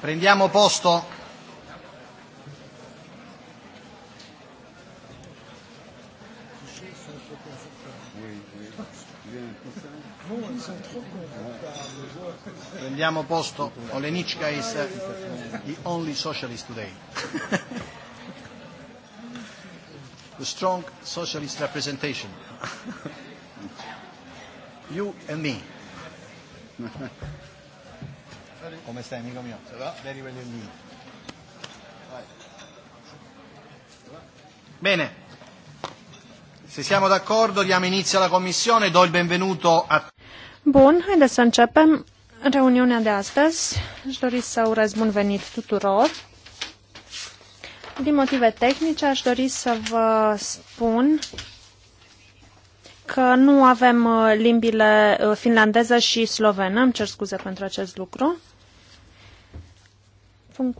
Prendiamo posto. Prendiamo posto. Olenicka is uh, the only socialist today. the strong socialist representation. you and me. Come stai, amico mio? Se va? Very well indeed. Bene. Se siamo d'accordo, diamo inizio alla commissione. Do il benvenuto a... Bun, haideți să începem reuniunea de astăzi. Aș dori să urez bun venit tuturor. Din motive tehnice, aș dori să vă spun că nu avem uh, limbile uh, finlandeză și slovenă. Îmi cer scuze pentru acest lucru. Uh,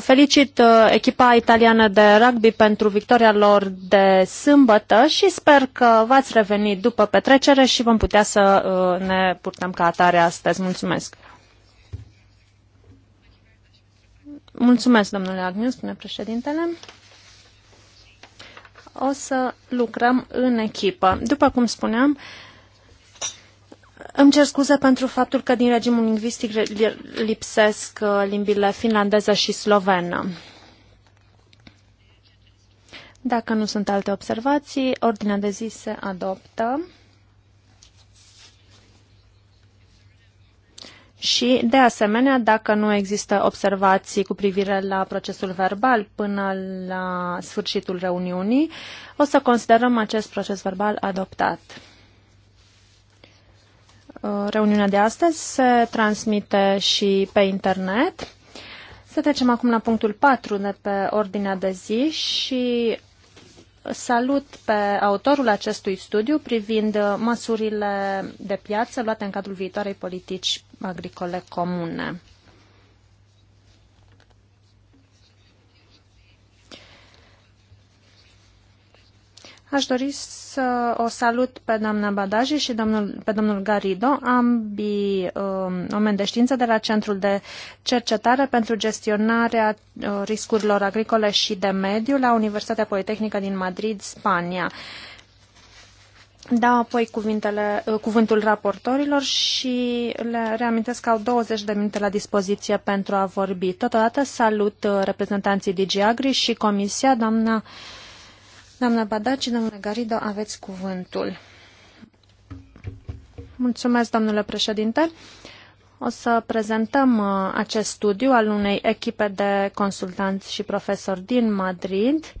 felicit uh, echipa italiană de rugby pentru victoria lor de sâmbătă și sper că v-ați revenit după petrecere și vom putea să uh, ne purtăm ca atare astăzi. Mulțumesc! Mulțumesc, domnule Agniu, spune președintele. O să lucrăm în echipă. După cum spuneam, uh, îmi cer scuze pentru faptul că din regimul lingvistic lipsesc uh, limbile finlandeză și slovenă. Dacă nu sunt alte observații, ordinea de zi se adoptă. Și, de asemenea, dacă nu există observații cu privire la procesul verbal până la sfârșitul reuniunii, o să considerăm acest proces verbal adoptat. Uh, reuniunea de astăzi se transmite și pe internet. Să trecem acum la punctul 4 de pe ordinea de zi și salut pe autorul acestui studiu privind măsurile de piață luate în cadrul viitoarei politici agricole comune. Aș dori să o salut pe doamna Badaji și domnul, pe domnul Garido, ambii um, oameni de știință de la Centrul de Cercetare pentru gestionarea uh, riscurilor agricole și de mediu la Universitatea Politehnică din Madrid, Spania. Da, apoi cuvintele, uh, cuvântul raportorilor și le reamintesc că au 20 de minute la dispoziție pentru a vorbi. Totodată salut uh, reprezentanții DigiAgri și Comisia, doamna uh, Doamna Badat și domnule Garido, aveți cuvântul. Mulțumesc, domnule președinte. O să prezentăm uh, acest studiu al unei echipe de consultanți și profesori din Madrid.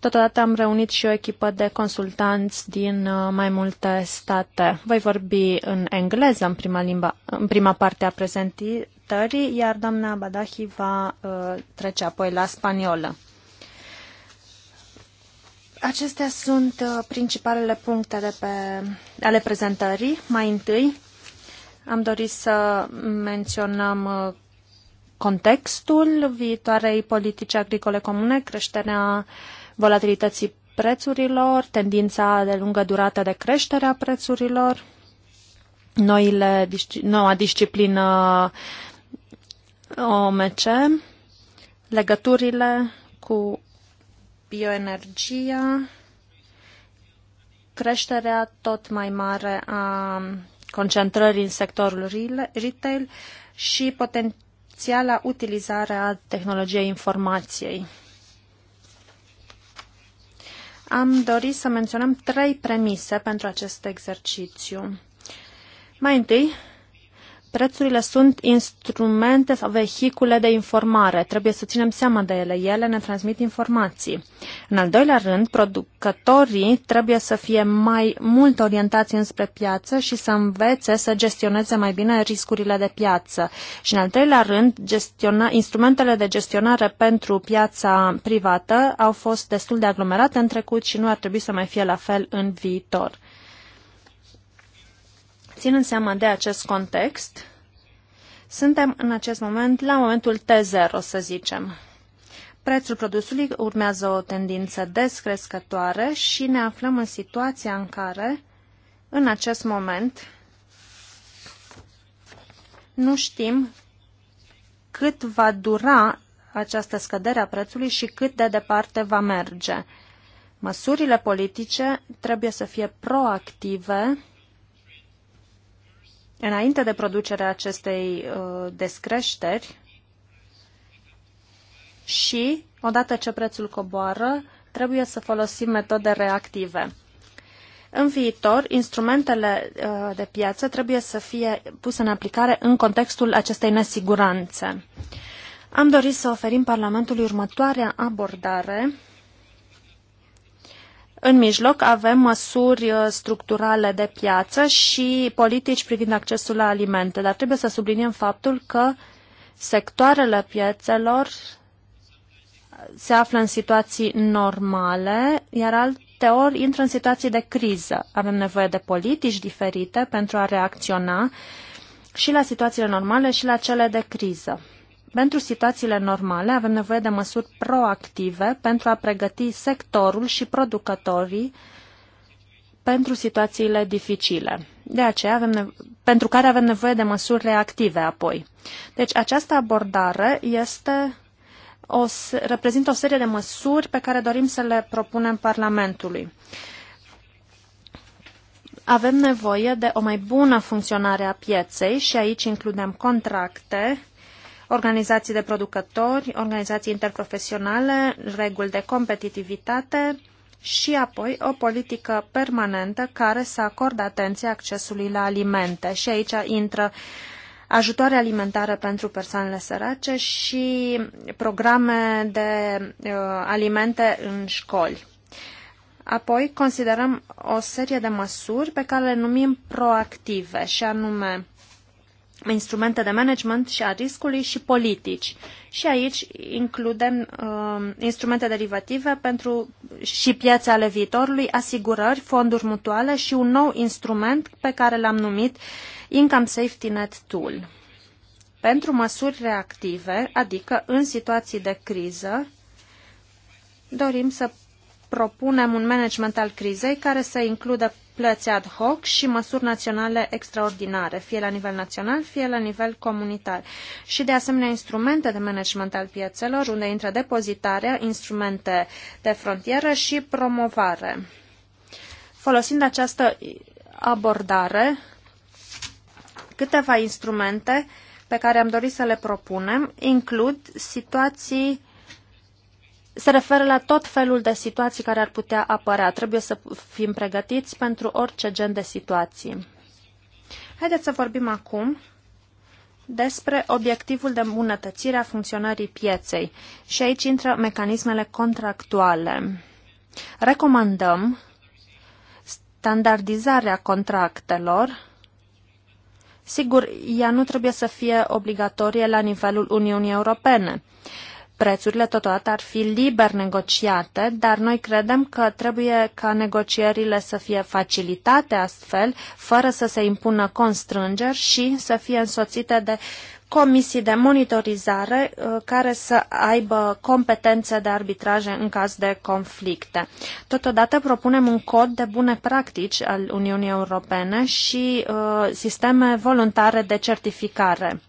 Totodată am reunit și o echipă de consultanți din uh, mai multe state. Voi vorbi în engleză în prima, limba, în prima parte a prezentării, iar doamna Badahi va uh, trece apoi la spaniolă. Acestea sunt uh, principalele puncte de pe, ale prezentării. Mai întâi, am dorit să menționăm uh, contextul viitoarei politici agricole comune, creșterea volatilității prețurilor, tendința de lungă durată de creștere a prețurilor, noile, noua disciplină uh, OMC, legăturile cu bioenergia, creșterea tot mai mare a concentrării în sectorul retail și potențiala utilizare a tehnologiei informației. Am dorit să menționăm trei premise pentru acest exercițiu. Mai întâi, prețurile sunt instrumente sau vehicule de informare. Trebuie să ținem seama de ele. Ele ne transmit informații. În al doilea rând, producătorii trebuie să fie mai mult orientați înspre piață și să învețe să gestioneze mai bine riscurile de piață. Și în al treilea rând, gestiona, instrumentele de gestionare pentru piața privată au fost destul de aglomerate în trecut și nu ar trebui să mai fie la fel în viitor. Ținând seama de acest context, suntem în acest moment la momentul T0, să zicem. Prețul produsului urmează o tendință descrescătoare și ne aflăm în situația în care, în acest moment, nu știm cât va dura această scădere a prețului și cât de departe va merge. Măsurile politice trebuie să fie proactive înainte de producerea acestei uh, descreșteri și, odată ce prețul coboară, trebuie să folosim metode reactive. În viitor, instrumentele uh, de piață trebuie să fie puse în aplicare în contextul acestei nesiguranțe. Am dorit să oferim Parlamentului următoarea abordare în mijloc avem măsuri uh, structurale de piață și politici privind accesul la alimente, dar trebuie să subliniem faptul că sectoarele piețelor se află în situații normale, iar alte ori intră în situații de criză. Avem nevoie de politici diferite pentru a reacționa și la situațiile normale și la cele de criză pentru situațiile normale avem nevoie de măsuri proactive pentru a pregăti sectorul și producătorii pentru situațiile dificile. De aceea avem pentru care avem nevoie de măsuri reactive apoi. Deci această abordare este o, reprezintă o serie de măsuri pe care dorim să le propunem Parlamentului. Avem nevoie de o mai bună funcționare a pieței și aici includem contracte organizații de producători, organizații interprofesionale, reguli de competitivitate și apoi o politică permanentă care să acordă atenție accesului la alimente. Și aici intră ajutoare alimentare pentru persoanele sărace și programe de uh, alimente în școli. Apoi considerăm o serie de măsuri pe care le numim proactive și anume instrumente de management și a riscului și politici. Și aici includem uh, instrumente derivative pentru și piețe ale viitorului, asigurări, fonduri mutuale și un nou instrument pe care l-am numit Income Safety Net Tool. Pentru măsuri reactive, adică în situații de criză, dorim să propunem un management al crizei care să includă plăți ad hoc și măsuri naționale extraordinare, fie la nivel național, fie la nivel comunitar. Și de asemenea instrumente de management al piețelor, unde intră depozitarea, instrumente de frontieră și promovare. Folosind această abordare, câteva instrumente pe care am dorit să le propunem includ situații se referă la tot felul de situații care ar putea apărea. Trebuie să fim pregătiți pentru orice gen de situații. Haideți să vorbim acum despre obiectivul de îmbunătățire a funcționării pieței. Și aici intră mecanismele contractuale. Recomandăm standardizarea contractelor. Sigur, ea nu trebuie să fie obligatorie la nivelul Uniunii Europene prețurile totodată ar fi liber negociate, dar noi credem că trebuie ca negocierile să fie facilitate astfel, fără să se impună constrângeri și să fie însoțite de comisii de monitorizare uh, care să aibă competențe de arbitraje în caz de conflicte. Totodată propunem un cod de bune practici al Uniunii Europene și uh, sisteme voluntare de certificare.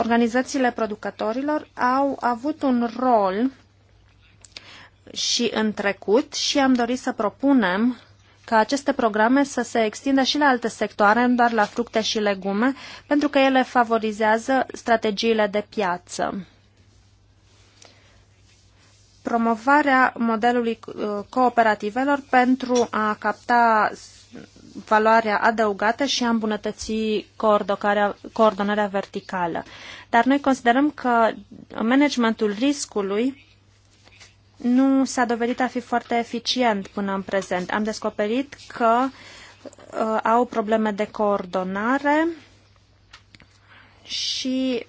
Organizațiile producătorilor au avut un rol și în trecut și am dorit să propunem ca aceste programe să se extindă și la alte sectoare, nu doar la fructe și legume, pentru că ele favorizează strategiile de piață. Promovarea modelului uh, cooperativelor pentru a capta valoarea adăugată și a îmbunătăți coordonarea verticală. Dar noi considerăm că managementul riscului nu s-a dovedit a fi foarte eficient până în prezent. Am descoperit că uh, au probleme de coordonare și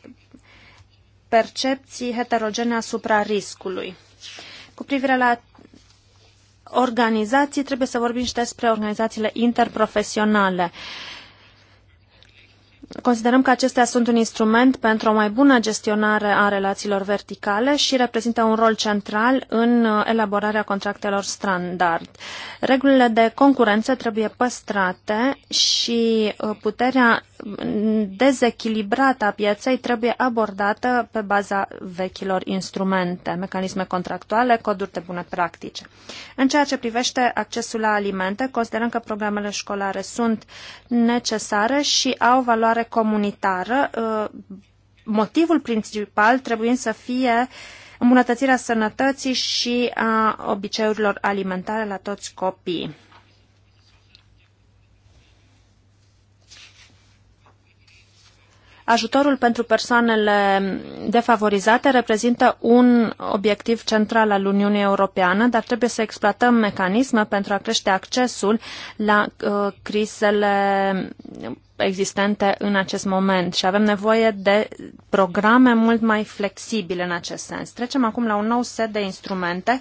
percepții heterogene asupra riscului. Cu privire la organizații, trebuie să vorbim și despre organizațiile interprofesionale. Uh, Considerăm că acestea sunt un instrument pentru o mai bună gestionare a relațiilor verticale și reprezintă un rol central în uh, elaborarea contractelor standard. Regulile de concurență trebuie păstrate și uh, puterea mm, dezechilibrată a pieței trebuie abordată pe baza vechilor instrumente, mecanisme contractuale, coduri de bune practice. În ceea ce privește accesul la alimente, considerăm că programele școlare sunt necesare și au valoare dezvoltare comunitară, uh, motivul principal trebuie să fie îmbunătățirea sănătății și a obiceiurilor alimentare la toți copiii. ajutorul pentru persoanele defavorizate reprezintă un obiectiv central al Uniunii Europeană, dar trebuie să exploatăm mecanisme pentru a crește accesul la uh, crizele existente în acest moment și avem nevoie de programe mult mai flexibile în acest sens. Trecem acum la un nou set de instrumente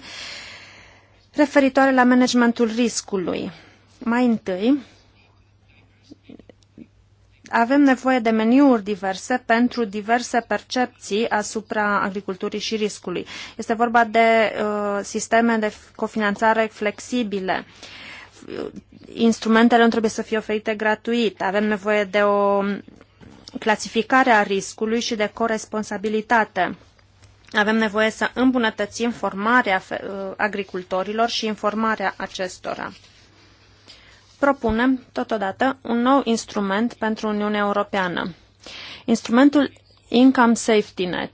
referitoare la managementul riscului. Mai întâi, avem nevoie de meniuri diverse pentru diverse percepții asupra agriculturii și riscului. Este vorba de uh, sisteme de cofinanțare flexibile. Instrumentele nu trebuie să fie oferite gratuit. Avem nevoie de o clasificare a riscului și de coresponsabilitate. Avem nevoie să îmbunătățim formarea uh, agricultorilor și informarea acestora propunem, totodată, un nou instrument pentru Uniunea Europeană. Instrumentul Income Safety Net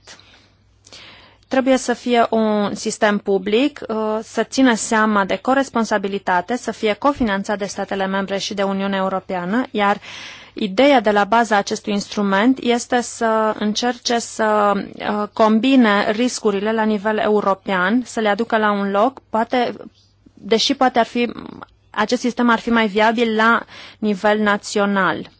trebuie să fie un sistem public, uh, să țină seama de corresponsabilitate, să fie cofinanțat de statele membre și de Uniunea Europeană, iar ideea de la baza acestui instrument este să încerce să uh, combine riscurile la nivel european, să le aducă la un loc, poate deși poate ar fi acest sistem ar fi mai viabil la nivel național.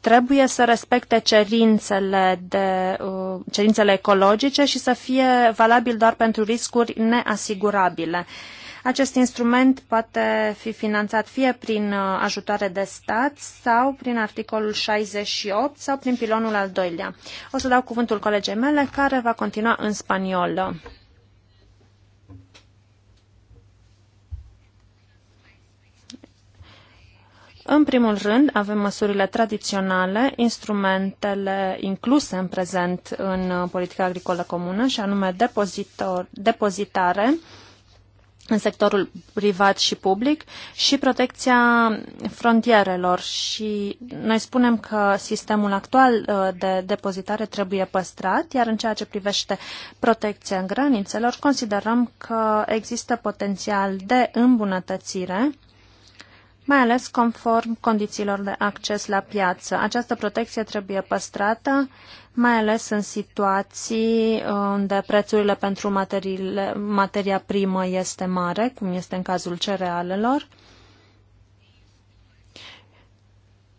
Trebuie să respecte cerințele, de, uh, cerințele ecologice și să fie valabil doar pentru riscuri neasigurabile. Acest instrument poate fi finanțat fie prin uh, ajutoare de stat sau prin articolul 68 sau prin pilonul al doilea. O să dau cuvântul colegei mele care va continua în spaniolă. În primul rând, avem măsurile tradiționale, instrumentele incluse în prezent în uh, politica agricolă comună, și anume depozitor, depozitare în sectorul privat și public și protecția frontierelor. Și noi spunem că sistemul actual uh, de depozitare trebuie păstrat, iar în ceea ce privește protecția granițelor, considerăm că există potențial de îmbunătățire mai ales conform condițiilor de acces la piață. Această protecție trebuie păstrată, mai ales în situații unde prețurile pentru materiile, materia primă este mare, cum este în cazul cerealelor.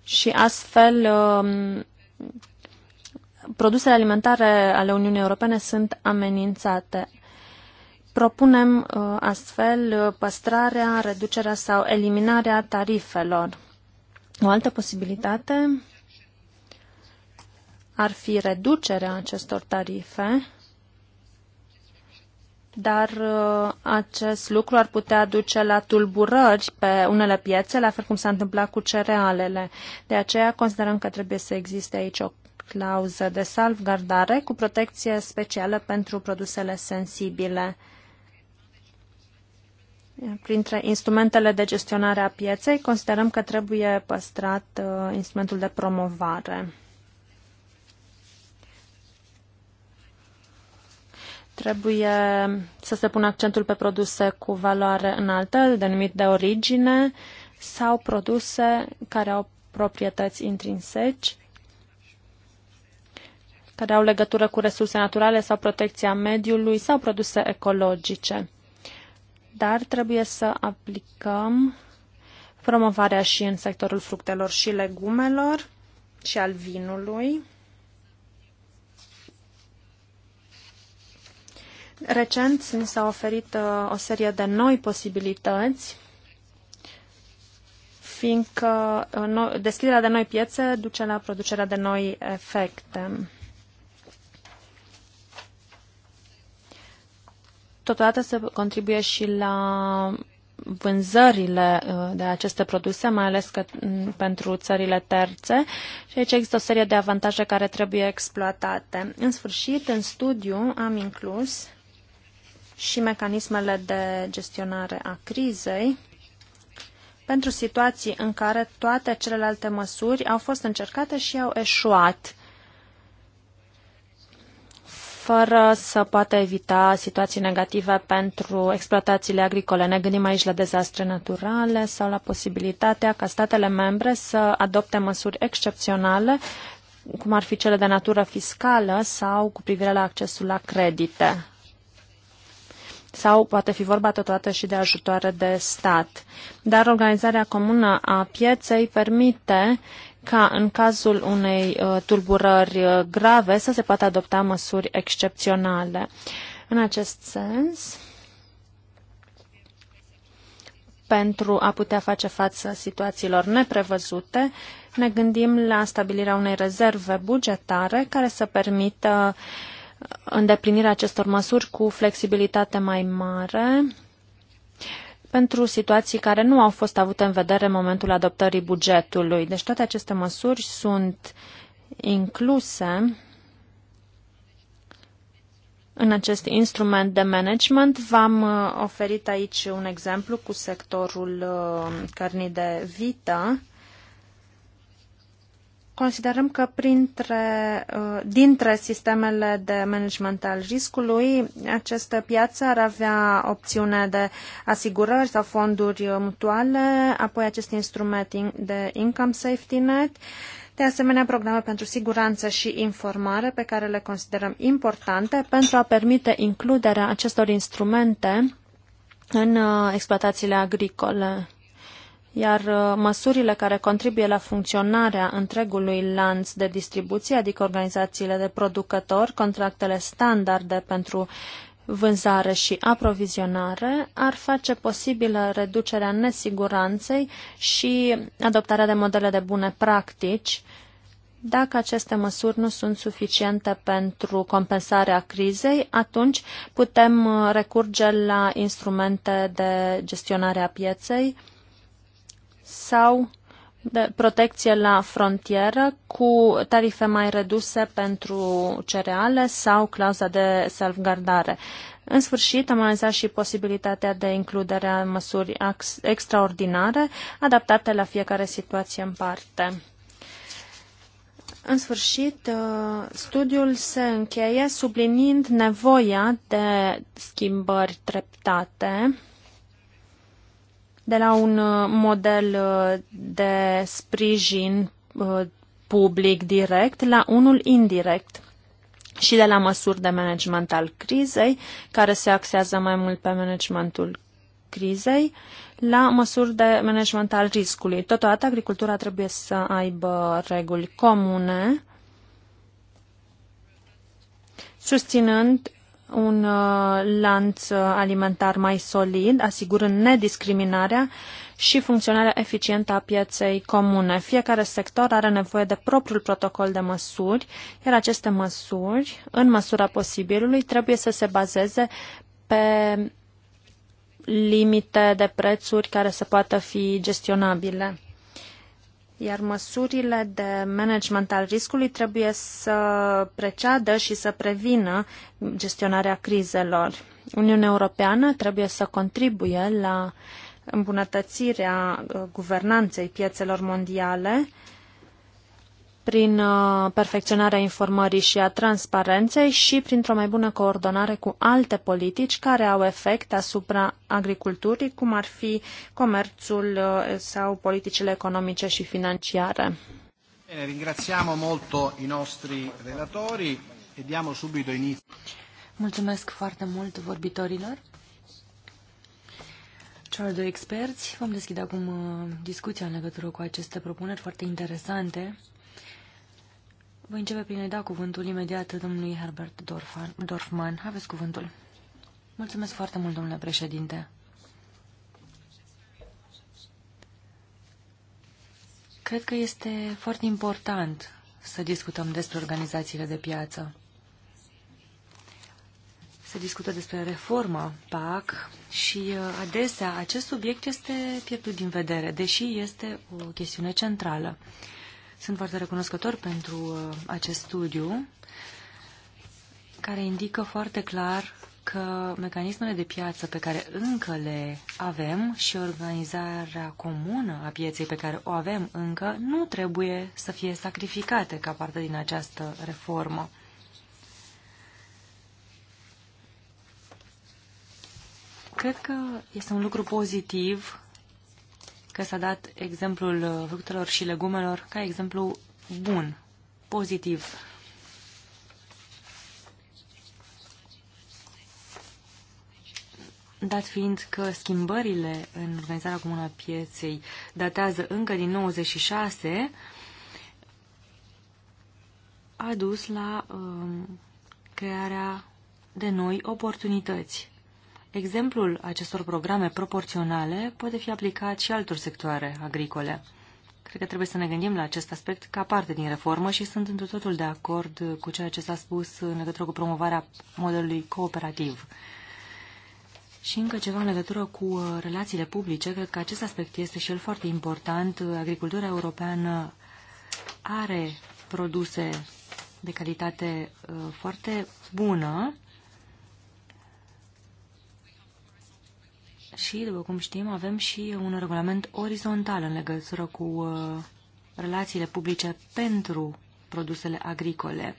Și astfel, um, produsele alimentare ale Uniunii Europene sunt amenințate. Propunem uh, astfel uh, păstrarea, reducerea sau eliminarea tarifelor. O altă posibilitate ar fi reducerea acestor tarife, dar uh, acest lucru ar putea duce la tulburări pe unele piețe, la fel cum s-a întâmplat cu cerealele. De aceea considerăm că trebuie să existe aici o clauză de salvgardare cu protecție specială pentru produsele sensibile. Printre instrumentele de gestionare a pieței, considerăm că trebuie păstrat uh, instrumentul de promovare. Trebuie să se pună accentul pe produse cu valoare înaltă, denumit de origine, sau produse care au proprietăți intrinseci, care au legătură cu resurse naturale sau protecția mediului sau produse ecologice dar trebuie să aplicăm promovarea și în sectorul fructelor și legumelor și al vinului. Recent ni s-a oferit uh, o serie de noi posibilități, fiindcă uh, no, deschiderea de noi piețe duce la producerea de noi efecte. totodată să contribuie și la vânzările uh, de aceste produse, mai ales că pentru țările terțe. Și aici există o serie de avantaje care trebuie exploatate. În sfârșit, în studiu am inclus și mecanismele de gestionare a crizei pentru situații în care toate celelalte măsuri au fost încercate și au eșuat fără să poată evita situații negative pentru exploatațiile agricole. Ne gândim aici la dezastre naturale sau la posibilitatea ca statele membre să adopte măsuri excepționale, cum ar fi cele de natură fiscală sau cu privire la accesul la credite. Sau poate fi vorba totodată și de ajutoare de stat. Dar organizarea comună a pieței permite ca în cazul unei uh, tulburări uh, grave să se poată adopta măsuri excepționale. În acest sens, pentru a putea face față situațiilor neprevăzute, ne gândim la stabilirea unei rezerve bugetare care să permită uh, îndeplinirea acestor măsuri cu flexibilitate mai mare, pentru situații care nu au fost avute în vedere în momentul adoptării bugetului. Deci toate aceste măsuri sunt incluse în acest instrument de management. V-am uh, oferit aici un exemplu cu sectorul uh, cărnii de vită. Considerăm că printre, uh, dintre sistemele de management al riscului, această piață ar avea opțiune de asigurări sau fonduri mutuale, apoi acest instrument de income safety net, de asemenea programe pentru siguranță și informare pe care le considerăm importante pentru a permite includerea acestor instrumente în uh, exploatațiile agricole iar uh, măsurile care contribuie la funcționarea întregului lanț de distribuție, adică organizațiile de producători, contractele standarde pentru vânzare și aprovizionare, ar face posibilă reducerea nesiguranței și adoptarea de modele de bune practici, dacă aceste măsuri nu sunt suficiente pentru compensarea crizei, atunci putem uh, recurge la instrumente de gestionare a pieței, sau de protecție la frontieră cu tarife mai reduse pentru cereale sau clauza de salvgardare. În sfârșit, am analizat și posibilitatea de includere a măsuri extraordinare adaptate la fiecare situație în parte. În sfârșit, uh, studiul se încheie subliniind nevoia de schimbări treptate de la un uh, model uh, de sprijin uh, public direct la unul indirect și de la măsuri de management al crizei, care se axează mai mult pe managementul crizei, la măsuri de management al riscului. Totodată, agricultura trebuie să aibă reguli comune, susținând un uh, lanț uh, alimentar mai solid, asigurând nediscriminarea și funcționarea eficientă a pieței comune. Fiecare sector are nevoie de propriul protocol de măsuri, iar aceste măsuri, în măsura posibilului, trebuie să se bazeze pe limite de prețuri care să poată fi gestionabile iar măsurile de management al riscului trebuie să preceadă și să prevină gestionarea crizelor. Uniunea Europeană trebuie să contribuie la îmbunătățirea uh, guvernanței piețelor mondiale, prin uh, perfecționarea informării și a transparenței și printr-o mai bună coordonare cu alte politici care au efect asupra agriculturii, cum ar fi comerțul uh, sau politicile economice și financiare. Bine, ringrațiamo molto i nostri relatori e diamo subito inizio. Mulțumesc foarte mult vorbitorilor. Celor doi experți vom deschide acum uh, discuția în legătură cu aceste propuneri foarte interesante voi începe prin a-i da cuvântul imediat domnului Herbert Dorfman. Dorfman. Aveți cuvântul. Mulțumesc foarte mult, domnule președinte. Cred că este foarte important să discutăm despre organizațiile de piață. Se discută despre reforma PAC și uh, adesea acest subiect este pierdut din vedere, deși este o chestiune centrală. Sunt foarte recunoscător pentru uh, acest studiu care indică foarte clar că mecanismele de piață pe care încă le avem și organizarea comună a pieței pe care o avem încă nu trebuie să fie sacrificate ca parte din această reformă. Cred că este un lucru pozitiv că s-a dat exemplul uh, fructelor și legumelor ca exemplu bun, pozitiv. Dat fiind că schimbările în organizarea comună a pieței datează încă din 96, a dus la uh, crearea de noi oportunități. Exemplul acestor programe proporționale poate fi aplicat și altor sectoare agricole. Cred că trebuie să ne gândim la acest aspect ca parte din reformă și sunt într totul de acord cu ceea ce s-a spus în legătură cu promovarea modelului cooperativ. Și încă ceva în legătură cu uh, relațiile publice, cred că acest aspect este și el foarte important. Agricultura europeană are produse de calitate uh, foarte bună, Și, după cum știm, avem și un regulament orizontal în legătură cu uh, relațiile publice pentru produsele agricole.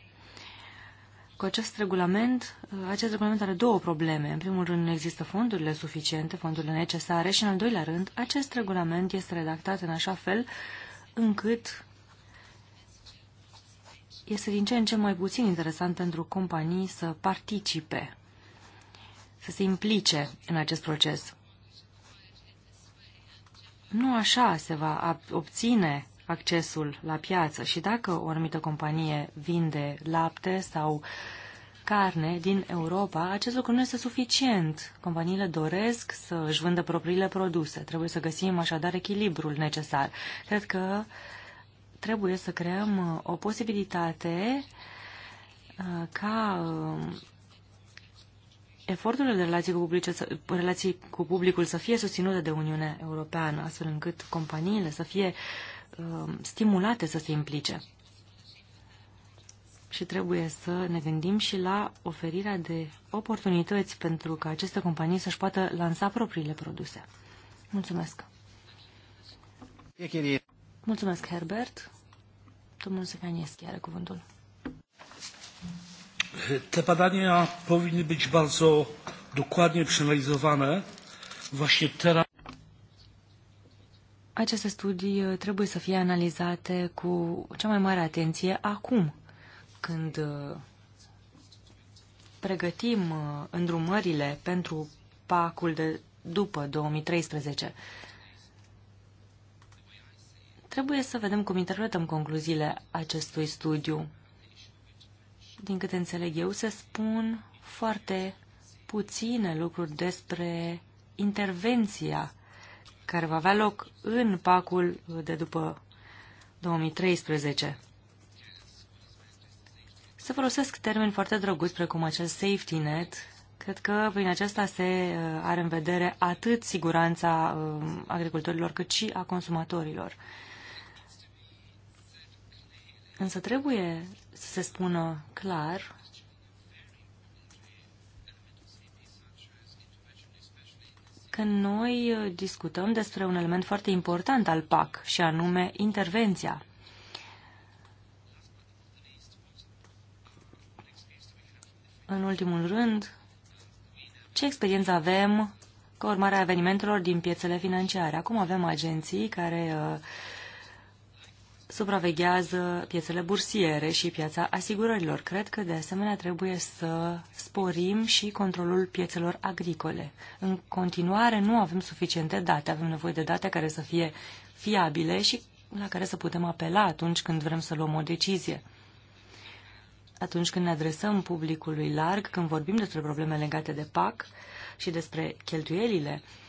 Cu acest regulament, uh, acest regulament are două probleme. În primul rând, nu există fondurile suficiente, fondurile necesare și, în al doilea rând, acest regulament este redactat în așa fel încât este din ce în ce mai puțin interesant pentru companii să participe, să se implice în acest proces. Nu așa se va obține accesul la piață și dacă o anumită companie vinde lapte sau carne din Europa, acest lucru nu este suficient. Companiile doresc să își vândă propriile produse. Trebuie să găsim așadar echilibrul necesar. Cred că trebuie să creăm uh, o posibilitate uh, ca uh, eforturile de relații cu, publice, să, relații cu publicul să fie susținute de Uniunea Europeană, astfel încât companiile să fie uh, stimulate să se implice. Și trebuie să ne gândim și la oferirea de oportunități pentru ca aceste companii să-și poată lansa propriile produse. Mulțumesc! Mulțumesc, Herbert! Domnul Sefanieschi are cuvântul. Te badania powinny być bardzo dokładnie przeanalizowane właśnie teraz. Aceste studii trebuie să fie analizate cu cea mai mare atenție acum, când pregătim îndrumările pentru pacul de după 2013. Trebuie să vedem cum interpretăm concluziile acestui studiu din câte înțeleg eu, se spun foarte puține lucruri despre intervenția care va avea loc în pacul de după 2013. Să folosesc termeni foarte drăguți precum acest safety net. Cred că prin acesta se uh, are în vedere atât siguranța uh, agricultorilor cât și a consumatorilor. Însă trebuie să se spună clar că noi discutăm despre un element foarte important al PAC, și anume intervenția. În ultimul rând, ce experiență avem ca urmare a evenimentelor din piețele financiare? Acum avem agenții care uh, supraveghează piețele bursiere și piața asigurărilor. Cred că, de asemenea, trebuie să sporim și controlul piețelor agricole. În continuare, nu avem suficiente date. Avem nevoie de date care să fie fiabile și la care să putem apela atunci când vrem să luăm o decizie. Atunci când ne adresăm publicului larg, când vorbim despre probleme legate de PAC și despre cheltuielile uh,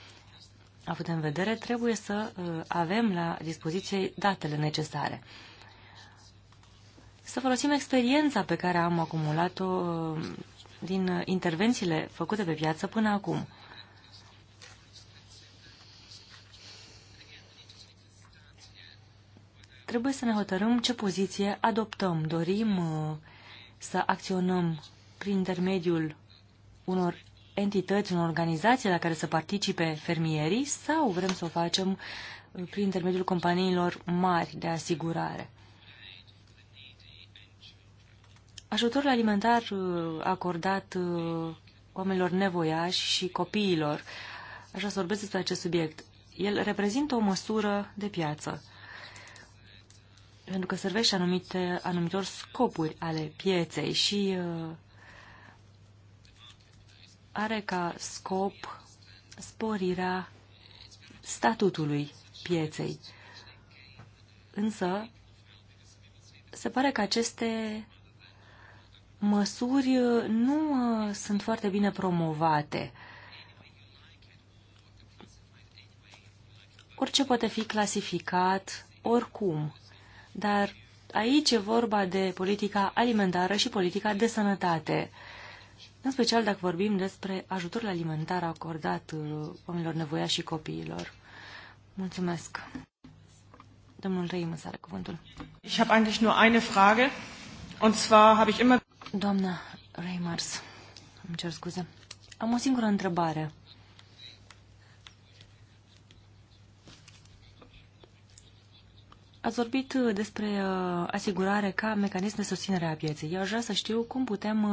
avut în vedere, trebuie să uh, avem la dispoziție datele necesare. Să folosim experiența pe care am acumulat-o uh, din intervențiile făcute pe piață până acum. Trebuie să ne hotărâm ce poziție adoptăm. Dorim uh, să acționăm prin intermediul unor entități, unor organizație la care să participe fermierii sau vrem să o facem uh, prin intermediul companiilor mari de asigurare. Ajutorul alimentar uh, acordat uh, oamenilor nevoiași și copiilor, așa să vorbesc despre acest subiect, el reprezintă o măsură de piață, pentru că servește anumite, anumitor scopuri ale pieței și uh, are ca scop sporirea statutului pieței. Însă, se pare că aceste măsuri nu uh, sunt foarte bine promovate. Orice poate fi clasificat, oricum, dar aici e vorba de politica alimentară și politica de sănătate în special dacă vorbim despre ajutorul alimentar acordat uh, oamenilor nevoiași și copiilor. Mulțumesc. Domnul Reimus are cuvântul. Ich habe eigentlich nur eine Frage. Und zwar habe ich immer... Doamna Reimers, îmi cer scuze. Am o singură întrebare. Ați vorbit uh, despre uh, asigurare ca mecanism de susținere a pieței. Eu aș vrea să știu cum putem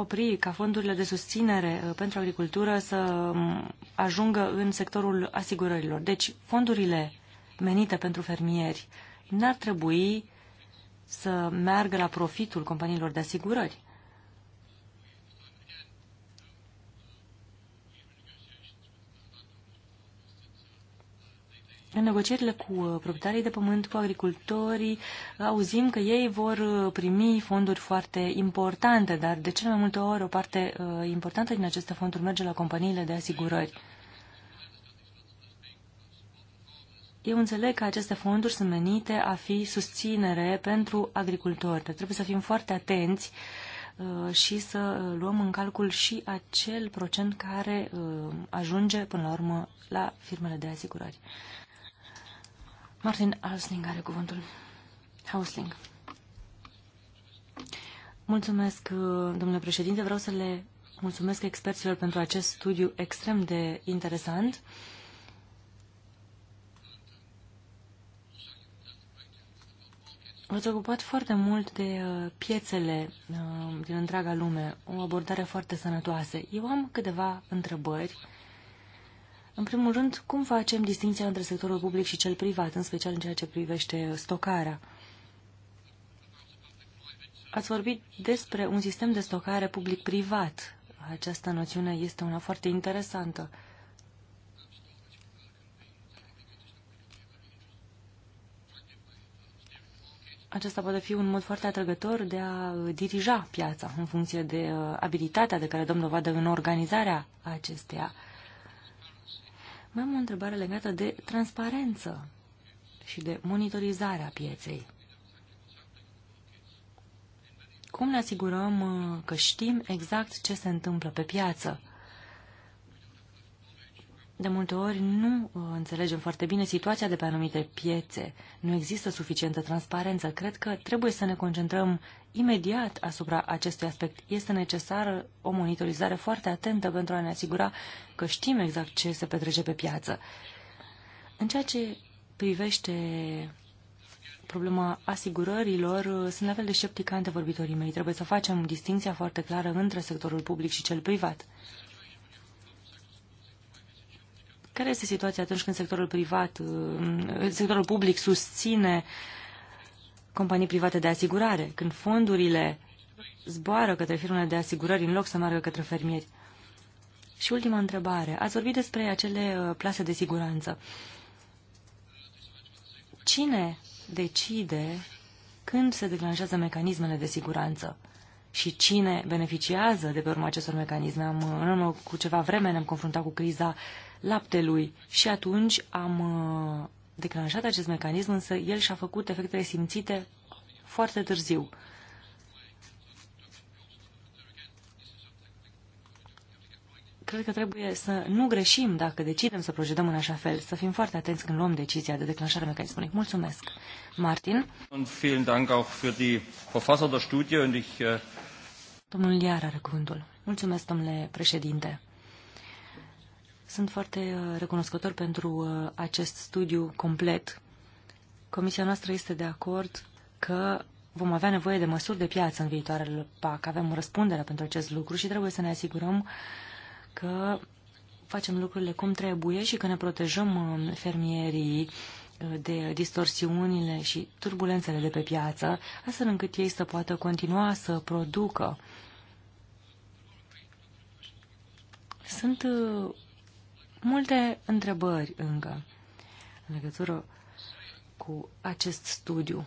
opri ca fondurile de susținere uh, pentru agricultură să mm, ajungă în sectorul asigurărilor. Deci, fondurile menite pentru fermieri n-ar trebui să meargă la profitul companiilor de asigurări. În negocierile cu uh, proprietarii de pământ, cu agricultorii, uh, auzim că ei vor uh, primi fonduri foarte importante, dar de cele mai multe ori o parte importantă din aceste fonduri merge la companiile de asigurări. Eu înțeleg că aceste fonduri sunt menite a fi susținere pentru agricultori, dar trebuie să fim foarte atenți și să luăm în calcul și acel procent care ajunge până la urmă la firmele de asigurări. Martin Hausling are cuvântul. Hausling. Mulțumesc, domnule președinte. Vreau să le mulțumesc experților pentru acest studiu extrem de interesant. V-ați ocupat foarte mult de uh, piețele uh, din întreaga lume, o abordare foarte sănătoasă. Eu am câteva întrebări în primul rând, cum facem distinția între sectorul public și cel privat, în special în ceea ce privește stocarea? Ați vorbit despre un sistem de stocare public-privat. Această noțiune este una foarte interesantă. Acesta poate fi un mod foarte atrăgător de a dirija piața în funcție de uh, abilitatea de care dăm dovadă în organizarea acesteia. Mai am o întrebare legată de transparență și de monitorizarea pieței. Cum ne asigurăm uh, că știm exact ce se întâmplă pe piață? de multe ori nu uh, înțelegem foarte bine situația de pe anumite piețe. Nu există suficientă transparență. Cred că trebuie să ne concentrăm imediat asupra acestui aspect. Este necesară o monitorizare foarte atentă pentru a ne asigura că știm exact ce se petrece pe piață. În ceea ce privește problema asigurărilor, uh, sunt la fel de sceptic ca antevorbitorii mei. Trebuie să facem distinția foarte clară între sectorul public și cel privat. Care este situația atunci când sectorul privat, sectorul public susține companii private de asigurare, când fondurile zboară către firmele de asigurări în loc să meargă către fermieri? Și ultima întrebare. Ați vorbit despre acele uh, plase de siguranță. Cine decide când se declanșează mecanismele de siguranță? și cine beneficiază de pe urma acestor mecanisme. Am, în urmă cu ceva vreme ne-am confruntat cu criza laptelui și atunci am uh, declanșat acest mecanism, însă el și-a făcut efectele simțite foarte târziu. Cred că trebuie să nu greșim dacă decidem să procedăm în așa fel, să fim foarte atenți când luăm decizia de declanșare a mecanismului. Mulțumesc, Martin. Äh, Domnul Iar are cuvântul. Mulțumesc, domnule președinte. Sunt foarte uh, recunoscător pentru uh, acest studiu complet. Comisia noastră este de acord că vom avea nevoie de măsuri de piață în viitoarele PAC. Avem răspundere pentru acest lucru și trebuie să ne asigurăm că facem lucrurile cum trebuie și că ne protejăm uh, fermierii de distorsiunile și turbulențele de pe piață, astfel încât ei să poată continua să producă. Sunt multe întrebări încă în legătură cu acest studiu.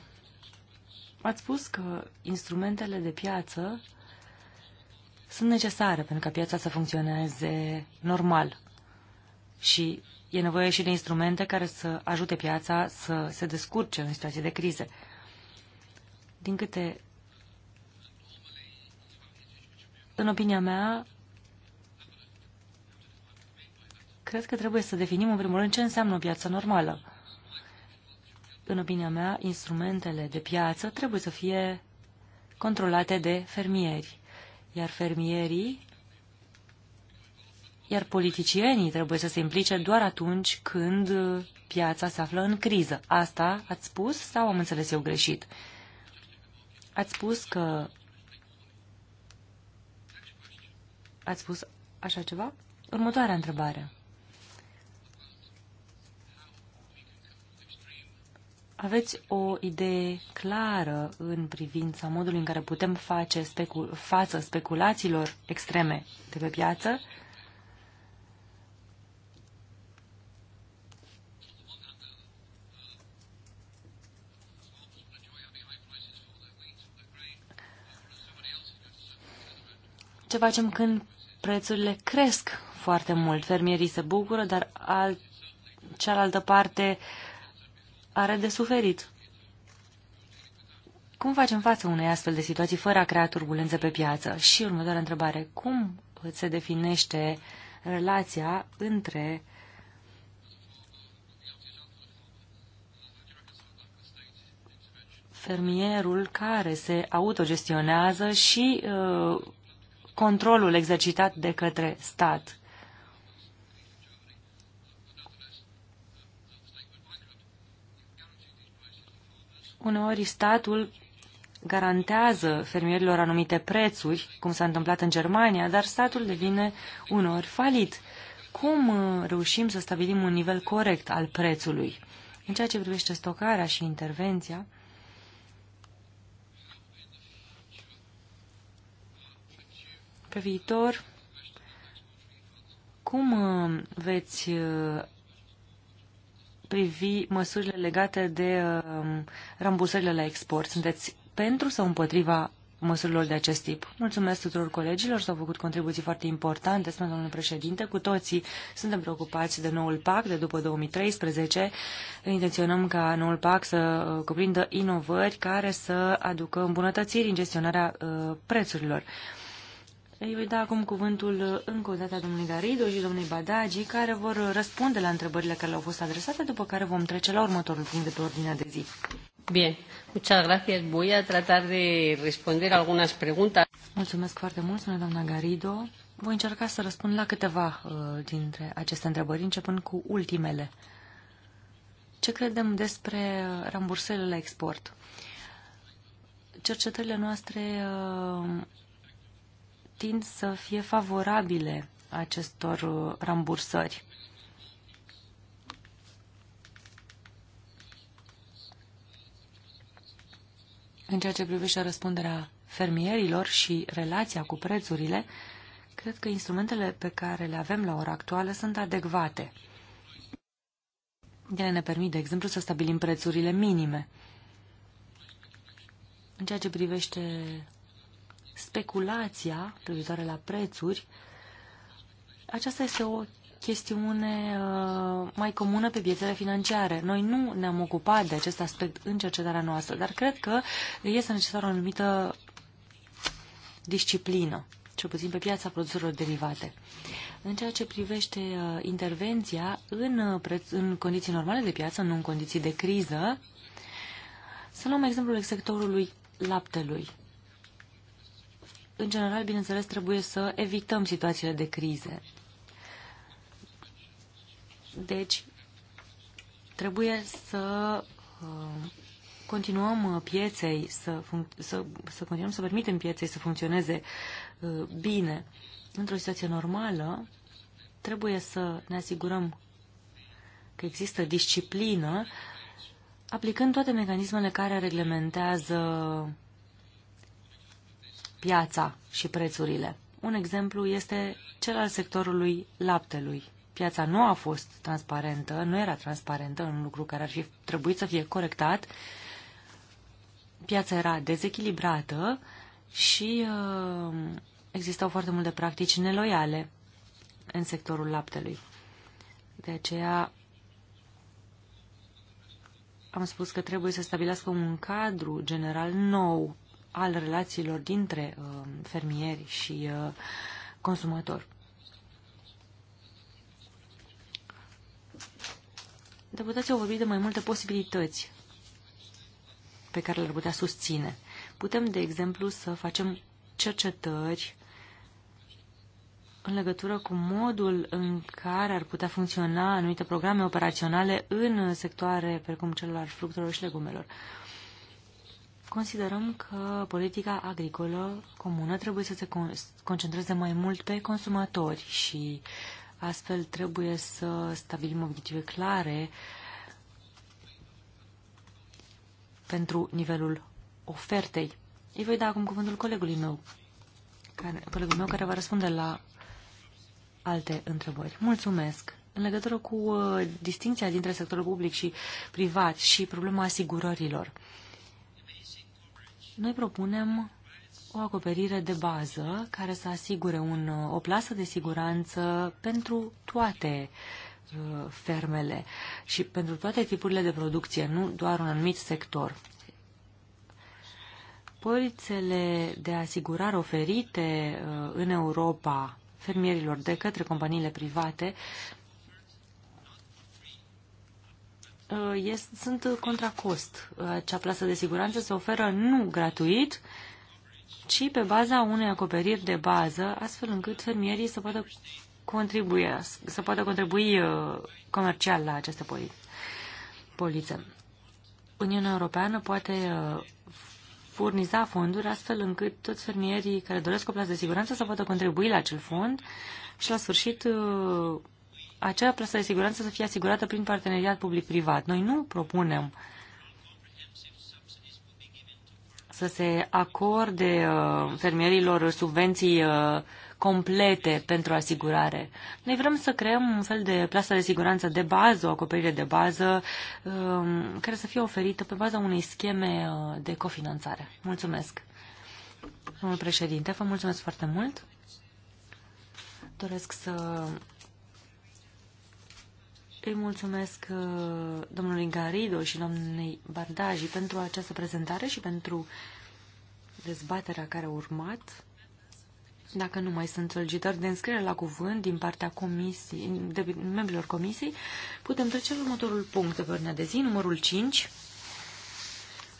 Ați spus că instrumentele de piață sunt necesare pentru ca piața să funcționeze normal și e nevoie și de instrumente care să ajute piața să se descurce în situații de crize. Din câte, în opinia mea, Cred că trebuie să definim în primul rând ce înseamnă o piață normală. În opinia mea, instrumentele de piață trebuie să fie controlate de fermieri, iar fermierii, iar politicienii trebuie să se implice doar atunci când piața se află în criză. Asta ați spus sau am înțeles eu greșit? Ați spus că... Ați spus așa ceva? Următoarea întrebare. aveți o idee clară în privința modului în care putem face specu față speculațiilor extreme de pe piață? Ce facem când prețurile cresc foarte mult? Fermierii se bucură, dar al, cealaltă parte uh, are de suferit. Cum facem față unei astfel de situații fără a crea turbulențe pe piață? Și următoarea întrebare, cum se definește relația între fermierul care se autogestionează și uh, controlul exercitat de către stat Uneori statul garantează fermierilor anumite prețuri, cum s-a întâmplat în Germania, dar statul devine uneori falit. Cum uh, reușim să stabilim un nivel corect al prețului? În ceea ce privește stocarea și intervenția, pe viitor, cum uh, veți uh, privi măsurile legate de um, rambursările la export. Sunteți pentru sau împotriva măsurilor de acest tip? Mulțumesc tuturor colegilor, s-au făcut contribuții foarte importante, spune domnul președinte. Cu toții suntem preocupați de noul PAC de după 2013. Intenționăm ca noul PAC să uh, cuprindă inovări care să aducă îmbunătățiri în gestionarea uh, prețurilor. Îi voi da acum cuvântul uh, încă o dată domnului Garido și domnului Badagi, care vor uh, răspunde la întrebările care le-au fost adresate, după care vom trece la următorul punct de pe ordinea de zi. Bine, muchas gracias. Voy a tratar de responder algunas preguntas. Mulțumesc foarte mult, spune doamna Garido. Voi încerca să răspund la câteva uh, dintre aceste întrebări, începând cu ultimele. Ce credem despre uh, rambursările la export? Cercetările noastre uh, tind să fie favorabile acestor uh, rambursări. În ceea ce privește răspunderea fermierilor și relația cu prețurile, cred că instrumentele pe care le avem la ora actuală sunt adecvate. Ele ne permit, de exemplu, să stabilim prețurile minime. În ceea ce privește speculația privitoare la prețuri, aceasta este o chestiune uh, mai comună pe piețele financiare. Noi nu ne-am ocupat de acest aspect în cercetarea noastră, dar cred că este necesară o anumită disciplină, cel puțin pe piața produselor derivate. În ceea ce privește uh, intervenția în, uh, preț, în condiții normale de piață, nu în condiții de criză, să luăm exemplul sectorului laptelui în general, bineînțeles, trebuie să evităm situațiile de crize. Deci, trebuie să uh, continuăm uh, pieței să, să, să continuăm să permitem pieței să funcționeze uh, bine. Într-o situație normală, trebuie să ne asigurăm că există disciplină, aplicând toate mecanismele care reglementează piața și prețurile. Un exemplu este cel al sectorului laptelui. Piața nu a fost transparentă, nu era transparentă, un lucru care ar fi trebuit să fie corectat. Piața era dezechilibrată și uh, existau foarte multe practici neloiale în sectorul laptelui. De aceea am spus că trebuie să stabilească un cadru general nou al relațiilor dintre uh, fermieri și uh, consumatori. Deputații au vorbit de mai multe posibilități pe care le-ar putea susține. Putem, de exemplu, să facem cercetări în legătură cu modul în care ar putea funcționa anumite programe operaționale în sectoare precum celor al fructelor și legumelor considerăm că politica agricolă comună trebuie să se concentreze mai mult pe consumatori și astfel trebuie să stabilim obiective clare pentru nivelul ofertei. Îi voi da acum cuvântul colegului meu, care, colegul meu care va răspunde la alte întrebări. Mulțumesc! În legătură cu uh, distinția dintre sectorul public și privat și problema asigurărilor, noi propunem o acoperire de bază care să asigure un, o plasă de siguranță pentru toate uh, fermele și pentru toate tipurile de producție, nu doar un anumit sector. Polițele de asigurare oferite uh, în Europa fermierilor de către companiile private Uh, este, sunt contra cost. Uh, acea plasă de siguranță se oferă nu gratuit, ci pe baza unei acoperiri de bază, astfel încât fermierii să poată contribui, să poată contribui uh, comercial la aceste polițe. Uniunea Europeană poate furniza fonduri astfel încât toți fermierii care doresc o plasă de siguranță să poată contribui la acel fond și la sfârșit acea presă de siguranță să fie asigurată prin parteneriat public-privat. Noi nu propunem să se acorde uh, fermierilor subvenții uh, complete pentru asigurare. Noi vrem să creăm un fel de plasă de siguranță de bază, o acoperire de bază, um, care să fie oferită pe baza unei scheme uh, de cofinanțare. Mulțumesc. Domnul președinte, vă mulțumesc foarte mult. Doresc să îi mulțumesc uh, domnului Garido și domnului Bardaji pentru această prezentare și pentru dezbaterea care a urmat. Dacă nu mai sunt solicitări de înscriere la cuvânt din partea comisiei, de membrilor comisiei, putem trece la următorul punct de ordinea de zi, numărul 5.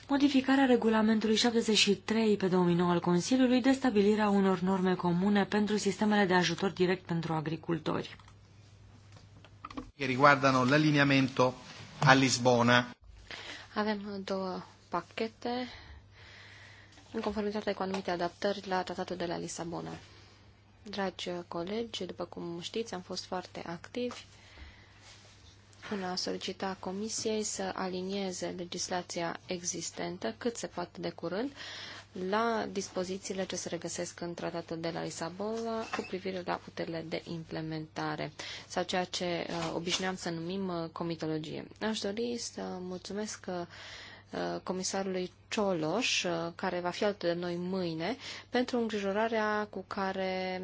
Modificarea regulamentului 73 pe 2009 al Consiliului de stabilirea unor norme comune pentru sistemele de ajutor direct pentru agricultori che riguardano l'allineamento a Lisbona. Avem două pachete în conformitate cu anumite adaptări la tratatul de la Lisabona. Dragi colegi, după cum știți, am fost foarte activi în a solicita Comisiei să alinieze legislația existentă cât se poate de curând la dispozițiile ce se regăsesc în tratatul de la Lisabona cu privire la puterile de implementare sau ceea ce uh, obișnuiam să numim uh, comitologie. Aș dori să mulțumesc uh, comisarului Cioloș, uh, care va fi alături de noi mâine, pentru îngrijorarea cu care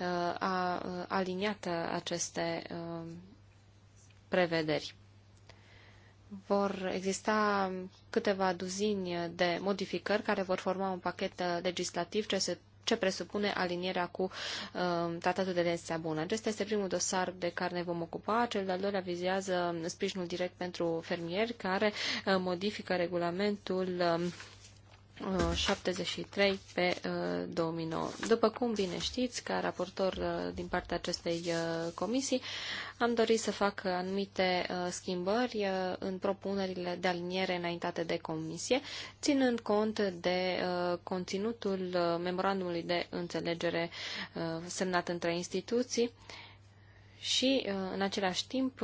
uh, a aliniat aceste prevederi vor exista câteva duzini de modificări care vor forma un pachet uh, legislativ ce se ce presupune alinierea cu uh, tratatul de bună. Acesta este primul dosar de care ne vom ocupa. Cel de-al doilea vizează sprijinul direct pentru fermieri, care uh, modifică regulamentul uh, 73 uh, pe 2009. Uh, După cum bine știți, ca raportor uh, din partea acestei comisii, am dorit să fac anumite schimbări în propunerile de aliniere înaintate de comisie, ținând cont de conținutul memorandumului de înțelegere semnat între instituții și, în același timp,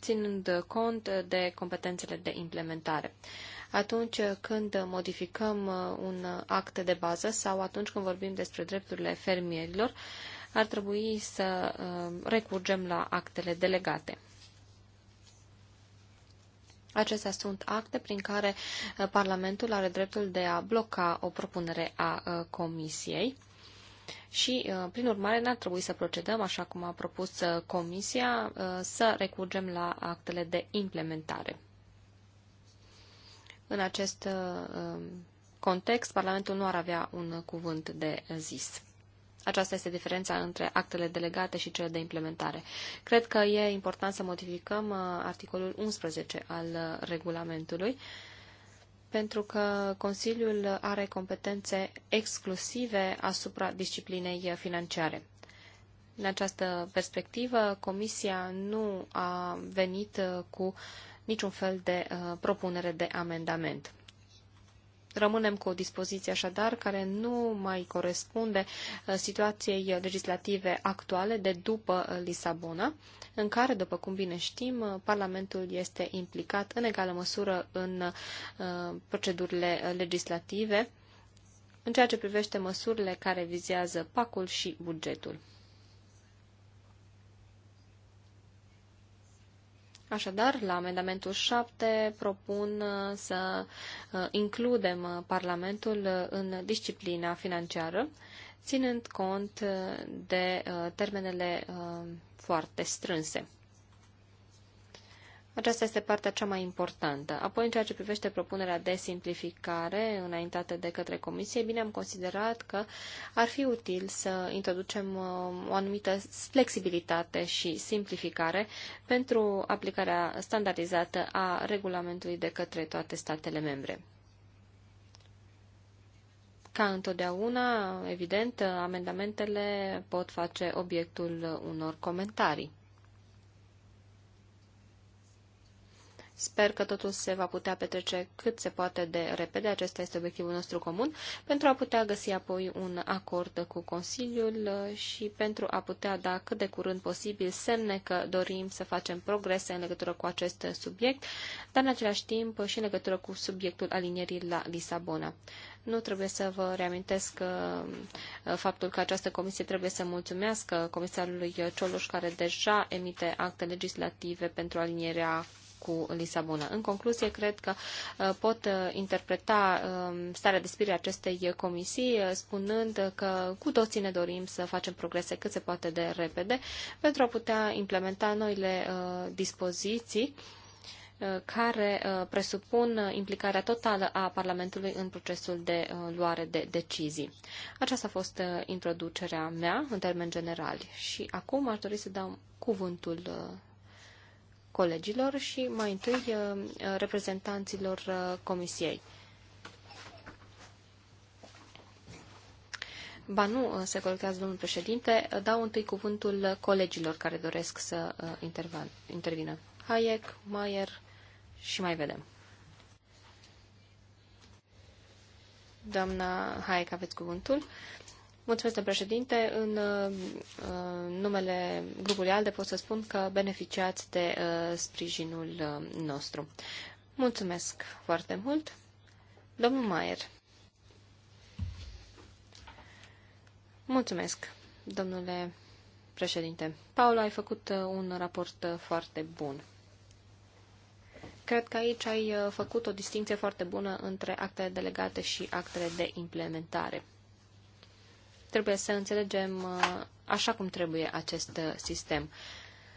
ținând cont de competențele de implementare atunci când modificăm uh, un act de bază sau atunci când vorbim despre drepturile fermierilor, ar trebui să uh, recurgem la actele delegate. Acestea sunt acte prin care uh, Parlamentul are dreptul de a bloca o propunere a Comisiei și, prin urmare, n-ar trebui să procedăm, așa cum a propus Comisia, să recurgem la actele de implementare. În acest uh, um, context, Parlamentul nu ar avea un cuvânt de zis. Aceasta este diferența între actele delegate și cele de implementare. Cred că e important să modificăm uh, articolul 11 al uh, regulamentului, pentru că Consiliul are competențe exclusive asupra disciplinei financiare. În această perspectivă, Comisia nu a venit cu uh, niciun fel de uh, propunere de amendament. Rămânem cu o dispoziție așadar care nu mai corespunde uh, situației legislative actuale de după uh, Lisabona, în care, după cum bine știm, uh, Parlamentul este implicat în egală măsură în procedurile legislative în ceea ce privește măsurile care vizează pacul și bugetul. Așadar, la amendamentul 7 propun uh, să uh, includem uh, Parlamentul în disciplina financiară, ținând cont de termenele foarte strânse. Aceasta este partea cea mai importantă. Apoi, în ceea ce privește propunerea de simplificare înaintată de către Comisie, bine am considerat că ar fi util să introducem uh, o anumită flexibilitate și simplificare pentru aplicarea standardizată a regulamentului de către toate statele membre. Ca întotdeauna, evident, amendamentele pot face obiectul unor comentarii. Sper că totul se va putea petrece cât se poate de repede, acesta este obiectivul nostru comun, pentru a putea găsi apoi un acord cu Consiliul și pentru a putea da cât de curând posibil semne că dorim să facem progrese în legătură cu acest subiect, dar în același timp și în legătură cu subiectul alinierii la Lisabona. Nu trebuie să vă reamintesc uh, faptul că această comisie trebuie să mulțumească comisarului Cioloș, care deja emite acte legislative pentru alinierea cu Lisabona. În concluzie, cred că uh, pot uh, interpreta um, starea de spirit acestei comisii uh, spunând că cu toții ne dorim să facem progrese cât se poate de repede pentru a putea implementa noile dispoziții care presupun implicarea totală a Parlamentului în procesul de luare de decizii. Aceasta a fost introducerea mea în termeni generali și acum aș dori să dau cuvântul colegilor și mai întâi uh, reprezentanților uh, comisiei. Ba nu, uh, se colectează domnul președinte, dau întâi cuvântul colegilor care doresc să intervină. Hayek, Mayer și mai vedem. Doamna Hayek, aveți cuvântul. Mulțumesc, președinte. În uh, numele grupului ALDE pot să spun că beneficiați de uh, sprijinul uh, nostru. Mulțumesc foarte mult. Domnul Maier. Mulțumesc, domnule președinte. Paul ai făcut un raport foarte bun. Cred că aici ai făcut o distinție foarte bună între actele delegate și actele de implementare. Trebuie să înțelegem uh, așa cum trebuie acest uh, sistem.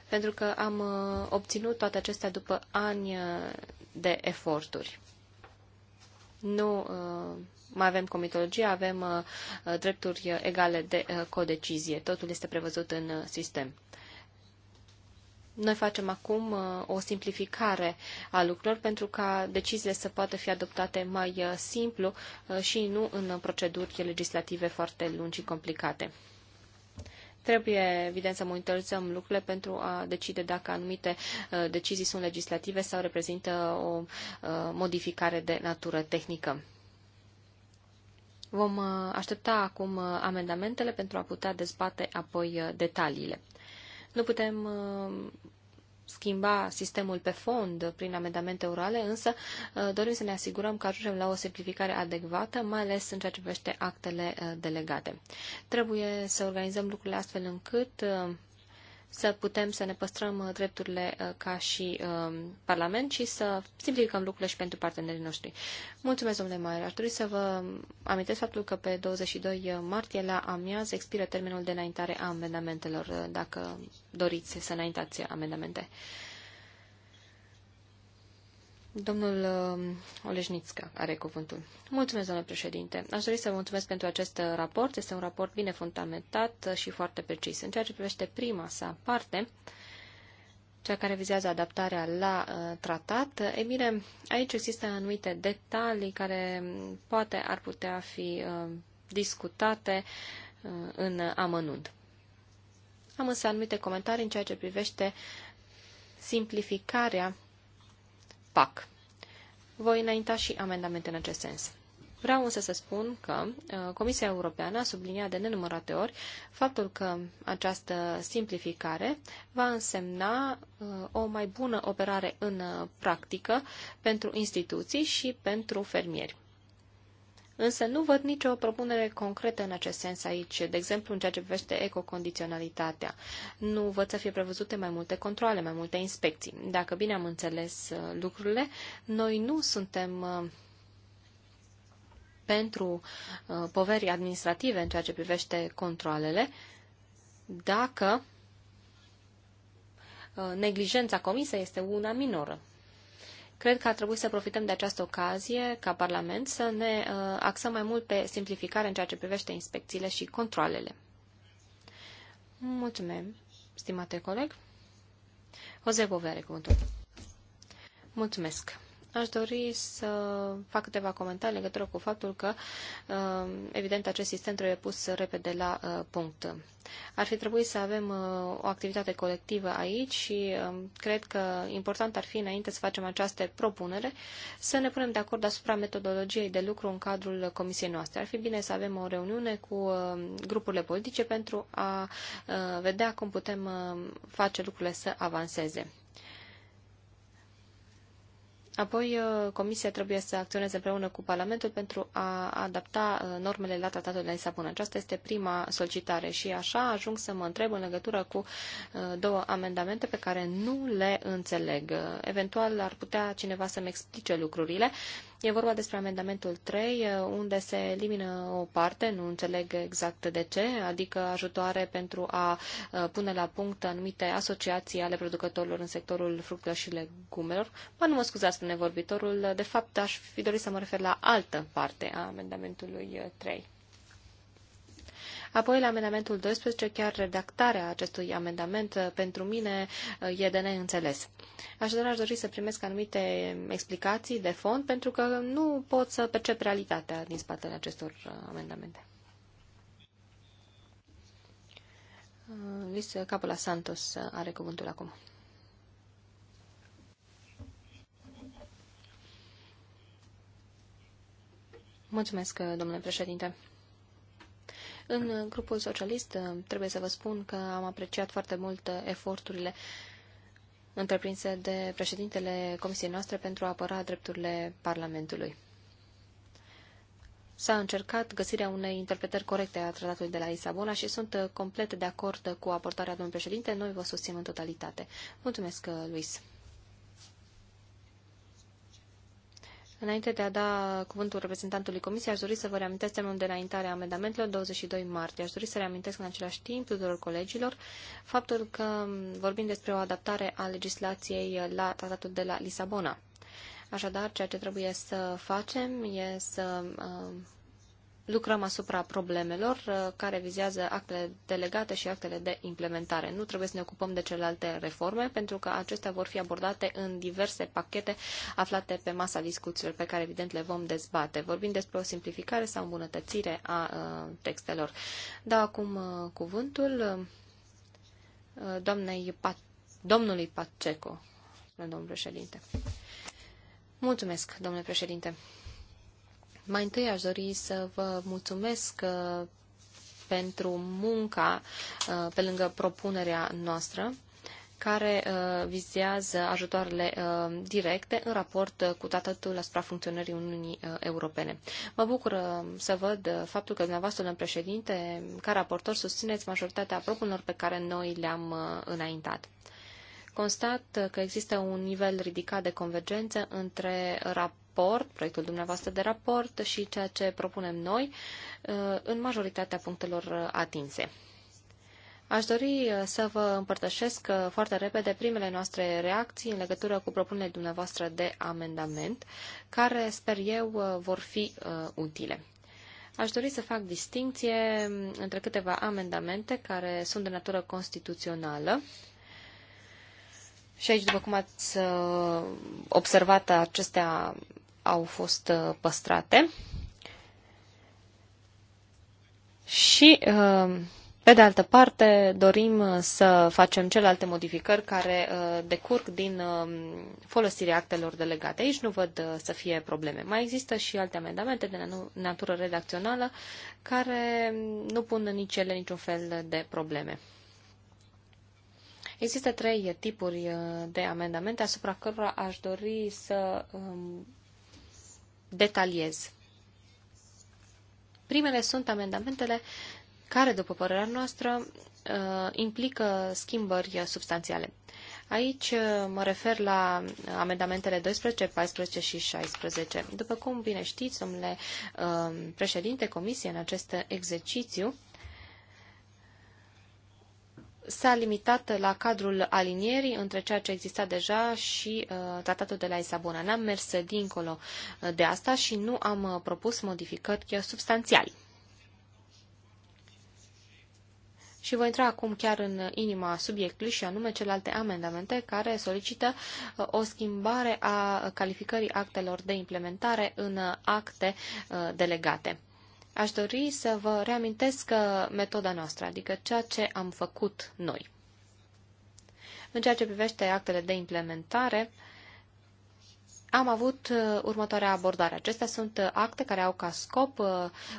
Pentru că am uh, obținut toate acestea după ani de eforturi. Nu mai avem comitologie, avem drepturi egale de codecizie. Totul este prevăzut în sistem. Noi facem acum uh, o simplificare a lucrurilor pentru ca deciziile să poată fi adoptate mai uh, simplu uh, și nu în proceduri legislative foarte lungi și complicate. Trebuie, evident, să monitorizăm lucrurile pentru a decide dacă anumite decizii sunt legislative sau reprezintă o modificare de natură tehnică. Vom aștepta acum amendamentele pentru a putea dezbate apoi detaliile. Nu putem uh, schimba sistemul pe fond prin amendamente orale, însă uh, dorim să ne asigurăm că ajungem la o simplificare adecvată, mai ales în ceea ce privește actele uh, delegate. Trebuie să organizăm lucrurile astfel încât să putem să ne păstrăm uh, drepturile uh, ca și um, Parlament și să simplificăm lucrurile și pentru partenerii noștri. Mulțumesc, domnule Maier. Aș dori să vă amintesc faptul că pe 22 uh, martie la amiaz expiră termenul de înaintare a amendamentelor, dacă doriți să înaintați amendamente. Domnul uh, Oleșnițca are cuvântul. Mulțumesc, domnule președinte. Aș dori să vă mulțumesc pentru acest uh, raport. Este un raport bine fundamentat uh, și foarte precis. În ceea ce privește prima sa parte, cea care vizează adaptarea la uh, tratat. E bine, aici există anumite detalii care mm, poate ar putea fi uh, discutate uh, în amănunt. Am însă anumite comentarii în ceea ce privește simplificarea PAC. Voi înainta și amendamente în acest sens. Vreau însă să spun că uh, Comisia Europeană a subliniat de nenumărate ori faptul că această simplificare va însemna uh, o mai bună operare în uh, practică pentru instituții și pentru fermieri însă nu văd nicio propunere concretă în acest sens aici, de exemplu în ceea ce privește ecocondiționalitatea. Nu văd să fie prevăzute mai multe controle, mai multe inspecții. Dacă bine am înțeles uh, lucrurile, noi nu suntem uh, pentru uh, poveri administrative în ceea ce privește controlele, dacă neglijența comisă este una minoră. Cred că ar trebui să profităm de această ocazie ca Parlament să ne uh, axăm mai mult pe simplificare în ceea ce privește inspecțiile și controlele. Mulțumim, stimate coleg. Jose Bove are cuvântul. Mulțumesc. Aș dori să fac câteva comentarii în legătură cu faptul că, uh, evident, acest sistem trebuie pus repede la uh, punct. Ar fi trebuit să avem uh, o activitate colectivă aici și um, cred că important ar fi, înainte să facem această propunere, să ne punem de acord asupra metodologiei de lucru în cadrul comisiei noastre. Ar fi bine să avem o reuniune cu grupurile politice pentru a vedea cum putem face lucrurile să avanseze. Apoi, uh, Comisia trebuie să acționeze împreună cu Parlamentul pentru a adapta uh, normele la Tratatul de Lisabona. Aceasta este prima solicitare și așa ajung să mă întreb în legătură cu uh, două amendamente pe care nu le înțeleg. Eventual ar putea cineva să-mi explice lucrurile E vorba despre amendamentul 3, eh, unde se elimină o parte, nu înțeleg exact de ce, adică ajutoare pentru a eh, pune la punct anumite asociații ale producătorilor în sectorul fructelor și legumelor. Mă nu mă scuzați, spune vorbitorul, de fapt aș fi dorit să mă refer la altă parte a amendamentului 3. Eh, Apoi, la amendamentul 12, chiar redactarea acestui amendament uh, pentru mine uh, e de neînțeles. Așadar, aș dori să primesc anumite explicații de fond, pentru că nu pot să percep realitatea din spatele acestor uh, amendamente. Luis Capola Santos are cuvântul acum. Mulțumesc, domnule președinte. În grupul socialist trebuie să vă spun că am apreciat foarte mult eforturile întreprinse de președintele comisiei noastre pentru a apăra drepturile Parlamentului. S-a încercat găsirea unei interpretări corecte a tratatului de la Lisabona și sunt complet de acord cu aportarea domnului președinte. Noi vă susținem în totalitate. Mulțumesc, Luis. Înainte de a da cuvântul reprezentantului Comisiei, aș dori să vă reamintesc termenul de înaintare a amendamentelor 22 martie. Aș dori să reamintesc în același timp tuturor colegilor faptul că vorbim despre o adaptare a legislației la tratatul de la Lisabona. Așadar, ceea ce trebuie să facem e să um, lucrăm asupra problemelor uh, care vizează actele delegate și actele de implementare. Nu trebuie să ne ocupăm de celelalte reforme, pentru că acestea vor fi abordate în diverse pachete aflate pe masa discuțiilor, pe care evident le vom dezbate. Vorbim despre o simplificare sau îmbunătățire a uh, textelor. Dau acum uh, cuvântul doamnei pa- domnului Paceco, domnul președinte. Mulțumesc, domnule președinte. Mai întâi aș dori să vă mulțumesc uh, pentru munca uh, pe lângă propunerea noastră care uh, vizează ajutoarele directe în raport cu tatătul asupra funcționării Uniunii Europene. Mă bucur să văd faptul că dumneavoastră, domnule președinte, ca raportor, susțineți majoritatea propunerilor pe care noi le-am înaintat constat că există un nivel ridicat de convergență între raport, proiectul dumneavoastră de raport și ceea ce propunem noi uh, în majoritatea punctelor atinse. Aș dori uh, să vă împărtășesc uh, foarte repede primele noastre reacții în legătură cu propunerile dumneavoastră de amendament, care sper eu vor fi utile. Aș dori să fac distinție mm, între câteva amendamente care sunt de natură constituțională și aici, după cum ați uh, observat, acestea au fost uh, păstrate. Și, uh, pe de altă parte, dorim să facem celelalte modificări care decurg din folosirea actelor delegate. Aici nu văd să fie probleme. Mai există și alte amendamente de natură redacțională care nu pun nici ele niciun fel de probleme. Există trei tipuri uh, de amendamente asupra cărora aș dori să um, detaliez. Primele sunt amendamentele care, după părerea noastră, uh, implică schimbări substanțiale. Aici uh, mă refer la amendamentele 12, 14 și 16. După cum bine știți, domnule președinte, comisie în acest exercițiu s-a limitat la cadrul alinierii între ceea ce exista deja și uh, tratatul de la Isabona. N-am mers dincolo uh, de asta și nu am uh, propus modificări substanțiale. Și voi intra acum chiar în inima subiectului și anume celelalte amendamente care solicită uh, o schimbare a calificării actelor de implementare în acte delegate aș dori să vă reamintesc uh, metoda noastră, adică ceea ce am făcut noi. În ceea ce privește actele de implementare, am avut uh, următoarea abordare. Acestea sunt uh, acte care au ca scop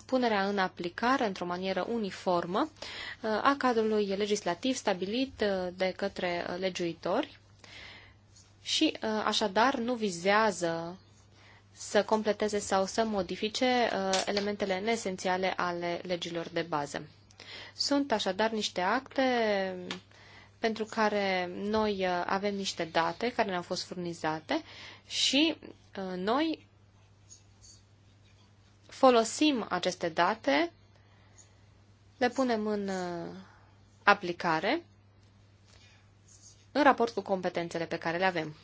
punerea în aplicare într-o manieră uniformă a cadrului legislativ stabilit de către legiuitori și așadar nu vizează să completeze sau să modifice uh, elementele neesențiale ale legilor de bază. Sunt așadar niște acte pentru care noi uh, avem niște date care ne-au fost furnizate și uh, noi folosim aceste date, le punem în aplicare în raport cu competențele pe care le avem.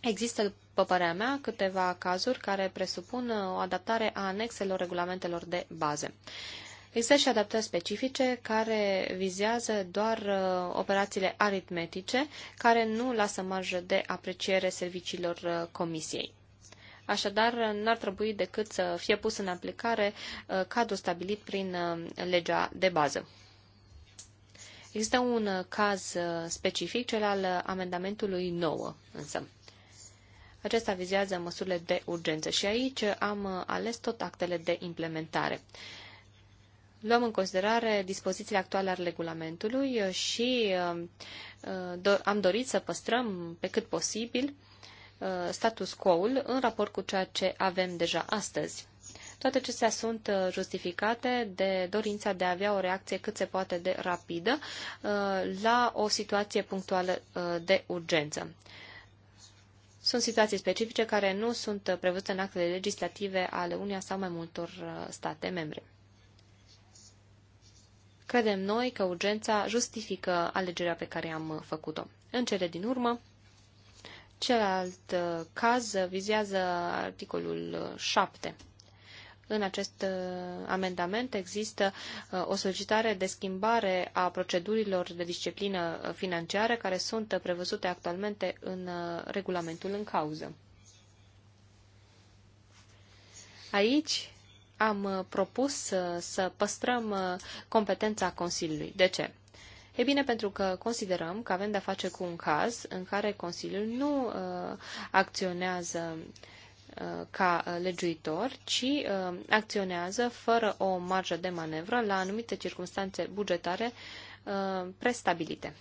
Există după părerea mea, câteva cazuri care presupun uh, o adaptare a anexelor regulamentelor de bază. Există și adaptări specifice care vizează doar uh, operațiile aritmetice, care nu lasă marjă de apreciere serviciilor uh, comisiei. Așadar, n-ar trebui decât să fie pus în aplicare cadrul stabilit prin legea de bază. Există un caz specific, cel al amendamentului 9, însă. Acesta vizează măsurile de urgență și aici am ales tot actele de implementare. Luăm în considerare dispozițiile actuale ale regulamentului și uh, am dorit să păstrăm pe cât posibil uh, status quo-ul în raport cu ceea ce avem deja astăzi. Toate acestea sunt uh, justificate de dorința de a avea o reacție cât se poate de rapidă la o situație punctuală de urgență. Sunt situații specifice care nu sunt prevăzute în actele legislative ale unia sau mai multor uh, state membre. Credem noi că urgența justifică alegerea pe care am uh, făcut-o. În cele din urmă, celălalt uh, caz vizează articolul 7 în acest uh, amendament există uh, o solicitare de schimbare a procedurilor de disciplină uh, financiară care sunt prevăzute actualmente în regulamentul în cauză. Aici am propus să păstrăm competența Consiliului. De ce? E bine, pentru că considerăm că avem de-a face cu un caz în care Consiliul nu uh, acționează uh, ca uh, legiuitor, ci uh, acționează fără o marjă de manevră la anumite circunstanțe bugetare uh, prestabilite.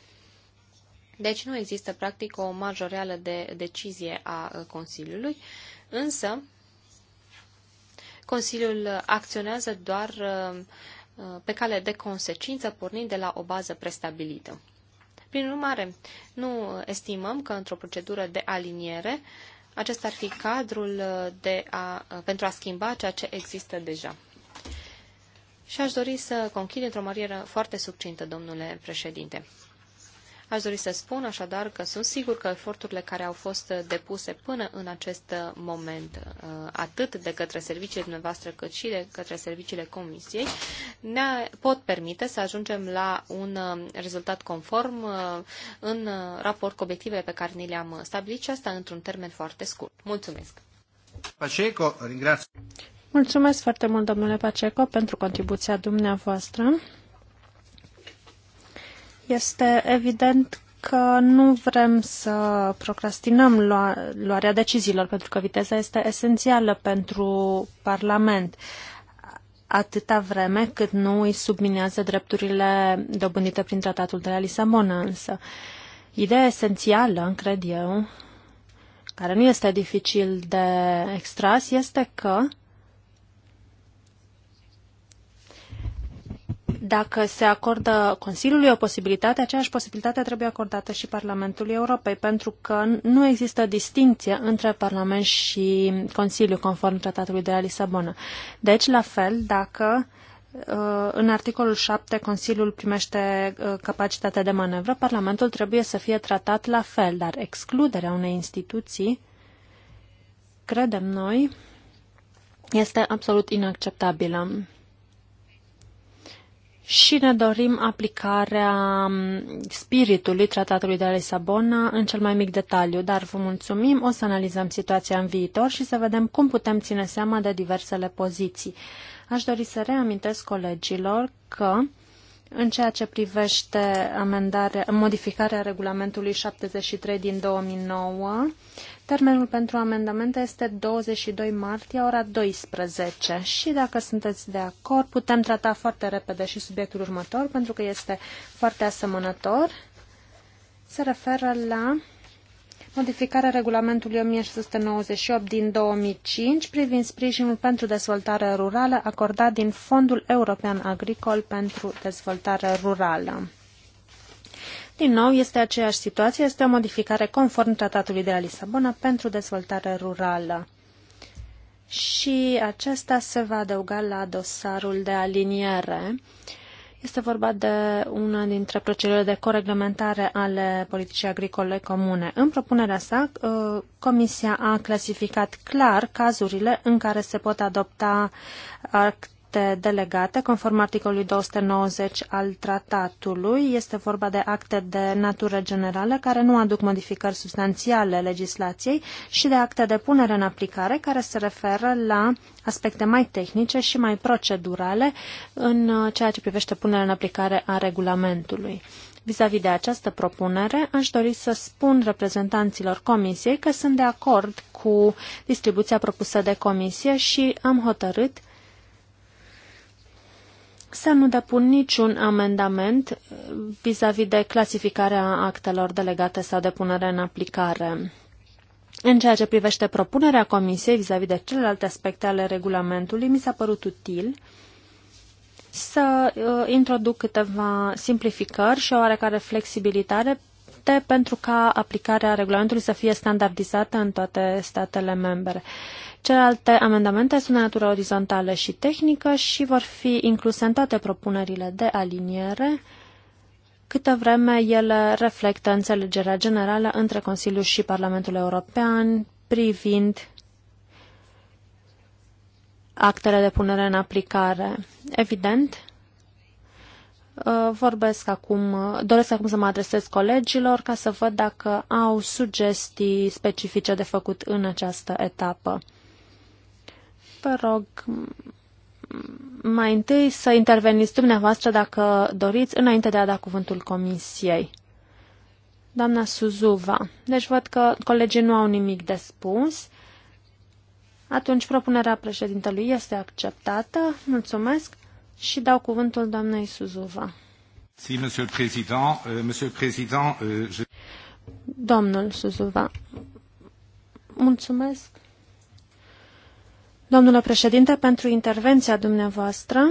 Deci nu există practic o marjă reală de decizie a Consiliului, însă Consiliul acționează doar pe cale de consecință, pornind de la o bază prestabilită. Prin urmare, nu estimăm că într-o procedură de aliniere acesta ar fi cadrul uh, de a, uh, pentru a schimba ceea ce există deja. Și aș dori să conchid într-o manieră foarte succintă, domnule președinte. Aș dori să spun așadar că sunt sigur că eforturile care au fost depuse până în acest moment, uh, atât de către serviciile dumneavoastră, cât și de către serviciile Comisiei, ne pot permite să ajungem la un uh, rezultat conform uh, în raport cu obiectivele pe care ni le-am stabilit și asta într-un termen foarte scurt. Mulțumesc! Paceco, ringrazio. Mulțumesc foarte mult, domnule Paceco, pentru contribuția dumneavoastră. Este evident că nu vrem să procrastinăm lua, luarea deciziilor, pentru că viteza este esențială pentru Parlament atâta vreme cât nu îi subminează drepturile dobândite prin tratatul de la Lisabona, însă. Ideea esențială, cred eu, care nu este dificil de extras, este că dacă se acordă Consiliului o posibilitate, aceeași posibilitate trebuie acordată și Parlamentului Europei, pentru că nu există distinție între Parlament și Consiliu, conform Tratatului de la Lisabona. Deci, la fel, dacă uh, în articolul 7 Consiliul primește uh, capacitatea de manevră, Parlamentul trebuie să fie tratat la fel, dar excluderea unei instituții, credem noi, este absolut inacceptabilă și ne dorim aplicarea mm, spiritului Tratatului de la Lisabona în cel mai mic detaliu, dar vă mulțumim, o să analizăm situația în viitor și să vedem cum putem ține seama de diversele poziții. Aș dori să reamintesc colegilor că în ceea ce privește amendarea, modificarea regulamentului 73 din 2009, termenul pentru amendamente este 22 martie, ora 12. Și dacă sunteți de acord, putem trata foarte repede și subiectul următor, pentru că este foarte asemănător. Se referă la modificarea regulamentului 1698 din 2005 privind sprijinul pentru dezvoltare rurală acordat din Fondul European Agricol pentru Dezvoltare Rurală. Din nou, este aceeași situație, este o modificare conform Tratatului de la Lisabona pentru dezvoltare rurală. Și acesta se va adăuga la dosarul de aliniere. Uh, este vorba de una dintre procedurile de coreglementare ale politicii agricole comune. În propunerea sa, uh, Comisia a clasificat clar cazurile în care se pot adopta act acte delegate, conform articolului 290 al tratatului. Este vorba de acte de natură generală care nu aduc modificări substanțiale legislației și de acte de punere în aplicare care se referă la aspecte mai tehnice și mai procedurale în ceea ce privește punerea în aplicare a regulamentului. Vis-a-vis -vis de această propunere, aș dori să spun reprezentanților Comisiei că sunt de acord cu distribuția propusă de Comisie și am hotărât să nu depun niciun amendament uh, vis-a-vis -vis de clasificarea actelor delegate sau de punere în aplicare. În ceea ce privește propunerea Comisiei vis-a-vis -vis de celelalte aspecte ale regulamentului, mi s-a părut util să uh, introduc câteva simplificări și o oarecare flexibilitate pentru ca aplicarea regulamentului să fie standardizată în toate statele membre. Uh, Celelalte amendamente sunt de natură orizontală și tehnică și vor fi incluse în toate propunerile de aliniere, câtă vreme ele reflectă înțelegerea generală între Consiliu și Parlamentul European privind actele de punere în aplicare. Evident, uh, vorbesc acum, uh, doresc acum să mă adresez colegilor ca să văd dacă au sugestii specifice de făcut în această etapă. Vă rog mai întâi să interveniți dumneavoastră dacă doriți, înainte de a da cuvântul comisiei. Doamna Suzuva, deci văd că colegii nu au nimic de spus. Atunci propunerea președintelui este acceptată. Mulțumesc și dau cuvântul doamnei Suzuva. Si, monsieur le président, euh, monsieur le président, euh, je... Domnul Suzuva, mulțumesc. Domnule președinte, pentru intervenția dumneavoastră.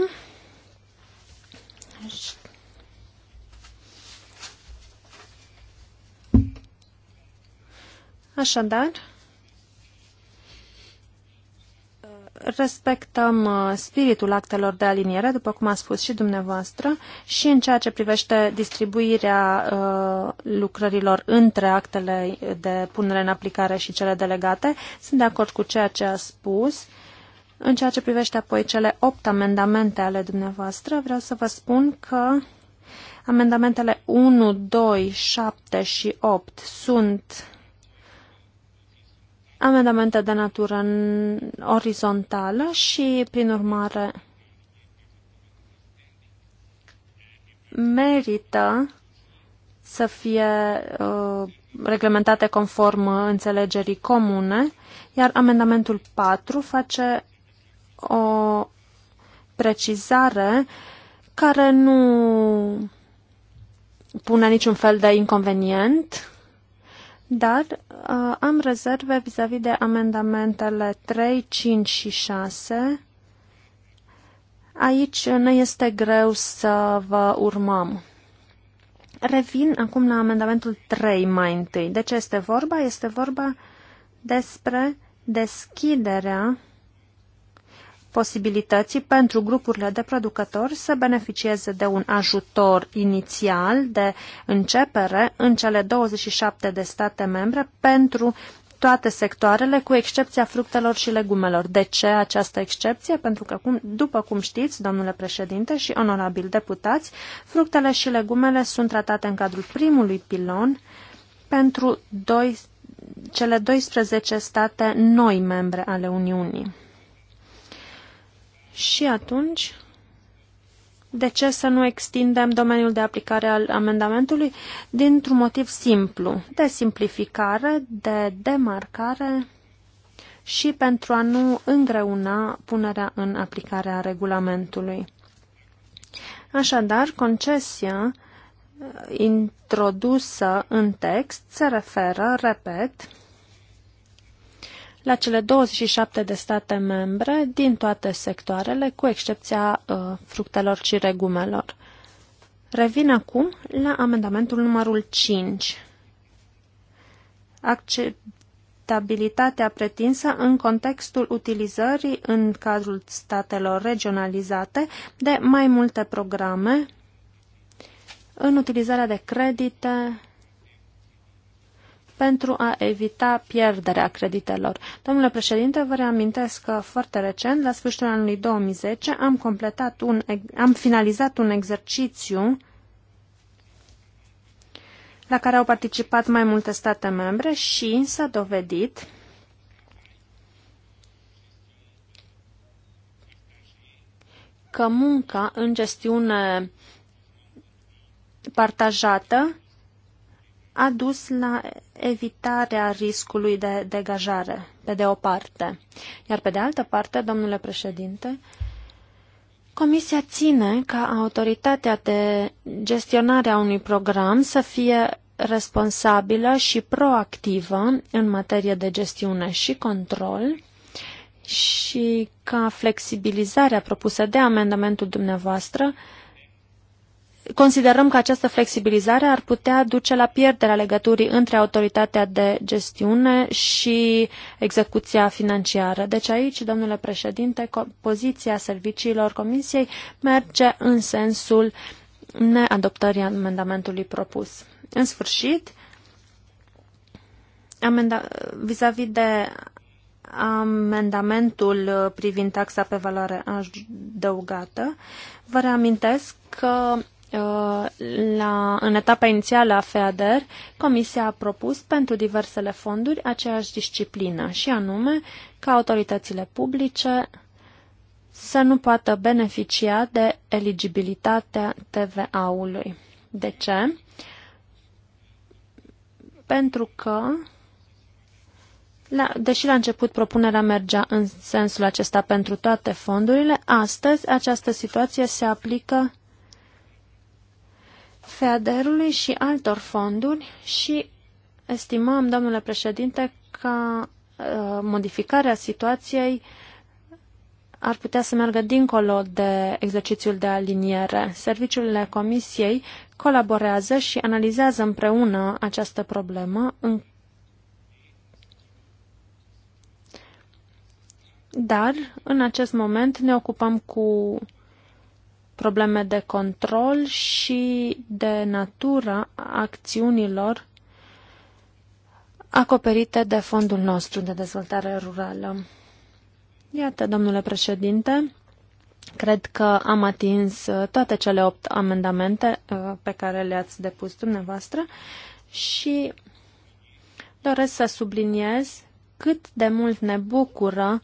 Așadar, respectăm uh, spiritul actelor de aliniere, după cum a spus și dumneavoastră, și în ceea ce privește distribuirea uh, lucrărilor între actele de punere în aplicare și cele delegate. Sunt de acord cu ceea ce a spus. În ceea ce privește apoi cele opt amendamente ale dumneavoastră, vreau să vă spun că amendamentele 1, 2, 7 și 8 sunt amendamente de natură orizontală și, prin urmare, merită să fie uh, reglementate conform înțelegerii comune, iar amendamentul 4 face o precizare care nu pune niciun fel de inconvenient, dar uh, am rezerve vis-a-vis -vis de amendamentele 3, 5 și 6. Aici ne este greu să vă urmăm. Revin acum la amendamentul 3 mai întâi. De ce este vorba? Este vorba despre deschiderea posibilității pentru grupurile de producători să beneficieze de un ajutor inițial de începere în cele 27 de state membre pentru toate sectoarele, cu excepția fructelor și legumelor. De ce această excepție? Pentru că, cum, după cum știți, domnule președinte și onorabil deputați, fructele și legumele sunt tratate în cadrul primului pilon pentru doi, cele 12 state noi membre ale Uniunii. Și atunci, de ce să nu extindem domeniul de aplicare al amendamentului? Dintr-un motiv simplu, de simplificare, de demarcare și pentru a nu îngreuna punerea în aplicare a regulamentului. Așadar, concesia eh, introdusă în text se referă, repet, la cele 27 de state membre din toate sectoarele, cu excepția uh, fructelor și regumelor. Revin acum la amendamentul numărul 5. Acceptabilitatea pretinsă în contextul utilizării în cadrul statelor regionalizate de mai multe programe în utilizarea de credite pentru a evita pierderea creditelor. Domnule președinte, vă reamintesc că foarte recent, la sfârșitul anului 2010, am, completat un, am finalizat un exercițiu la care au participat mai multe state membre și s-a dovedit că munca în gestiune partajată a dus la evitarea riscului de degajare, pe de o parte. Iar pe de altă parte, domnule președinte, Comisia ține ca autoritatea de gestionare a unui program să fie responsabilă și proactivă în materie de gestiune și control și ca flexibilizarea propusă de amendamentul dumneavoastră Considerăm că această flexibilizare ar putea duce la pierderea legăturii între autoritatea de gestiune și execuția financiară. Deci aici, domnule președinte, poziția serviciilor Comisiei merge în sensul neadoptării amendamentului propus. În sfârșit, vis-a-vis -vis de amendamentul privind taxa pe valoare adăugată, vă reamintesc că la, în etapa inițială a FEADER, Comisia a propus pentru diversele fonduri aceeași disciplină, și anume ca autoritățile publice să nu poată beneficia de eligibilitatea TVA-ului. De ce? Pentru că, la, deși la început propunerea mergea în sensul acesta pentru toate fondurile, astăzi această situație se aplică FEADER-ului și altor fonduri și estimăm, domnule președinte, că uh, modificarea situației ar putea să meargă dincolo de exercițiul de aliniere. Serviciurile Comisiei colaborează și analizează împreună această problemă în dar în acest moment ne ocupăm cu probleme de control și de natura acțiunilor acoperite de fondul nostru de dezvoltare rurală. Iată, domnule președinte, cred că am atins uh, toate cele opt amendamente uh, pe care le-ați depus dumneavoastră și doresc să subliniez cât de mult ne bucură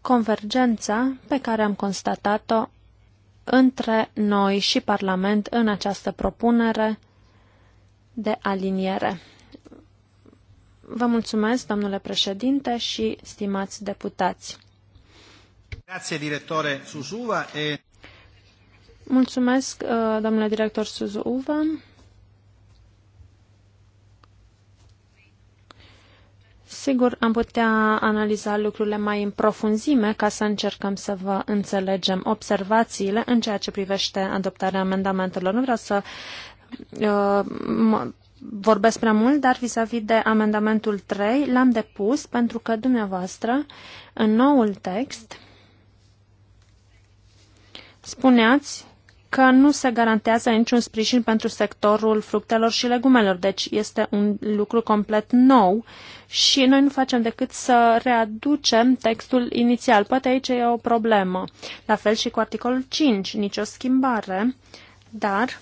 convergența pe care am constatat-o între noi și Parlament în această propunere de aliniere. Vă mulțumesc, domnule președinte și stimați deputați. Grazie, Suzuva. E... Mulțumesc, uh, domnule director Suzuva. Sigur, am putea analiza lucrurile mai în profunzime ca să încercăm să vă înțelegem observațiile în ceea ce privește adoptarea amendamentelor. Nu vreau să uh, vorbesc prea mult, dar vis-a-vis -vis de amendamentul 3 l-am depus pentru că dumneavoastră în noul text spuneați că nu se garantează niciun sprijin pentru sectorul fructelor și legumelor. Deci este un lucru complet nou și noi nu facem decât să readucem textul inițial. Poate aici e o problemă. La fel și cu articolul 5, nicio schimbare, dar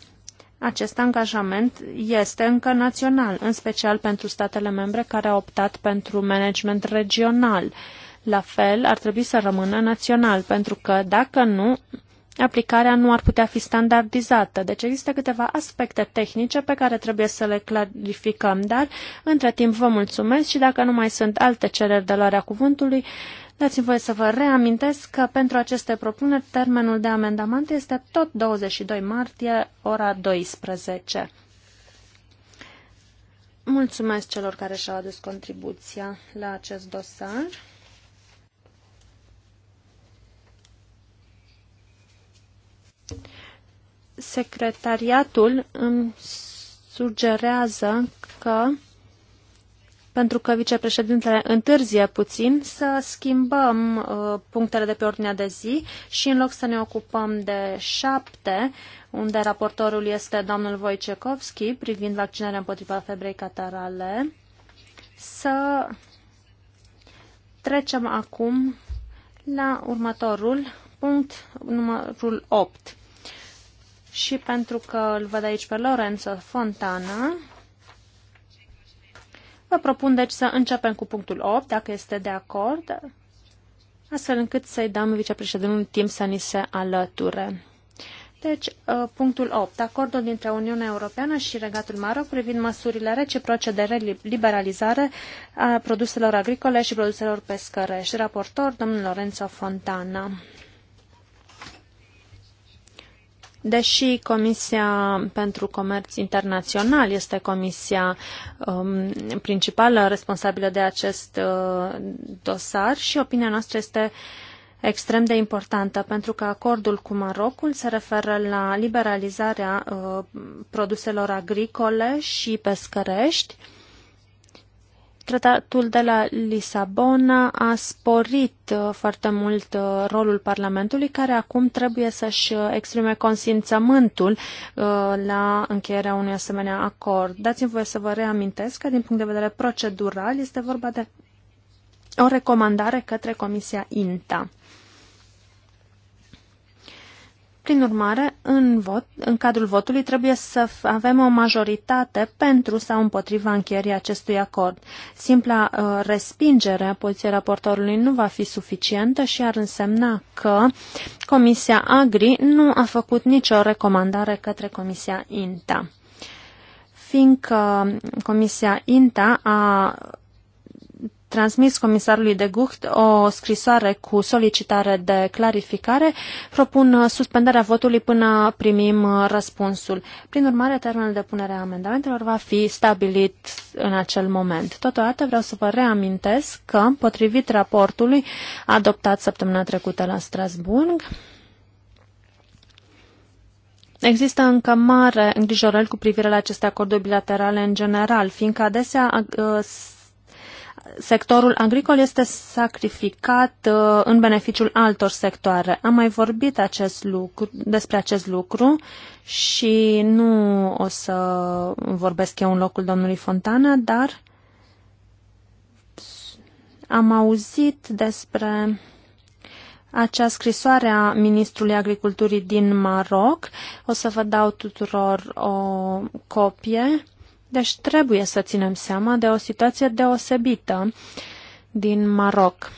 acest angajament este încă național, în special pentru statele membre care au optat pentru management regional. La fel, ar trebui să rămână național, pentru că, dacă nu, aplicarea nu ar putea fi standardizată. Deci există câteva aspecte tehnice pe care trebuie să le clarificăm, dar între timp vă mulțumesc și dacă nu mai sunt alte cereri de luarea cuvântului, dați-mi voie să vă reamintesc că pentru aceste propuneri termenul de amendament este tot 22 martie, ora 12. Mulțumesc celor care și-au adus contribuția la acest dosar. Secretariatul îmi sugerează că, pentru că vicepreședintele întârzie puțin, să schimbăm uh, punctele de pe ordinea de zi și în loc să ne ocupăm de șapte, unde raportorul este domnul Wojciechowski privind vaccinarea împotriva febrei catarale, să trecem acum la următorul punct numărul 8. Și pentru că îl văd aici pe Lorenzo Fontana, vă propun deci să începem cu punctul 8, dacă este de acord, astfel încât să-i dăm vicepreședintelui timp să ni se alăture. Deci, uh, punctul 8. Acordul dintre Uniunea Europeană și Regatul Maroc privind măsurile reciproce de liberalizare a produselor agricole și produselor pescărești. Raportor, domnul Lorenzo Fontana. Deși Comisia pentru Comerț Internațional este comisia um, principală responsabilă de acest uh, dosar și opinia noastră este extrem de importantă pentru că acordul cu Marocul se referă la liberalizarea uh, produselor agricole și pescărești uh, Tratatul de la Lisabona a sporit uh, foarte mult uh, rolul Parlamentului, care acum trebuie să-și uh, exprime consimțământul la încheierea unui asemenea acord. Dați-mi voie să vă reamintesc că, din punct de vedere procedural, este vorba de o recomandare către Comisia INTA. Prin urmare, în, vot, în cadrul votului trebuie să avem o majoritate pentru sau împotriva încheierii acestui acord. Simpla uh, respingere a poziției raportorului nu va fi suficientă și ar însemna că Comisia Agri nu a făcut nicio recomandare către Comisia INTA. Fiindcă Comisia INTA a transmis comisarului de Gucht o scrisoare cu solicitare de clarificare. Propun suspendarea votului până primim răspunsul. Prin urmare, termenul de punere a amendamentelor va fi stabilit în acel moment. Totodată vreau să vă reamintesc că, potrivit raportului adoptat săptămâna trecută la Strasburg, Există încă mare îngrijorări cu privire la aceste acorduri bilaterale în general, fiindcă adesea uh, sectorul agricol este sacrificat uh, în beneficiul altor sectoare. Am mai vorbit acest lucru, despre acest lucru și nu o să vorbesc eu în locul domnului Fontana, dar am auzit despre acea scrisoare a Ministrului Agriculturii din Maroc. O să vă dau tuturor o copie deci trebuie să ținem seama de o situație deosebită din Maroc.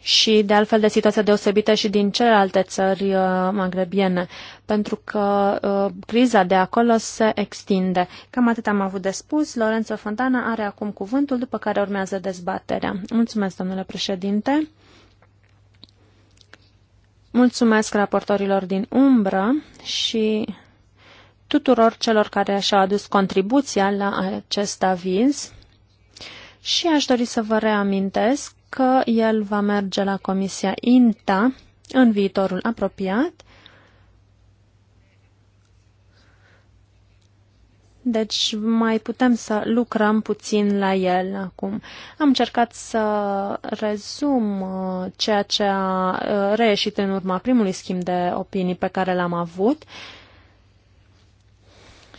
Și de altfel de situația deosebită și din celelalte țări uh, magrebiene, pentru că uh, criza de acolo se extinde. Cam atât am avut de spus. Lorenzo Fontana are acum cuvântul, după care urmează dezbaterea. Mulțumesc, domnule președinte. Mulțumesc raportorilor din umbră și tuturor celor care și-au adus contribuția la acest aviz și aș dori să vă reamintesc că el va merge la Comisia INTA în viitorul apropiat. Deci mai putem să lucrăm puțin la el acum. Am încercat să rezum uh, ceea ce a uh, reieșit în urma primului schimb de opinii pe care l-am avut. Uh,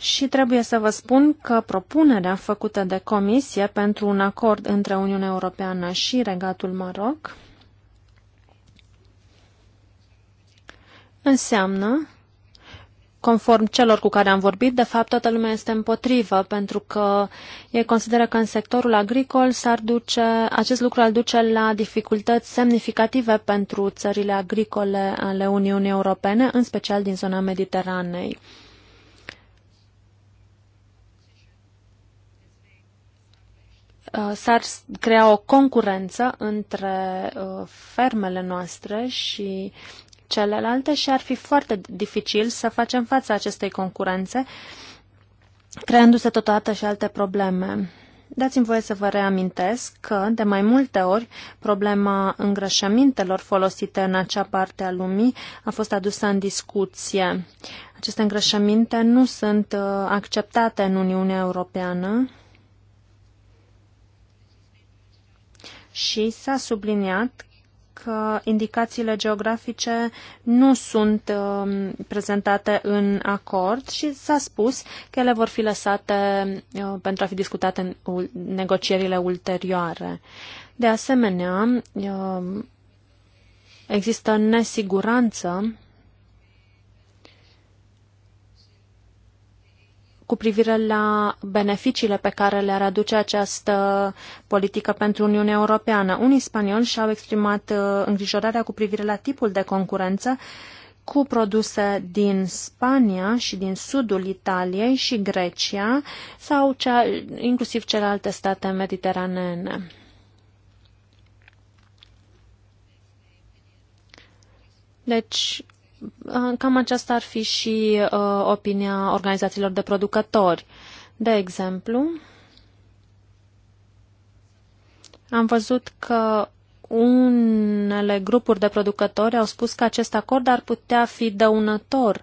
și trebuie să vă spun că propunerea făcută de Comisie pentru un acord între Uniunea Europeană și Regatul Maroc înseamnă conform celor cu care am vorbit, de fapt toată lumea este împotrivă, pentru că ei consideră că în sectorul agricol s-ar duce, acest lucru ar duce la dificultăți semnificative pentru țările agricole ale Uniunii Europene, în special din zona Mediteranei. Uh, s-ar crea o concurență între uh, fermele noastre și celelalte și ar fi foarte dificil să facem față acestei concurențe, creându-se totodată și alte probleme. Dați-mi voie să vă reamintesc că, de mai multe ori, problema îngrășămintelor folosite în acea parte a lumii a fost adusă în discuție. Aceste îngrășăminte nu sunt uh, acceptate în Uniunea Europeană și s-a subliniat că indicațiile geografice nu sunt uh, prezentate în acord și s-a spus că ele vor fi lăsate uh, pentru a fi discutate în ul negocierile ulterioare. De asemenea, uh, există nesiguranță cu privire la beneficiile pe care le-ar aduce această politică pentru Uniunea Europeană. Unii spanioli și-au exprimat uh, îngrijorarea cu privire la tipul de concurență cu produse din Spania și din sudul Italiei și Grecia sau cea, inclusiv celelalte state mediteraneene. Deci, Uh, cam aceasta ar fi și uh, opinia organizațiilor de producători. De exemplu, am văzut că unele grupuri de producători au spus că acest acord ar putea fi dăunător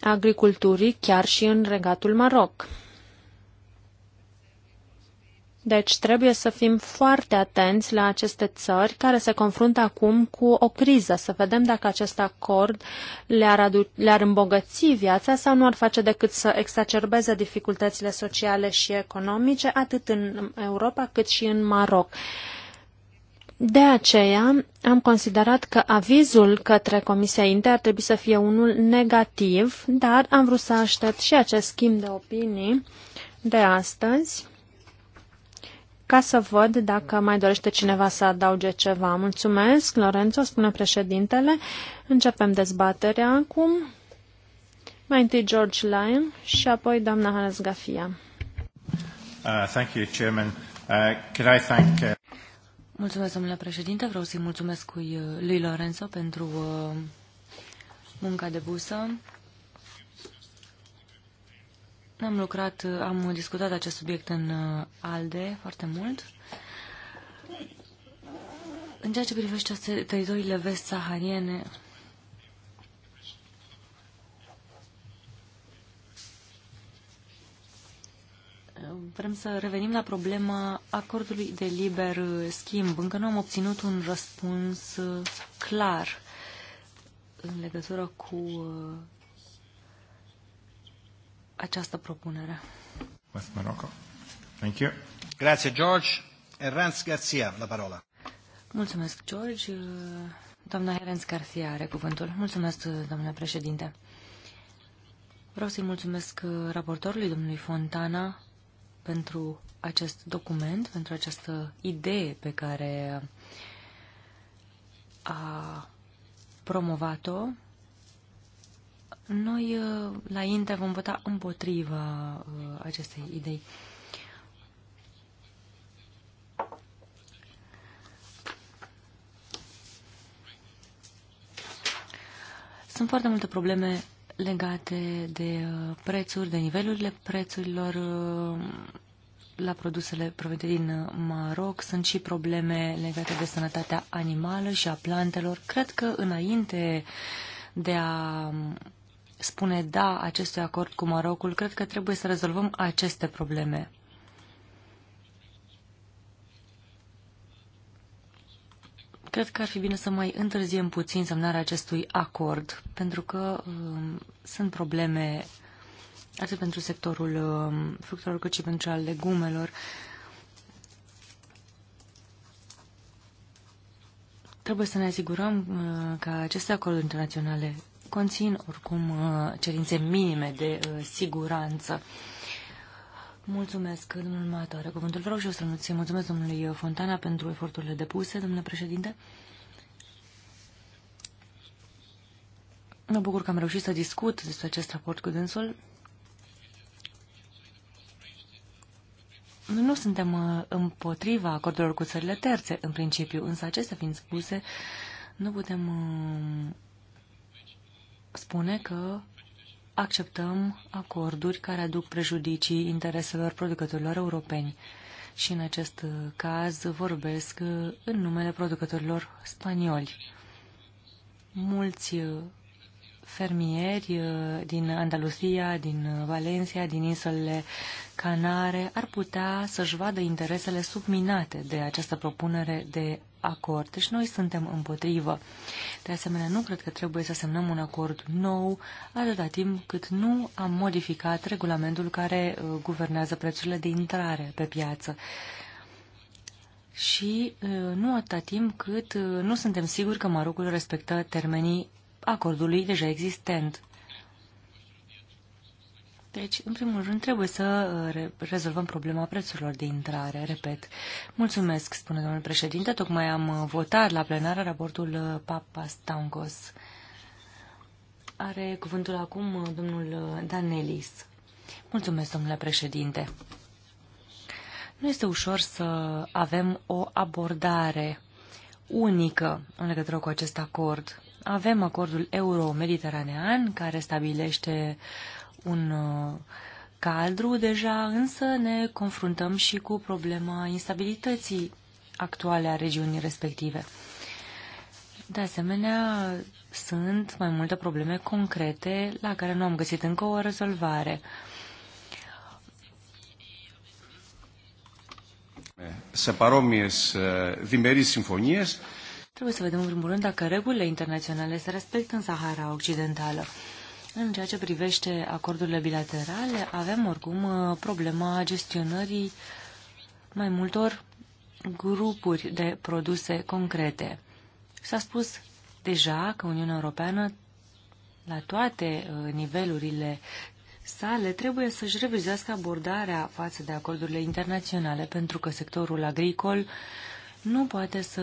agriculturii chiar și în regatul Maroc. Deci trebuie să fim foarte atenți la aceste țări care se confruntă acum cu o criză, să vedem dacă acest acord le-ar, le, le îmbogăți viața sau nu ar face decât să exacerbeze dificultățile sociale și economice, atât în Europa cât și în Maroc. De aceea am considerat că avizul către Comisia Inter ar trebui să fie unul negativ, dar am vrut să aștept și acest schimb de opinii de astăzi ca să văd dacă mai dorește cineva să adauge ceva. Mulțumesc, Lorenzo, spune președintele. Începem dezbaterea acum. Mai întâi George Lyon și apoi doamna Hanes Gafia. Uh, thank you, Uh, thank, uh... Mulțumesc, domnule președinte. Vreau să-i mulțumesc lui uh, Lorenzo pentru uh, munca de busă am lucrat, am discutat acest subiect în uh, ALDE foarte mult. În ceea ce privește teritoriile vest-sahariene, vrem să revenim la problema acordului de liber uh, schimb. Încă nu am obținut un răspuns uh, clar în legătură cu această propunere. Thank you. Grazie, George. Erranz Garcia, la parola. Mulțumesc, George. Doamna Herenz Garcia are cuvântul. Mulțumesc, domnule președinte. Vreau să-i mulțumesc raportorului, domnului Fontana, pentru acest document, pentru această idee pe care a promovat-o noi uh, la Inter, vom vota împotriva uh, acestei idei. Sunt foarte multe probleme legate de uh, prețuri, de nivelurile prețurilor la produsele provenite din Maroc. Sunt și probleme legate de sănătatea animală și a plantelor. Cred că înainte de a spune da acestui acord cu Marocul, cred că trebuie să rezolvăm aceste probleme. Cred că ar fi bine să mai întârziem puțin semnarea acestui acord, pentru că um, sunt probleme atât pentru sectorul um, fructelor cât și pentru al legumelor. Trebuie să ne asigurăm uh, că aceste acorduri internaționale conțin oricum uh, cerințe minime de uh, siguranță. Mulțumesc, domnul Matoare. Cuvântul vreau și eu să nu-ți mulțumesc domnului Fontana pentru eforturile depuse, domnule președinte. Mă bucur că am reușit să discut despre acest raport cu dânsul. Nu suntem uh, împotriva acordurilor cu țările terțe, în principiu, însă acestea fiind spuse, nu putem spune că acceptăm acorduri care aduc prejudicii intereselor producătorilor europeni și în acest caz vorbesc în numele producătorilor spanioli. Mulți fermieri uh, din Andalusia, din uh, Valencia, din insulele Canare ar putea să-și vadă interesele subminate de această propunere de acord. Deci noi suntem împotrivă. De asemenea, nu cred că trebuie să semnăm un acord nou atâta timp cât nu am modificat regulamentul care uh, guvernează prețurile de intrare pe piață și nu atâta timp cât nu suntem siguri că Marocul respectă termenii acordului deja existent. Deci, în primul rând, trebuie să uh, rezolvăm problema prețurilor de intrare, repet. Mulțumesc, spune domnul președinte, tocmai am uh, votat la plenară raportul uh, Papa Stangos. Are cuvântul acum domnul Danelis. Mulțumesc, domnule președinte. Nu este ușor să avem o abordare unică în legătură cu acest acord. Avem acordul euro-mediteranean care stabilește un uh, cadru deja, însă ne confruntăm și cu problema instabilității actuale a regiunii respective. De asemenea, sunt mai multe probleme concrete la care nu am găsit încă o rezolvare. Σε παρόμοιες διμερείς συμφωνίες Trebuie să vedem, în primul rând, dacă regulile internaționale se respectă în Sahara Occidentală. În ceea ce privește acordurile bilaterale, avem oricum uh, problema gestionării mai multor grupuri de produse concrete. S-a spus deja că Uniunea Europeană la toate uh, nivelurile sale trebuie să-și revizească abordarea față de acordurile internaționale, pentru că sectorul agricol uh, nu poate să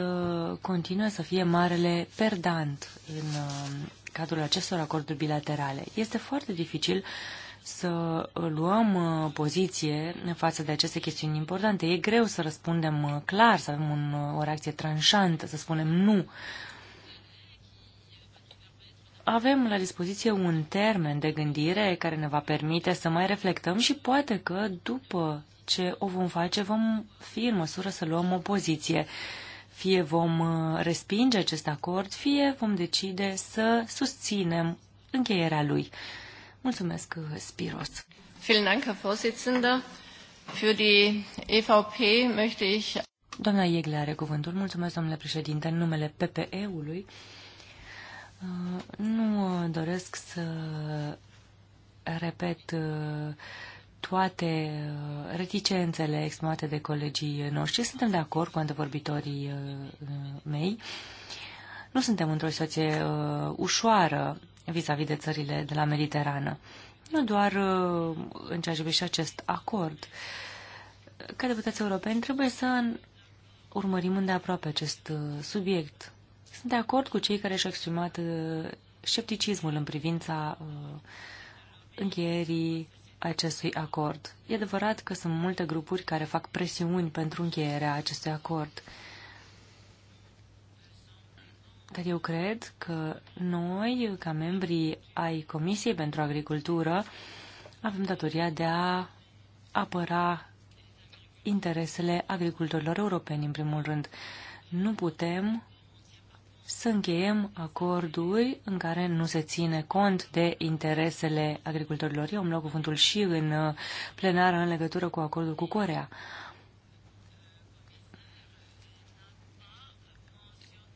continue să fie marele perdant în um, cadrul acestor acorduri bilaterale. Este foarte dificil să luăm uh, poziție în față de aceste chestiuni importante. E greu să răspundem uh, clar, să avem un, uh, o reacție tranșantă, să spunem nu. Avem la dispoziție un termen de gândire care ne va permite să mai reflectăm și poate că după ce o vom face, vom fi în măsură să luăm o poziție. Fie vom uh, respinge acest acord, fie vom decide să susținem încheierea lui. Mulțumesc, uh, Spiros. Vielen Dank, Herr Vorsitzender. Für die EVP möchte ich... Doamna Iegle are cuvântul. Mulțumesc, domnule președinte, în numele PPE-ului. Uh, nu doresc să repet toate uh, reticențele exprimate de colegii noștri. Suntem de acord cu antevorbitorii uh, mei. Nu suntem într-o situație uh, ușoară vis-a-vis -vis de țările de la Mediterană. Nu doar în ceea ce privește acest acord. Ca deputați europeni trebuie să urmărim îndeaproape acest subiect. Sunt de acord cu cei care și-au exprimat scepticismul în privința încheierii acestui acord. E adevărat că sunt multe grupuri care fac presiuni pentru încheierea acestui acord. Dar eu cred că noi, ca membrii ai Comisiei pentru Agricultură, avem datoria de a apăra interesele agricultorilor europeni, în primul rând. Nu putem să încheiem acorduri în care nu se ține cont de interesele agricultorilor. Eu am luat cuvântul și în uh, plenară în legătură cu acordul cu Corea.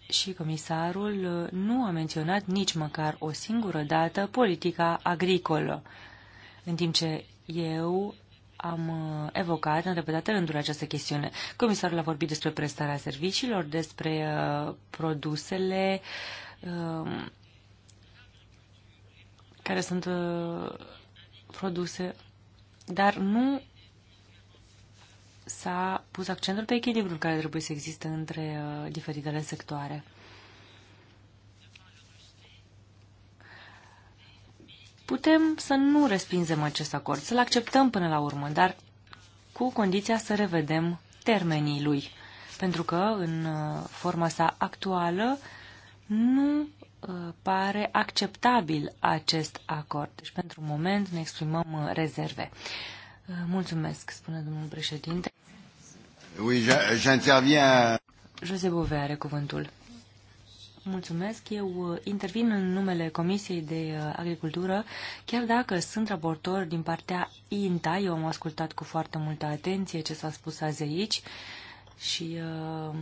Și comisarul uh, nu a menționat nici măcar o singură dată politica agricolă, în timp ce eu am uh, evocat în repetate rânduri această chestiune. Comisarul a vorbit despre prestarea serviciilor, despre uh, produsele uh, care sunt produse, dar nu s-a pus accentul pe echilibrul care trebuie să existe între diferitele sectoare. Putem să nu respingem acest acord, să-l acceptăm până la urmă, dar cu condiția să revedem termenii lui, pentru că în uh, forma sa actuală nu uh, pare acceptabil acest acord. Deci, pentru moment, ne exprimăm uh, rezerve. Mulțumesc, spune domnul președinte. Oui, j'interviens. Jose Bove are cuvântul. Mulțumesc. Eu uh, intervin în numele Comisiei de uh, Agricultură, chiar dacă sunt raportor din partea INTA. Eu am ascultat cu foarte multă atenție ce s-a spus azi aici și uh,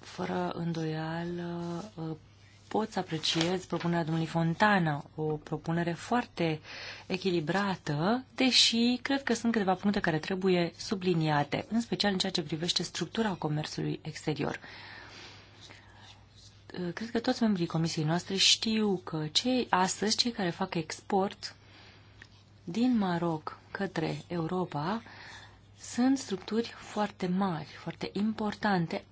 fără îndoială pot să apreciez propunerea domnului Fontana, o propunere foarte echilibrată, deși cred că sunt câteva puncte care trebuie subliniate, în special în ceea ce privește structura comerțului exterior. Uh, cred că toți membrii comisiei noastre știu că cei astăzi, cei care fac export din Maroc către Europa, sunt structuri foarte mari, foarte importante.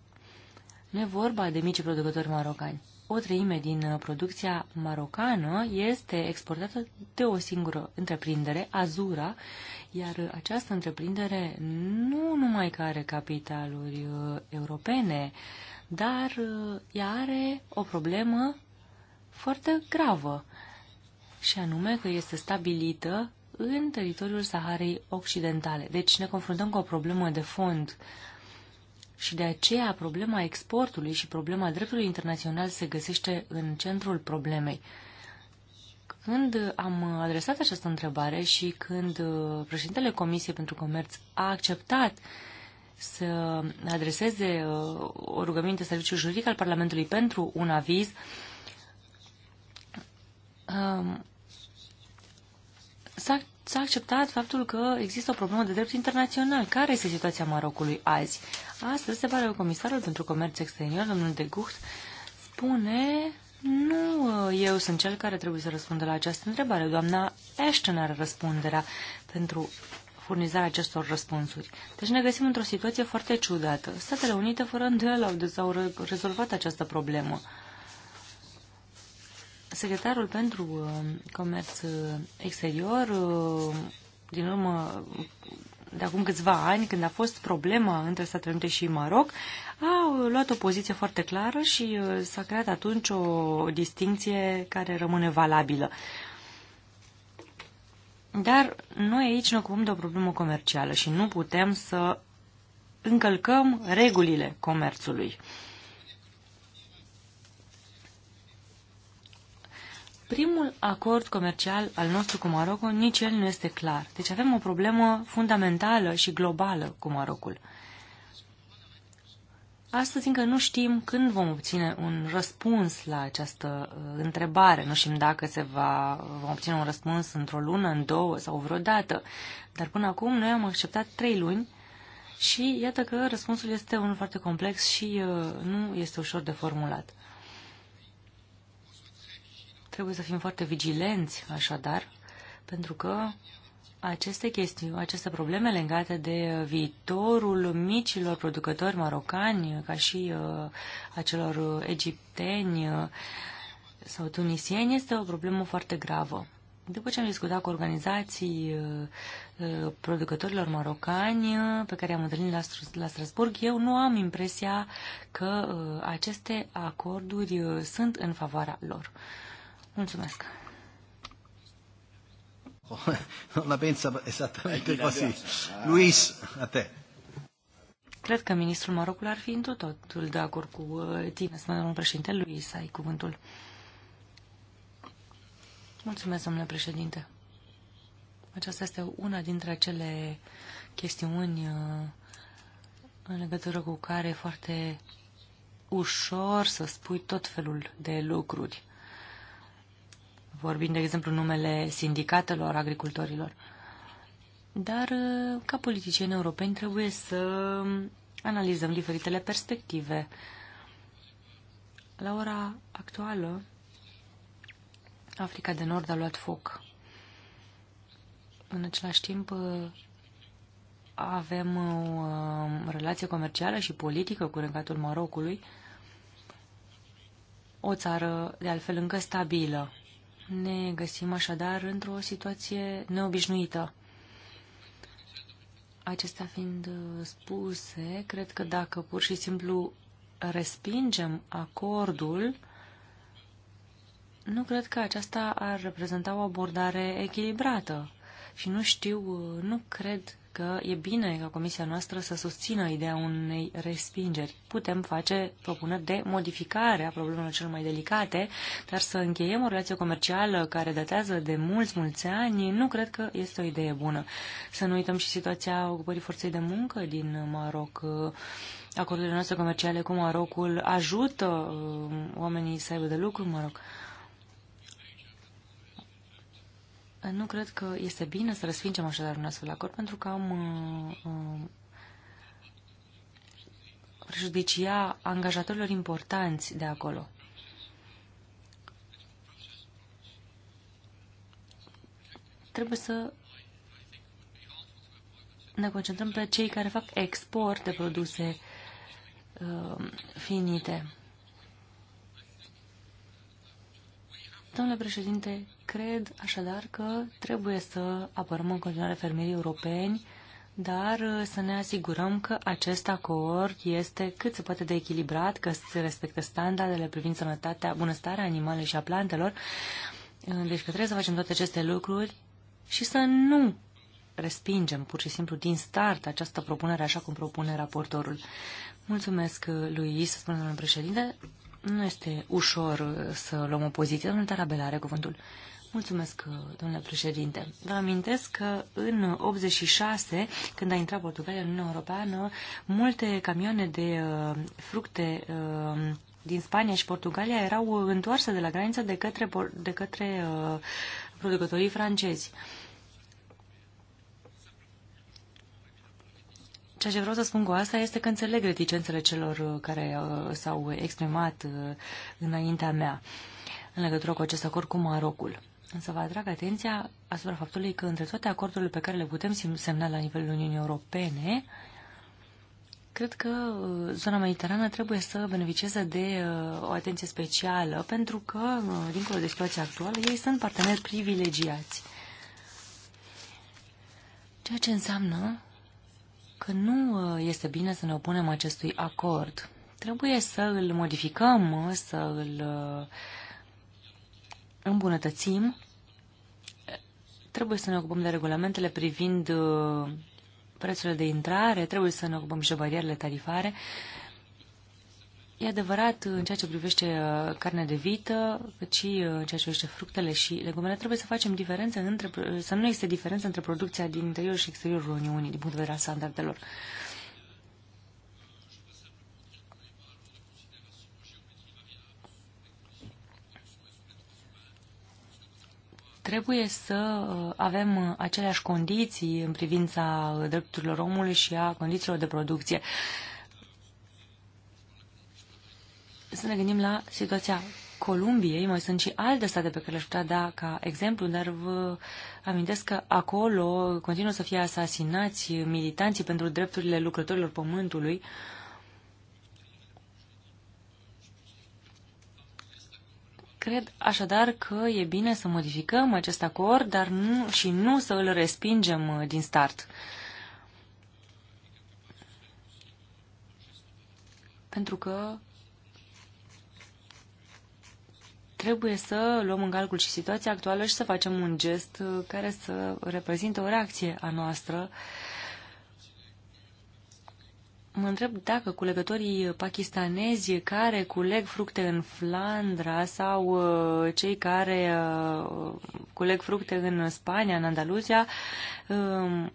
Nu e vorba de mici producători marocani. O treime din uh, producția marocană este exportată de o singură întreprindere, Azura, iar această întreprindere nu numai că are capitaluri uh, europene, uh, dar uh, ea are o problemă foarte gravă, și anume că este stabilită în teritoriul Saharei Occidentale. Deci ne confruntăm cu o problemă de fond și de aceea problema exportului și problema dreptului internațional se găsește în centrul problemei. Când am adresat această întrebare și când uh, președintele Comisiei pentru Comerț a acceptat uh, să adreseze uh, o rugăminte serviciul juridic al Parlamentului pentru un aviz um, s-a acceptat faptul că există o problemă de drept internațional. Care este situația Marocului azi? Astăzi se pare că comisarul pentru comerț exterior, domnul de Gucht, spune nu uh, eu sunt cel care trebuie să răspundă la această întrebare. Doamna Ashton are răspunderea pentru furnizarea acestor răspunsuri. Deci ne găsim într-o situație foarte ciudată. Statele Unite, fără îndoială, au, au rezolvat această problemă. Secretarul pentru uh, Comerț uh, Exterior, uh, din urmă, de acum câțiva ani, când a fost problema între Statele Unite și Maroc, a luat o poziție foarte clară și s-a creat atunci o distinție care rămâne valabilă. Dar noi aici ne ocupăm de o problemă comercială și nu putem să încălcăm regulile comerțului. Primul acord comercial al nostru cu Marocul, nici el nu este clar. Deci avem o problemă fundamentală și globală cu Marocul. Astăzi încă nu știm când vom obține un răspuns la această uh, întrebare. Nu știm dacă se va, vom obține un răspuns într-o lună, în două sau vreodată. Dar până acum noi am acceptat trei luni și iată că răspunsul este unul foarte complex și uh, nu este ușor de formulat. Trebuie să fim foarte vigilenți, așadar, pentru că aceste chestiuni, aceste probleme legate de viitorul micilor producători marocani, ca și uh, acelor egipteni uh, sau tunisieni, este o problemă foarte gravă. După ce am discutat cu organizații uh, uh producătorilor marocani uh, pe care am întâlnit la, la Strasburg, eu nu am impresia că uh, aceste acorduri sunt în favoarea lor. Mulțumesc! non la pensa esattamente così. Ah. Luis, a te. Cred că ministrul Marocului ar fi întru totul de acord cu uh, tine, Să domnul președinte. Luis, ai cuvântul. Mulțumesc, domnule președinte. Aceasta este una dintre acele chestiuni uh, în legătură cu care e foarte ușor să spui tot felul de lucruri vorbind, de exemplu, numele sindicatelor agricultorilor. Dar, uh, ca politicieni europeni, trebuie să analizăm diferitele perspective. La ora actuală, Africa de Nord a luat foc. În același timp, uh, avem uh, o relație comercială și politică cu regatul Marocului, o țară de altfel încă stabilă. Ne găsim așadar într-o situație neobișnuită. Acestea fiind uh, spuse, cred că dacă pur și simplu respingem acordul, nu cred că aceasta ar reprezenta o abordare echilibrată. Și nu știu, uh, nu cred că e bine ca comisia noastră să susțină ideea unei respingeri. Putem face propuneri de modificare a problemelor cel mai delicate, dar să încheiem o relație comercială care datează de mulți, mulți ani, nu cred că este o idee bună. Să nu uităm și situația ocupării forței de muncă din Maroc. Acordurile noastre comerciale cu Marocul ajută uh, oamenii să aibă de lucru în Maroc. Nu cred că este bine să răsfingem așadar un astfel acord, pentru că am uh, uh, prejudicia angajatorilor importanți de acolo. Trebuie să ne concentrăm pe cei care fac export de produse uh, finite. Domnule președinte, Cred așadar că trebuie să apărăm în continuare fermierii europeni, dar uh, să ne asigurăm că acest acord este cât se poate de echilibrat, că se respectă standardele privind sănătatea, bunăstarea animalelor și a plantelor. Uh, deci că trebuie să facem toate aceste lucruri și să nu respingem pur și simplu din start această propunere așa cum propune raportorul. Mulțumesc uh, lui, să spun domnul președinte. Nu este ușor să luăm o poziție. Domnul Tarabela are cuvântul. Mulțumesc, domnule președinte. Vă amintesc că în 86, când a intrat Portugalia în Uniunea Europeană, multe camioane de uh, fructe uh, din Spania și Portugalia erau întoarse de la graniță de către, de către uh, producătorii francezi. Ceea ce vreau să spun cu asta este că înțeleg reticențele celor uh, care uh, s-au exprimat uh, înaintea mea în legătură cu acest acord cu Marocul. Însă vă atrag atenția asupra faptului că între toate acordurile pe care le putem semna la nivelul Uniunii Europene, cred că uh, zona mediterană trebuie să beneficieze de uh, o atenție specială, pentru că, uh, dincolo de situația actuală, ei sunt parteneri privilegiați. Ceea ce înseamnă că nu este bine să ne opunem acestui acord. Trebuie să îl modificăm, să îl uh, îmbunătățim, trebuie să ne ocupăm de regulamentele privind uh, prețurile de intrare, trebuie să ne ocupăm și de barierele tarifare. E adevărat, în ceea ce privește uh, carnea de vită, cât și uh, în ceea ce privește fructele și legumele, trebuie să facem diferență între, să nu existe diferență între producția din interior și exteriorul Uniunii, din punct de vedere al standardelor. Uh, Trebuie să uh, avem uh, aceleași condiții în privința uh, drepturilor omului și a condițiilor de producție. Să ne gândim la situația Columbiei, mai sunt și alte state pe care le-aș putea da ca exemplu, dar vă amintesc că acolo continuă să fie asasinați militanții pentru drepturile lucrătorilor pământului. Uh, Cred așadar că e bine să modificăm acest acord dar nu, și nu să îl respingem uh, din start. Pentru că trebuie să luăm în calcul și situația actuală și să facem un gest uh, care să reprezinte o reacție a noastră uh, Mă întreb dacă culegătorii pakistanezi care culeg fructe în Flandra sau uh, cei care uh, culeg fructe în Spania, în Andaluzia, um,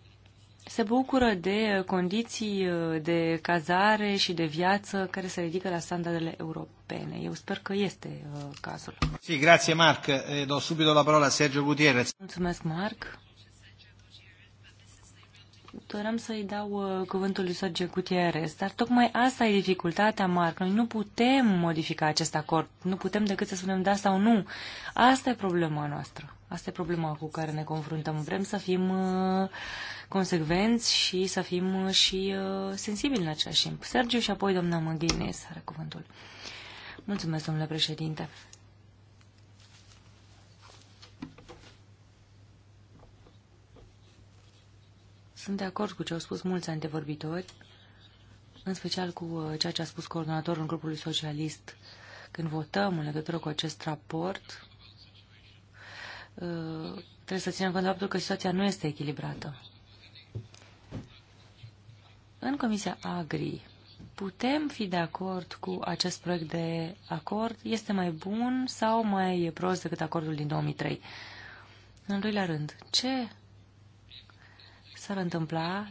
se bucură de condiții uh, de cazare și de viață care se ridică la standardele europene. Eu sper că este cazul. Sì, grazie Marc. Eh, do subito la parola a Sergio Gutierrez. Mulțumesc, Marc doream să-i dau uh, cuvântul lui Sorge Gutierrez, dar tocmai asta e dificultatea, Marc. Noi nu putem modifica acest acord. Nu putem decât să spunem da sau nu. Asta e problema noastră. Asta e problema cu care ne confruntăm. Vrem să fim uh, consecvenți și să fim uh, și uh, sensibili în același timp. Sergiu și apoi doamna Măghinez are cuvântul. Mulțumesc, domnule președinte. Sunt de acord cu ce au spus mulți antevorbitori, în special cu uh, ceea ce a spus coordonatorul grupului socialist când votăm în legătură cu acest raport. Uh, trebuie să ținem cont de faptul că situația nu este echilibrată. În Comisia Agri putem fi de acord cu acest proiect de acord? Este mai bun sau mai prost decât acordul din 2003? În doilea rând, ce s-ar întâmpla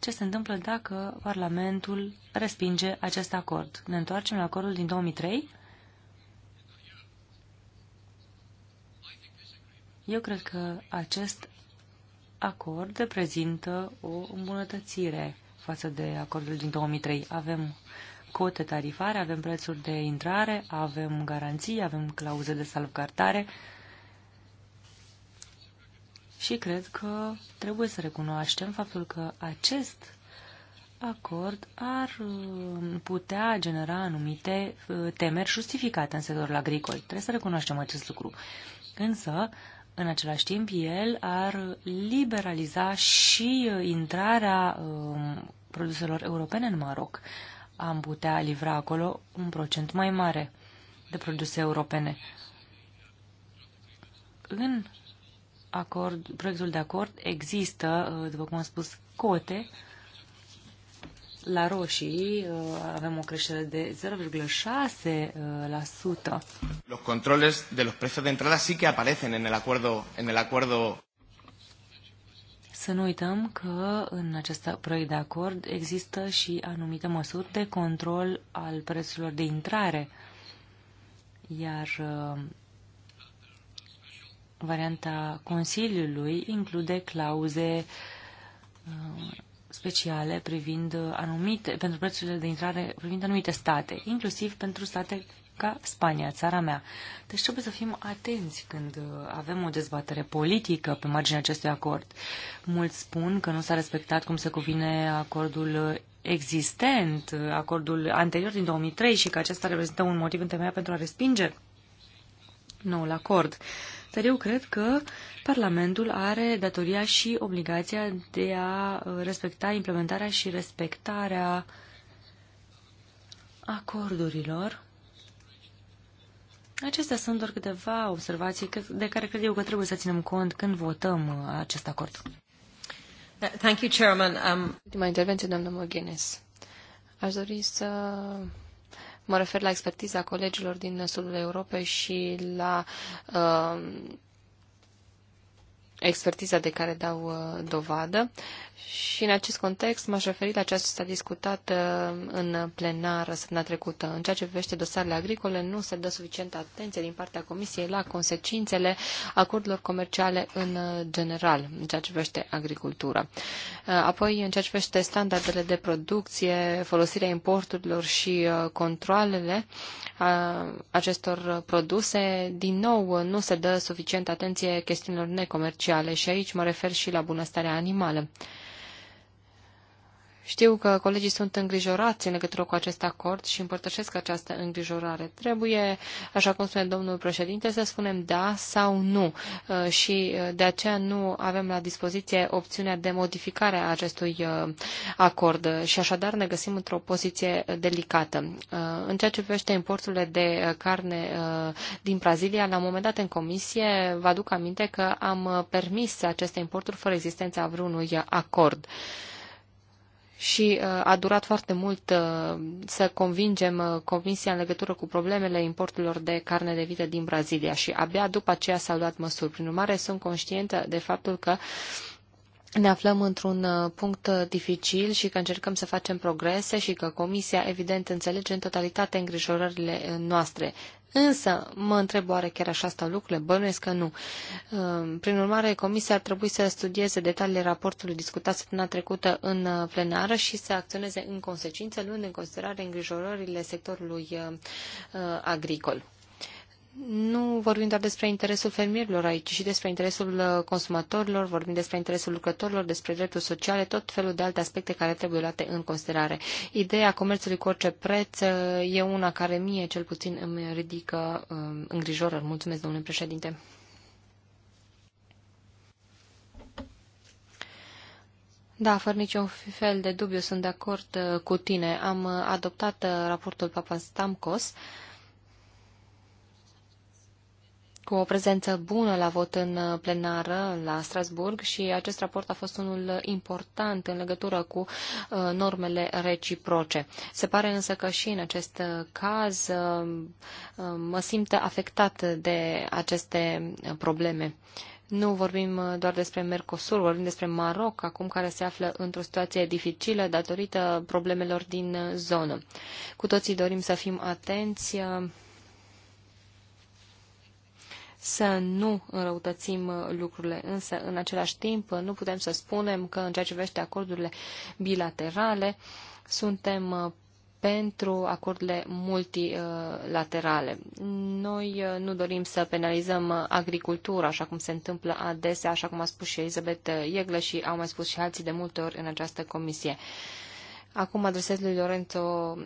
ce se întâmplă dacă Parlamentul respinge acest acord. Ne întoarcem la acordul din 2003? Eu cred că acest acord reprezintă o îmbunătățire față de acordul din 2003. Avem cote tarifare, avem prețuri de intrare, avem garanții, avem clauze de salvgardare și cred că trebuie să recunoaștem faptul că acest acord ar uh, putea genera anumite uh, temeri justificate în sectorul agricol. Trebuie să recunoaștem acest lucru. Însă, în același timp, el ar liberaliza și uh, intrarea um, produselor europene în Maroc. Am putea livra acolo un procent mai mare de produse europene. În acord, proiectul de acord există, uh, după cum am spus, cote. La roșii uh, avem o creștere de 0,6%. Uh, los controles de los precios de entrada sí que aparecen en el acuerdo en el acuerdo să nu uităm că în acest proiect de acord există și anumite măsuri de control al prețurilor de intrare, iar Varianta Consiliului include clauze uh, speciale privind anumite, pentru prețurile de intrare privind anumite state, inclusiv pentru state ca Spania, țara mea. Deci trebuie să fim atenți când uh, avem o dezbatere politică pe marginea acestui acord. Mulți spun că nu s-a respectat cum se cuvine acordul existent, uh, acordul anterior din 2003 și că acesta reprezintă un motiv întemeiat pentru a respinge noul acord. Uh, dar eu cred că Parlamentul are datoria și obligația de a uh, respecta implementarea și respectarea acordurilor. Acestea sunt doar câteva observații de care cred eu că trebuie să ținem cont când votăm uh, acest acord. Thank you, Chairman. Um... Ultima intervenție, doamnă McGuinness. Aș dori să Mă refer la expertiza colegilor din Sudul Europei și la uh, expertiza de care dau uh, dovadă și în acest context m-aș referi la ceea ce s-a discutat uh, în plenar săptămâna trecută. În ceea ce privește dosarele agricole, nu se dă suficientă atenție din partea Comisiei la consecințele acordurilor comerciale în uh, general, în ceea ce privește agricultura. Apoi, în ceea ce privește standardele de producție, folosirea importurilor și controlele acestor produse, din nou nu se dă suficientă atenție chestiunilor necomerciale sociale și aici mă refer și la bunăstarea animală. Știu că colegii sunt îngrijorați în legătură cu acest acord și împărtășesc această îngrijorare. Trebuie, așa cum spune domnul președinte, să spunem da sau nu uh, și uh, de aceea nu avem la dispoziție opțiunea de modificare a acestui uh, acord și așadar ne găsim într-o poziție delicată. În ceea ce privește importurile de carne din Brazilia, la un moment dat în comisie vă aduc aminte că am permis aceste importuri fără existența vreunui acord. Uh, și uh, a durat foarte mult uh, să convingem uh, Comisia în legătură cu problemele importurilor de carne de vită din Brazilia și abia după aceea s-au luat măsuri. Prin urmare, sunt conștientă de faptul că ne aflăm într-un uh, punct uh, dificil și că încercăm să facem progrese și că Comisia, evident, înțelege în totalitate îngrijorările uh, noastre. Însă, mă întreb oare chiar așa stau lucrurile? Bănuiesc că nu. Prin urmare, Comisia ar trebui să studieze detaliile raportului discutat săptămâna trecută în plenară și să acționeze în consecință, luând în considerare îngrijorările sectorului agricol nu vorbim doar despre interesul fermierilor aici, ci despre interesul uh, consumatorilor, vorbim despre interesul lucrătorilor, despre drepturi sociale, tot felul de alte aspecte care trebuie luate în considerare. Ideea comerțului cu orice preț uh, e una care mie cel puțin îmi ridică um, îngrijorări. Mulțumesc, domnule președinte. Da, fără niciun fel de dubiu sunt de acord uh, cu tine. Am adoptat raportul Papa Stamkos cu o prezență bună la vot în uh, plenară la Strasburg și acest raport a fost unul important în legătură cu uh, normele reciproce. Se pare însă că și în acest uh, caz mă simt afectat de aceste probleme. Nu vorbim doar despre Mercosur, vorbim despre Maroc, acum care se află într-o situație dificilă datorită problemelor din zonă. Cu toții dorim să fim atenți să nu înrăutățim uh, lucrurile, însă în același timp uh, nu putem să spunem că în ceea ce vește acordurile bilaterale suntem uh, pentru acordurile multilaterale. Noi nu dorim să penalizăm agricultura, așa cum se întâmplă adesea, așa cum a spus și Elizabeth Iegle și au mai spus și alții de multe ori în această comisie. Acum adresez lui Lorenzo uh,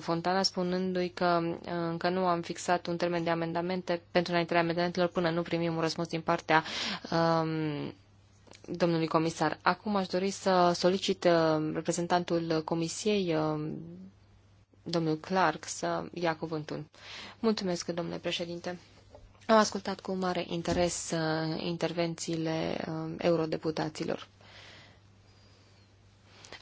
Fontana spunându-i că uh, încă nu am fixat un termen de amendamente pentru înaintarea amendamentelor până nu primim un răspuns din partea um, domnului comisar. Acum aș dori să solicit uh, reprezentantul comisiei, domnul Clark, să ia cuvântul. Mulțumesc, domnule președinte. Am ascultat cu mare interes intervențiile eurodeputaților.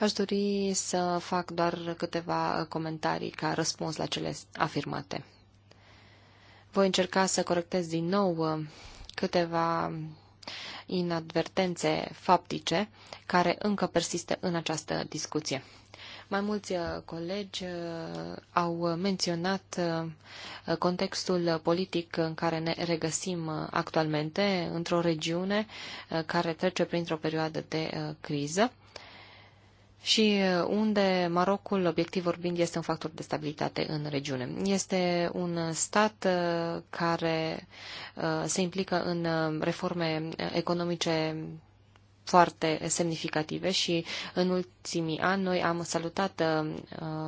Aș dori să fac doar câteva comentarii ca răspuns la cele afirmate. Voi încerca să corectez din nou uh, câteva inadvertențe faptice care încă persistă în această discuție. Mai mulți uh, colegi uh, au menționat contextul politic în care ne regăsim actualmente într-o regiune care trece printr-o perioadă de criză și uh, unde Marocul, obiectiv vorbind, este un factor de stabilitate în regiune. Este un stat uh, care uh, se implică în reforme economice foarte semnificative și în ultimii ani noi am salutat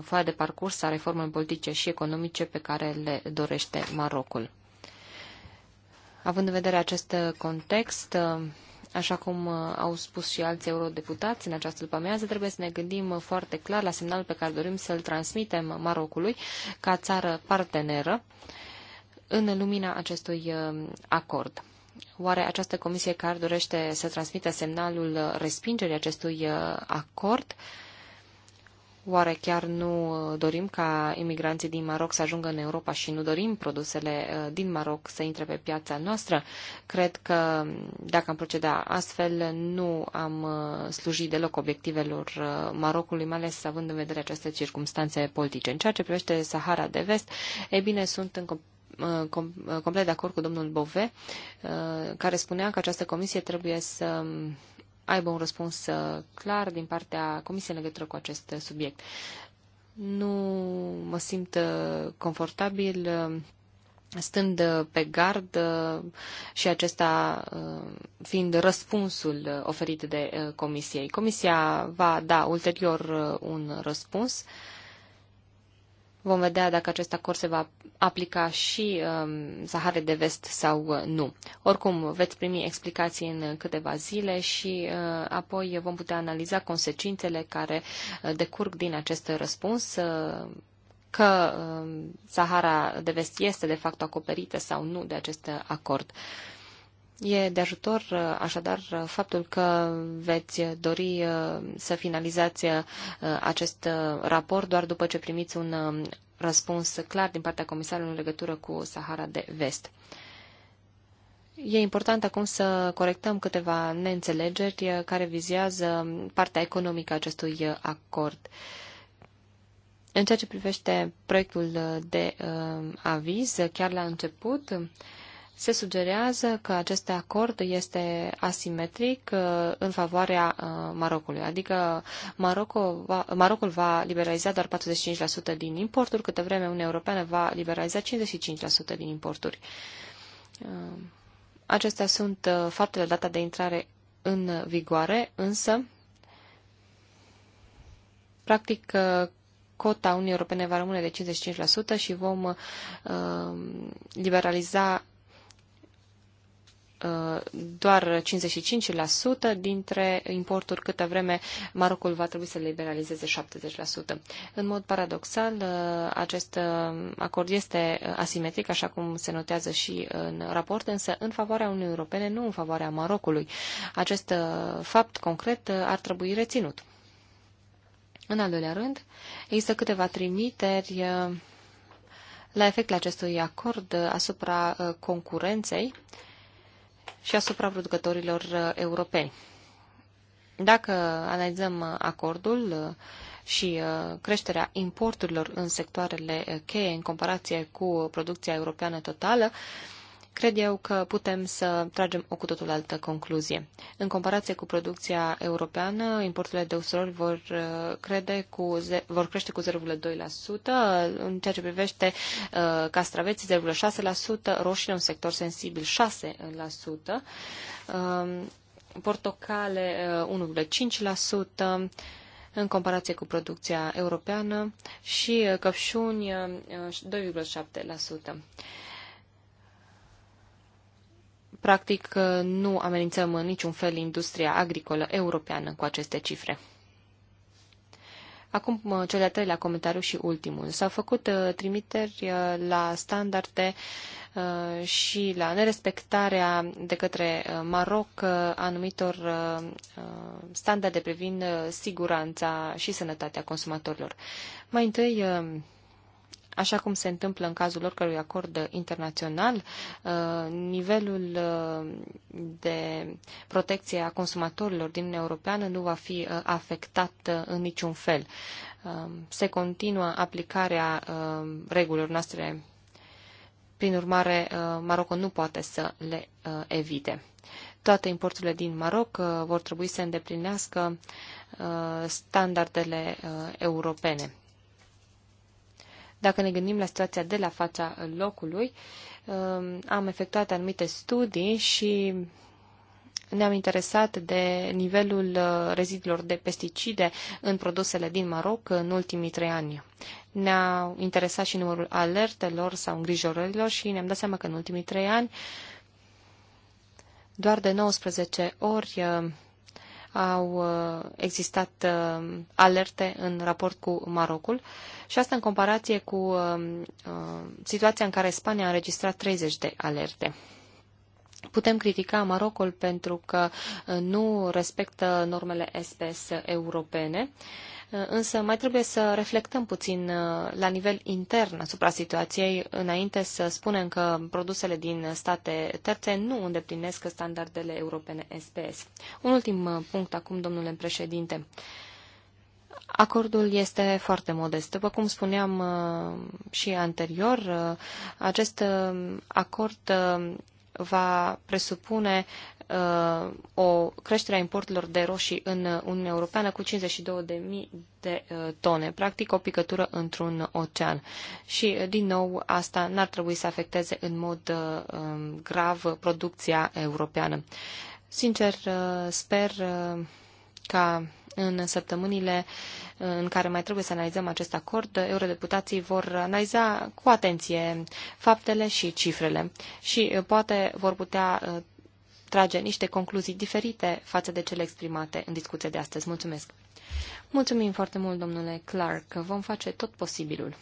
foaia de parcurs a reformelor politice și economice pe care le dorește Marocul. Având în vedere acest context, Așa cum uh, au spus și alți eurodeputați în această după-amiază, trebuie să ne gândim uh, foarte clar la semnalul pe care dorim să-l transmitem Marocului ca țară parteneră în lumina acestui uh, acord. Oare această comisie care dorește să transmită semnalul respingerii acestui acord Oare chiar nu uh, dorim ca imigranții din Maroc să ajungă în Europa și nu dorim produsele uh, din Maroc să intre pe piața noastră? Cred că mm, dacă am proceda astfel, nu am uh, slujit deloc obiectivelor Marocului, mai ales având în vedere aceste circunstanțe politice. În ceea ce privește Sahara de Vest, e bine, sunt în complet de acord cu domnul Bove, care spunea că această comisie trebuie să mm, aibă un răspuns uh, clar din partea Comisiei în legătură cu acest uh, subiect. Nu mă simt uh, confortabil stând pe gard și acesta fiind răspunsul oferit de Comisiei. Comisia va da ulterior un răspuns Vom vedea dacă acest acord se va aplica și um, Sahare de Vest sau uh, nu. Oricum, veți primi explicații în câteva zile și uh, apoi vom putea analiza consecințele care uh, decurg din acest răspuns. Uh, că um, Sahara de Vest este de fapt acoperită sau nu de acest acord. E de ajutor uh, așadar uh, faptul că veți dori uh, să finalizați acest raport doar după ce primiți un um, răspuns clar din partea comisarului în legătură cu Sahara de Vest. E important acum să corectăm câteva neînțelegeri care vizează partea economică a acestui acord. În ceea ce privește proiectul de uh, aviz, chiar la început, se sugerează că acest acord este asimetric uh, în favoarea uh, Marocului, adică Marocul va, Marocul va liberaliza doar 45% din importuri, câte vreme Uniunea Europeană va liberaliza 55% din importuri. Uh, acestea sunt faptele data de intrare în vigoare, însă, practic, cota Uniunii Europene va rămâne de 55% și vom liberaliza doar 55% dintre importuri, câtă vreme Marocul va trebui să liberalizeze 70%. În mod paradoxal, acest acord este asimetric, așa cum se notează și în raport, însă în favoarea Uniunii Europene, nu în favoarea Marocului. Acest fapt concret ar trebui reținut. În al doilea rând, există câteva trimiteri uh, la efectul acestui acord uh, asupra uh, concurenței și asupra producătorilor uh, europeni. Dacă analizăm uh, acordul uh, și creșterea importurilor în sectoarele cheie în comparație cu producția europeană totală, Cred eu că putem să tragem o cu totul altă concluzie. În comparație cu producția europeană, importurile de usurori vor, uh, crede cu ze- vor crește cu 0,2%, în ceea ce privește uh, castraveții 0,6%, roșii un sector sensibil 6%, um, portocale 1,5%, uh, în comparație cu producția europeană și uh, căpșuni 2,7% practic uh, nu amenințăm în niciun fel industria agricolă europeană cu aceste cifre. Acum, uh, cel de-al treilea comentariu și ultimul. S-au făcut uh, trimiteri la standarde și la nerespectarea de către Maroc anumitor standarde privind siguranța și sănătatea consumatorilor. Mai întâi, așa cum se întâmplă în cazul oricărui acord internațional, uh, nivelul uh, de protecție a consumatorilor din Uniunea Europeană nu va fi uh, afectat în niciun fel. Se continuă aplicarea regulilor noastre. Prin urmare, Marocul nu poate să le evite. Toate importurile din Maroc vor trebui să îndeplinească standardele europene dacă ne gândim la situația de la fața locului, um, am efectuat anumite studii și ne-am interesat de nivelul uh, rezidurilor de pesticide în produsele din Maroc în ultimii trei ani. Ne-a interesat și numărul alertelor sau îngrijorărilor și ne-am dat seama că în ultimii trei ani doar de 19 ori uh, au uh, existat uh, alerte în raport cu Marocul și asta în comparație cu um, uh, situația în care Spania a înregistrat 30 de alerte. Putem critica Marocul pentru că nu respectă normele SPS europene, însă mai trebuie să reflectăm puțin uh, la nivel intern asupra situației înainte să spunem că produsele din state terțe nu îndeplinesc standardele europene SPS. Un ultim uh, punct acum, domnule președinte. Acordul este foarte modest. După cum spuneam uh, și anterior, acest acord va presupune Uh, o creștere a importurilor de roșii în Uniunea Europeană cu 52.000 de uh, tone, practic o picătură într-un ocean. Și, uh, din nou, asta n-ar trebui să afecteze în mod um, grav producția europeană. Sincer, sper ca în săptămânile în care mai trebuie să analizăm acest acord, eurodeputații vor analiza cu atenție faptele și cifrele și poate vor putea trage niște concluzii diferite față de cele exprimate în discuția de astăzi. Mulțumesc! Mulțumim foarte mult, domnule Clark. Vom face tot posibilul.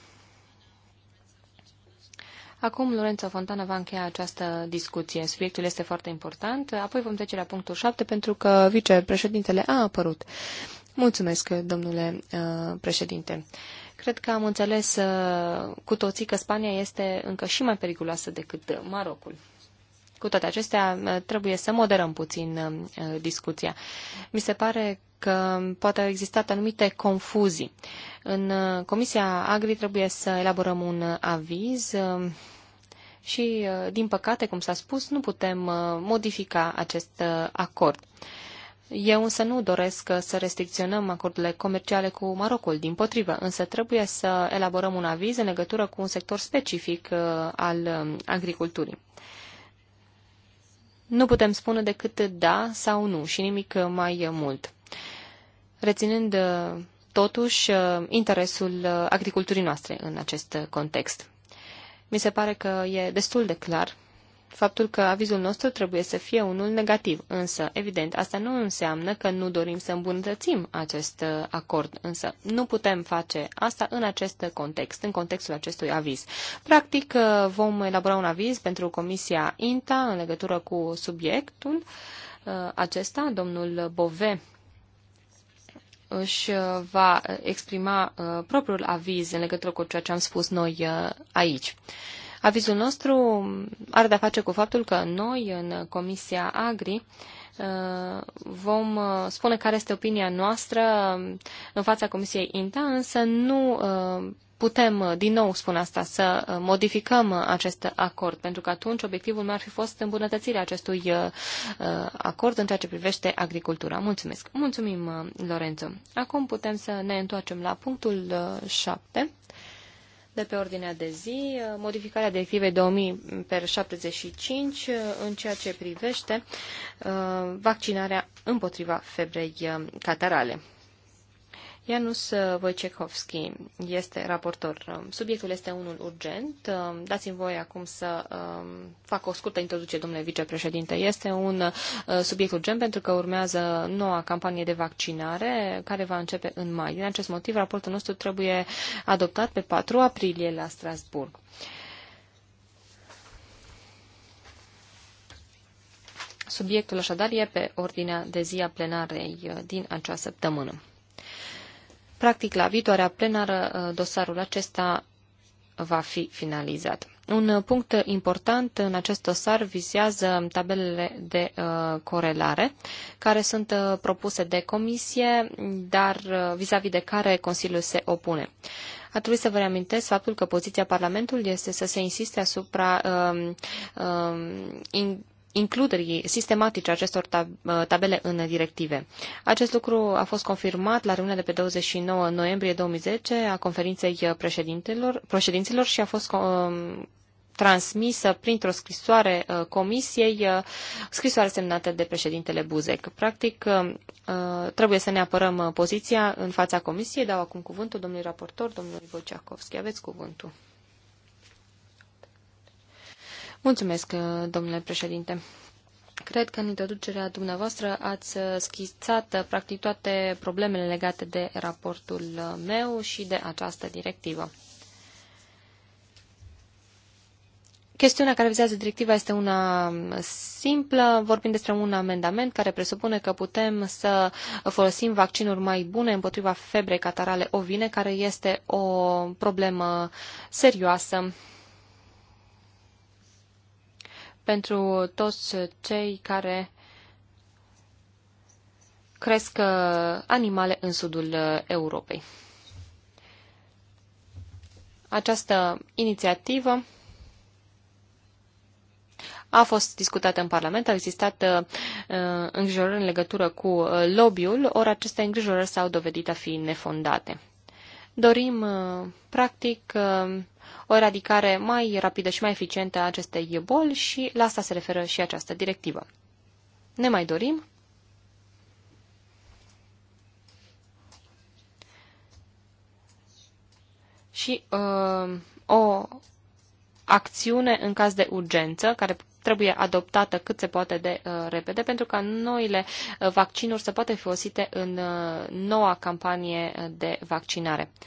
Acum Lorenzo Fontana va încheia această discuție. Subiectul este foarte important. Apoi vom trece la punctul 7 pentru că vicepreședintele a apărut. Mulțumesc, domnule uh, președinte. Cred că am înțeles uh, cu toții că Spania este încă și mai periculoasă decât Marocul. Cu toate acestea, uh, trebuie să moderăm puțin uh, uh, discuția. Mi se pare că poate au existat anumite confuzii. În Comisia Agri trebuie să elaborăm un aviz și, din păcate, cum s-a spus, nu putem modifica acest acord. Eu însă nu doresc să restricționăm acordurile comerciale cu Marocul, din potrivă, însă trebuie să elaborăm un aviz în legătură cu un sector specific al um, agriculturii nu putem spune decât da sau nu și nimic mai mult, reținând uh, totuși uh, interesul uh, agriculturii noastre în acest context. Mi se pare că e destul de clar faptul că avizul nostru trebuie să fie unul negativ, însă, evident, asta nu înseamnă că nu dorim să îmbunătățim acest uh, acord, însă nu putem face asta în acest context, în contextul acestui aviz. Practic, uh, vom elabora un aviz pentru Comisia INTA în legătură cu subiectul uh, acesta, domnul Bove își va exprima propriul aviz în legătură cu ceea ce am spus noi aici. Avizul nostru are de-a face cu faptul că noi, în Comisia Agri, uh, vom uh, spune care este opinia noastră uh, în fața Comisiei INTA, însă nu putem, din nou spun asta, să modificăm acest acord, pentru că atunci obiectivul meu ar fi fost îmbunătățirea acestui acord în ceea ce privește agricultura. Mulțumesc! Mulțumim, Lorenzo! Acum putem să ne întoarcem la punctul 7 de pe ordinea de zi, modificarea directivei 2000 per 75 în ceea ce privește uh, vaccinarea împotriva febrei uh, catarale. Janus Wojciechowski este raportor. Subiectul este unul urgent. Um, dați-mi voi acum să um, fac o scurtă introducere, domnule vicepreședinte. Este un uh, subiect urgent pentru că urmează noua campanie de vaccinare care va începe în mai. Din acest motiv, raportul nostru trebuie adoptat pe 4 aprilie la Strasburg. Subiectul așadar e pe ordinea de zi a plenarei uh, din acea săptămână. Practic, la viitoarea plenară, uh, dosarul acesta va fi finalizat. Un uh, punct important în acest dosar vizează tabelele de uh, corelare, care sunt uh, propuse de comisie, dar uh, vis-a-vis de care Consiliul se opune. A trebuit să vă reamintesc faptul că poziția Parlamentului este să se insiste asupra uh, uh, in, includerii sistematice acestor uh, tabele în directive. Acest lucru a fost confirmat la reuniunea de pe 29 noiembrie 2010 a conferinței uh, președintelor, președinților și a fost um, transmisă printr-o scrisoare uh, comisiei, scrisoare semnată de președintele Buzek. Practic, trebuie să ne apărăm poziția în fața comisiei. Dau acum cuvântul domnului raportor, domnului Vociakovski. Aveți cuvântul. Mulțumesc, uh, domnule președinte. Cred că în introducerea dumneavoastră ați uh, schițat uh, practic toate problemele legate de raportul meu și de această directivă. Chestiunea care vizează directiva este una um, simplă. Vorbim despre un amendament care presupune că putem să folosim vaccinuri mai bune împotriva febrei catarale ovine, care este o problemă serioasă pentru toți cei care cresc uh, animale în sudul uh, Europei. Această inițiativă a fost discutată în Parlament, a existat uh, uh, îngrijorări în legătură cu lobby-ul, ori aceste îngrijorări s-au dovedit a fi nefondate. Dorim, uh, practic, uh, o eradicare mai rapidă și mai eficientă a acestei boli și la asta se referă și această directivă. Ne mai dorim și uh, o acțiune în caz de urgență care trebuie adoptată cât se poate de uh, repede pentru ca noile uh, vaccinuri să poată fi folosite în uh, noua campanie de vaccinare. Uh,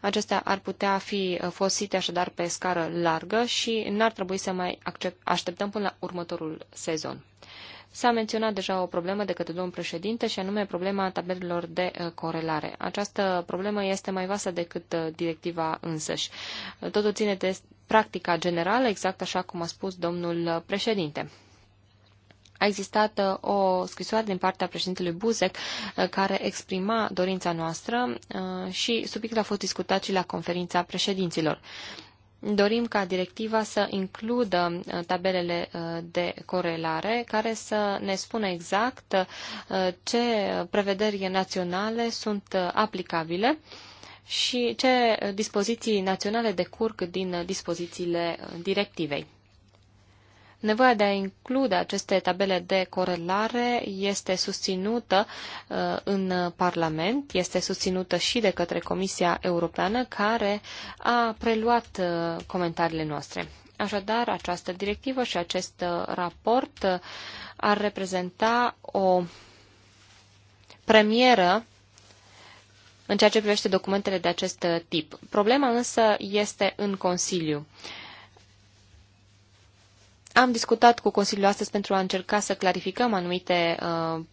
Acestea ar putea fi uh, fosite așadar pe scară largă și n-ar trebui să mai așteptăm până la următorul sezon. S-a menționat deja o problemă de către domnul președinte și anume problema tabelelor de uh, corelare. Această problemă este mai vastă decât uh, directiva însăși. Totul ține de practica generală, exact așa cum a spus domnul președinte. A existat uh, o scrisoare din partea președintelui Buzek uh, care exprima dorința noastră uh, și subiectul a fost discutat și la conferința președinților. Dorim ca directiva să includă tabelele de corelare care să ne spună exact ce prevederi naționale sunt aplicabile și ce dispoziții naționale decurg din dispozițiile directivei. Nevoia de a include aceste tabele de corelare este susținută uh, în Parlament, este susținută și de către Comisia Europeană, care a preluat uh, comentariile noastre. Așadar, această directivă și acest uh, raport ar reprezenta o premieră în ceea ce privește documentele de acest tip. Problema însă este în Consiliu. Uh, am discutat cu Consiliul astăzi pentru a încerca să clarificăm anumite uh,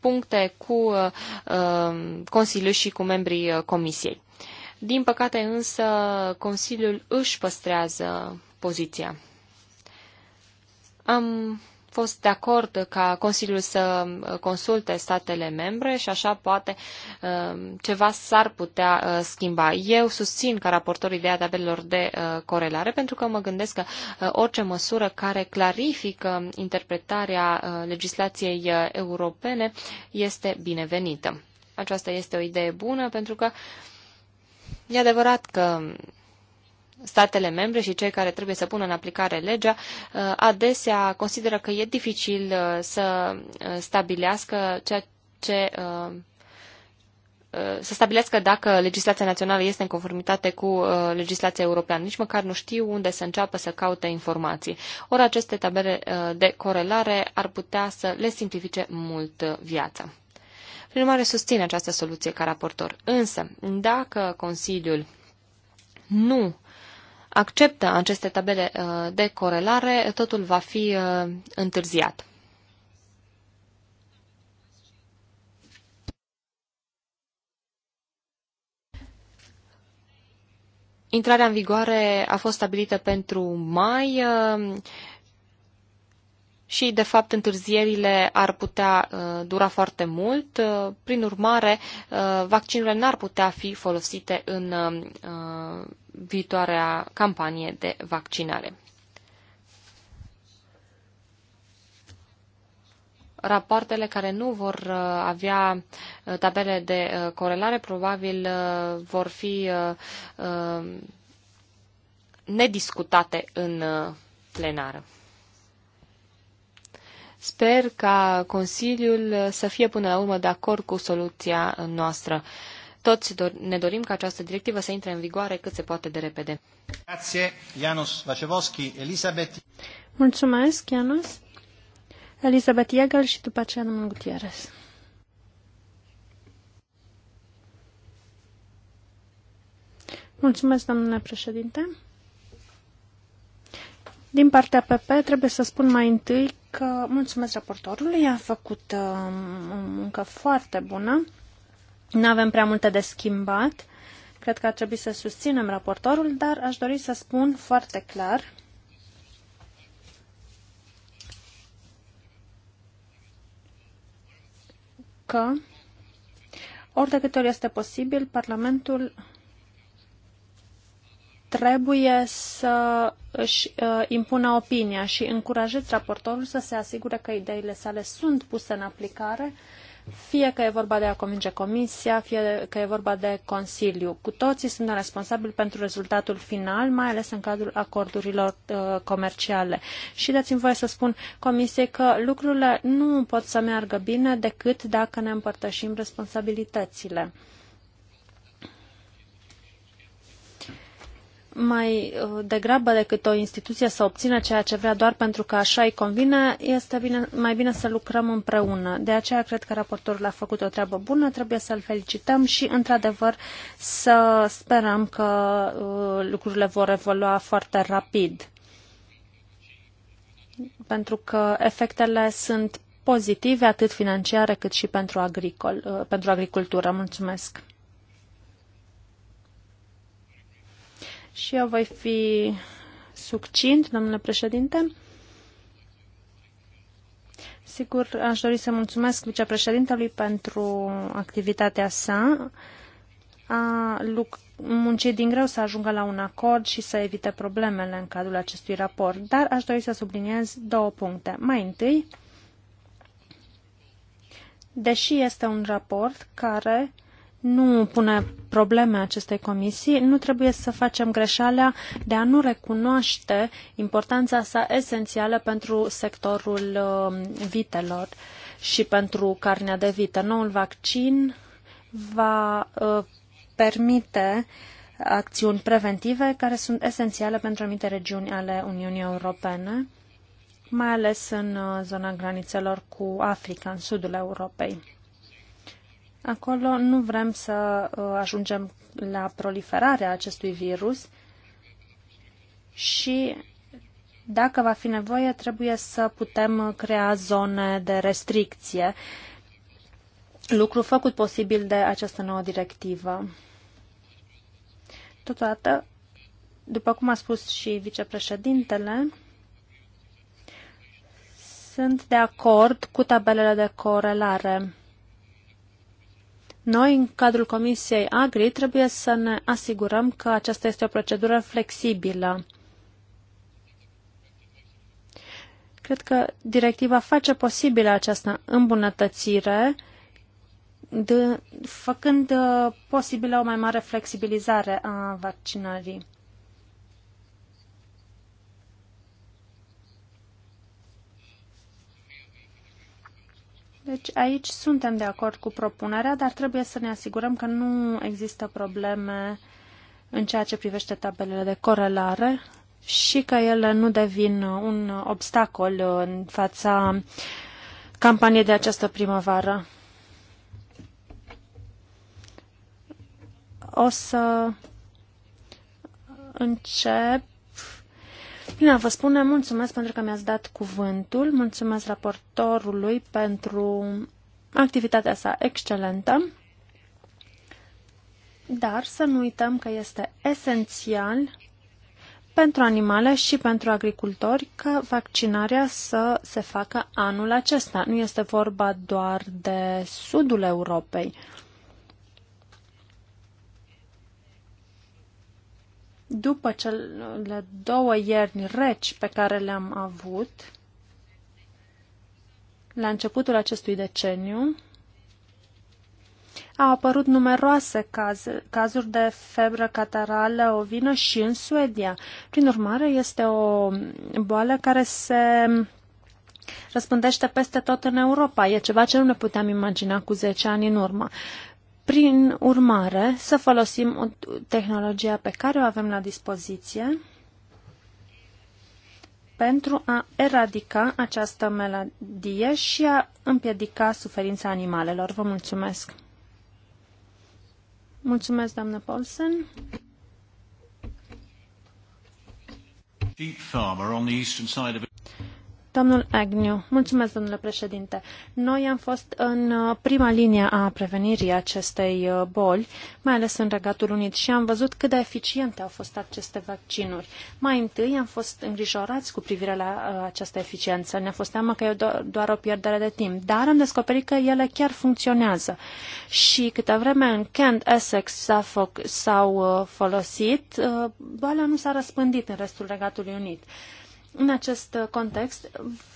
puncte cu uh, Consiliul și cu membrii uh, Comisiei. Din păcate însă, Consiliul își păstrează poziția. Am fost de acord ca Consiliul să uh, consulte statele membre și așa poate uh, ceva s-ar putea uh, schimba. Eu susțin ca raportor ideea tabelelor de corelare pentru că mă gândesc că orice măsură care clarifică interpretarea legislației europene este binevenită. Aceasta este o idee bună pentru că E adevărat că statele membre și cei care trebuie să pună în aplicare legea uh, adesea consideră că e dificil uh, să uh, stabilească ceea ce să stabilească dacă legislația națională este în conformitate cu legislația europeană. Nici măcar nu știu unde să înceapă să caute informații. Ori aceste tabele de corelare ar putea să le simplifice mult viața. Prin urmare, susțin această soluție ca raportor. Însă, dacă Consiliul nu acceptă aceste tabele uh, de corelare, totul va fi uh, întârziat. Intrarea în vigoare a fost stabilită pentru mai uh, și, de fapt, întârzierile ar putea dura foarte mult. Prin urmare, vaccinurile n-ar putea fi folosite în viitoarea campanie de vaccinare. Rapoartele care nu vor uh, avea uh, tabele de uh, corelare probabil vor fi nediscutate în plenară. Sper ca Consiliul să fie până la urmă de acord cu soluția noastră. Toți ne dorim ca această directivă să intre în vigoare cât se poate de repede. Grazie, Janusz Vacevoschi, Elisabeth. Mulțumesc, Janusz. Elisabeth Jäger și după aceea domnul Gutierrez. Mulțumesc, domnule președinte. Din partea PP trebuie să spun mai întâi că mulțumesc raportorului, a făcut uh, o muncă foarte bună. Nu avem prea multe de schimbat. Cred că ar trebui să susținem raportorul, dar aș dori să spun foarte clar că ori de câte ori este posibil, Parlamentul trebuie să își uh, impună opinia și încurajeți raportorul să se asigure că ideile sale sunt puse în aplicare uh, fie că e vorba de a convinge Comisia, fie că e vorba de Consiliu. Cu toții sunt responsabili pentru rezultatul final, mai ales în cadrul acordurilor uh, comerciale. Și dați-mi voie să spun Comisiei că lucrurile nu pot să meargă bine decât dacă ne împărtășim responsabilitățile. mai uh, degrabă decât o instituție să obțină ceea ce vrea doar pentru că așa îi convine, este bine, mai bine să lucrăm împreună. De aceea cred că raportorul a făcut o treabă bună, trebuie să-l felicităm și, într-adevăr, să sperăm că uh, lucrurile vor evolua foarte rapid. Pentru că efectele sunt pozitive atât financiare cât și pentru, agricol, uh, pentru agricultură. Mulțumesc! Și eu voi fi succint, domnule președinte. Sigur, aș dori să mulțumesc vicepreședintelui pentru activitatea sa. A muncit din greu să ajungă la un acord și să evite problemele în cadrul acestui raport, dar aș dori să subliniez două puncte. Mai întâi, deși este un raport care nu pune probleme acestei comisii, nu trebuie să facem greșeala de a nu recunoaște importanța sa esențială pentru sectorul uh, vitelor și pentru carnea de vită. Noul vaccin va uh, permite acțiuni preventive care sunt esențiale pentru anumite regiuni ale Uniunii Europene, mai ales în uh, zona granițelor cu Africa, în sudul Europei. Acolo nu vrem să uh, ajungem la proliferarea acestui virus și dacă va fi nevoie, trebuie să putem crea zone de restricție, lucru făcut posibil de această nouă directivă. Totodată, după cum a spus și vicepreședintele, sunt de acord cu tabelele de corelare. Noi, în cadrul Comisiei Agri, trebuie să ne asigurăm că aceasta este o procedură flexibilă. Cred că directiva face posibilă această îmbunătățire, de, făcând uh, posibilă o mai mare flexibilizare a vaccinării. Deci aici suntem de acord cu propunerea, dar trebuie să ne asigurăm că nu există probleme în ceea ce privește tabelele de corelare și că ele nu devin un obstacol în fața campaniei de această primăvară. O să încep Bine, vă spune mulțumesc pentru că mi-ați dat cuvântul, mulțumesc raportorului pentru activitatea sa excelentă, dar să nu uităm că este esențial pentru animale și pentru agricultori că vaccinarea să se facă anul acesta. Nu este vorba doar de sudul Europei. după cele două ierni reci pe care le-am avut, la începutul acestui deceniu, au apărut numeroase caz, cazuri de febră catarală ovină și în Suedia. Prin urmare, este o boală care se răspândește peste tot în Europa. E ceva ce nu ne puteam imagina cu 10 ani în urmă. Prin urmare, să folosim o tehnologia pe care o avem la dispoziție pentru a eradica această melodie și a împiedica suferința animalelor. Vă mulțumesc! Mulțumesc, doamnă Paulsen! Domnul Agnew, mulțumesc, domnule președinte. Noi am fost în uh, prima linie a prevenirii acestei uh, boli, mai ales în Regatul Unit, și am văzut cât de eficiente au fost aceste vaccinuri. Mai întâi am fost îngrijorați cu privire la uh, această eficiență. Ne-a fost teamă că e do doar o pierdere de timp, dar am descoperit că ele chiar funcționează. Și câte vreme în Kent, Essex, Suffolk s-au folosit, boala nu s-a răspândit în restul Regatului Unit. În acest context,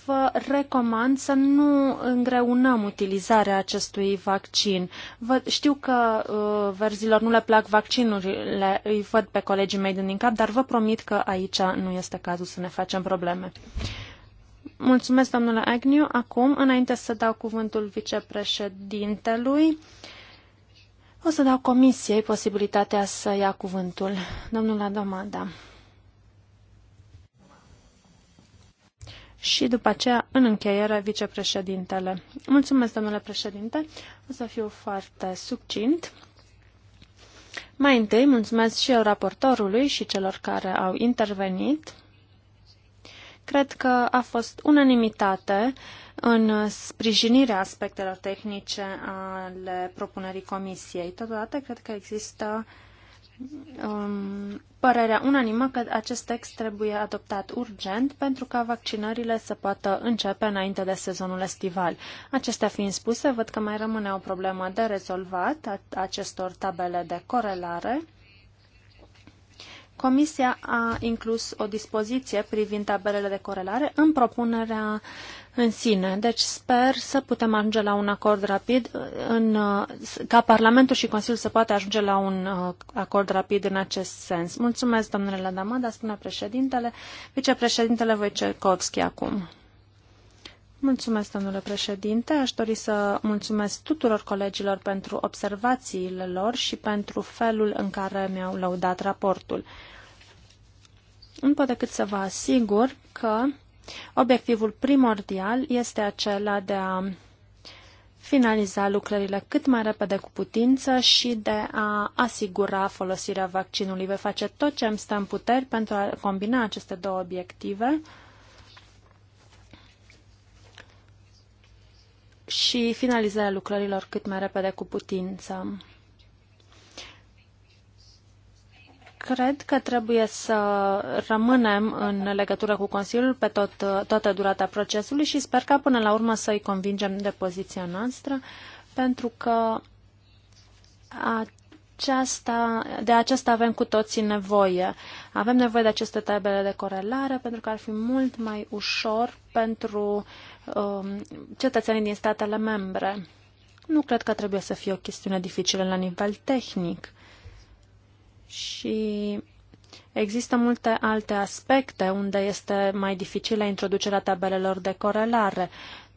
vă recomand să nu îngreunăm utilizarea acestui vaccin. Vă, știu că uh, verzilor nu le plac vaccinurile, îi văd pe colegii mei din cap, dar vă promit că aici nu este cazul să ne facem probleme. Mulțumesc, domnule Agniu. Acum, înainte să dau cuvântul vicepreședintelui, o să dau comisiei posibilitatea să ia cuvântul. Domnul Adomada. și după aceea, în încheiere, vicepreședintele. Mulțumesc, domnule președinte. O să fiu foarte succint. Mai întâi, mulțumesc și eu raportorului și celor care au intervenit. Cred că a fost unanimitate în sprijinirea aspectelor tehnice ale propunerii comisiei. Totodată, cred că există uh, um, părerea unanimă că acest text trebuie adoptat urgent pentru ca vaccinările să poată începe înainte de sezonul estival. Acestea fiind spuse, văd că mai rămâne o problemă de rezolvat a acestor tabele de corelare Comisia a inclus o dispoziție privind tabelele de corelare în propunerea în sine. Deci sper să putem ajunge la un acord rapid, în, ca Parlamentul și Consiliul să poată ajunge la un uh, acord rapid în acest sens. Mulțumesc, domnule Ladamada, spune președintele. Vicepreședintele Wojciechowski acum. Mulțumesc, domnule președinte. Aș dori să mulțumesc tuturor colegilor pentru observațiile lor și pentru felul în care mi-au lăudat raportul nu pot decât să vă asigur că obiectivul primordial este acela de a finaliza lucrările cât mai repede cu putință și de a asigura folosirea vaccinului. Vei face tot ce îmi stă în puteri pentru a combina aceste două obiective și finalizarea lucrărilor cât mai repede cu putință. Cred că trebuie să rămânem în legătură cu Consiliul pe tot, toată durata procesului și sper ca până la urmă să-i convingem de poziția noastră, pentru că aceasta, de aceasta avem cu toții nevoie. Avem nevoie de aceste tabele de corelare pentru că ar fi mult mai ușor pentru um, cetățenii din statele membre. Nu cred că trebuie să fie o chestiune dificilă la nivel tehnic și există multe alte aspecte unde este mai dificilă introducerea tabelelor de corelare.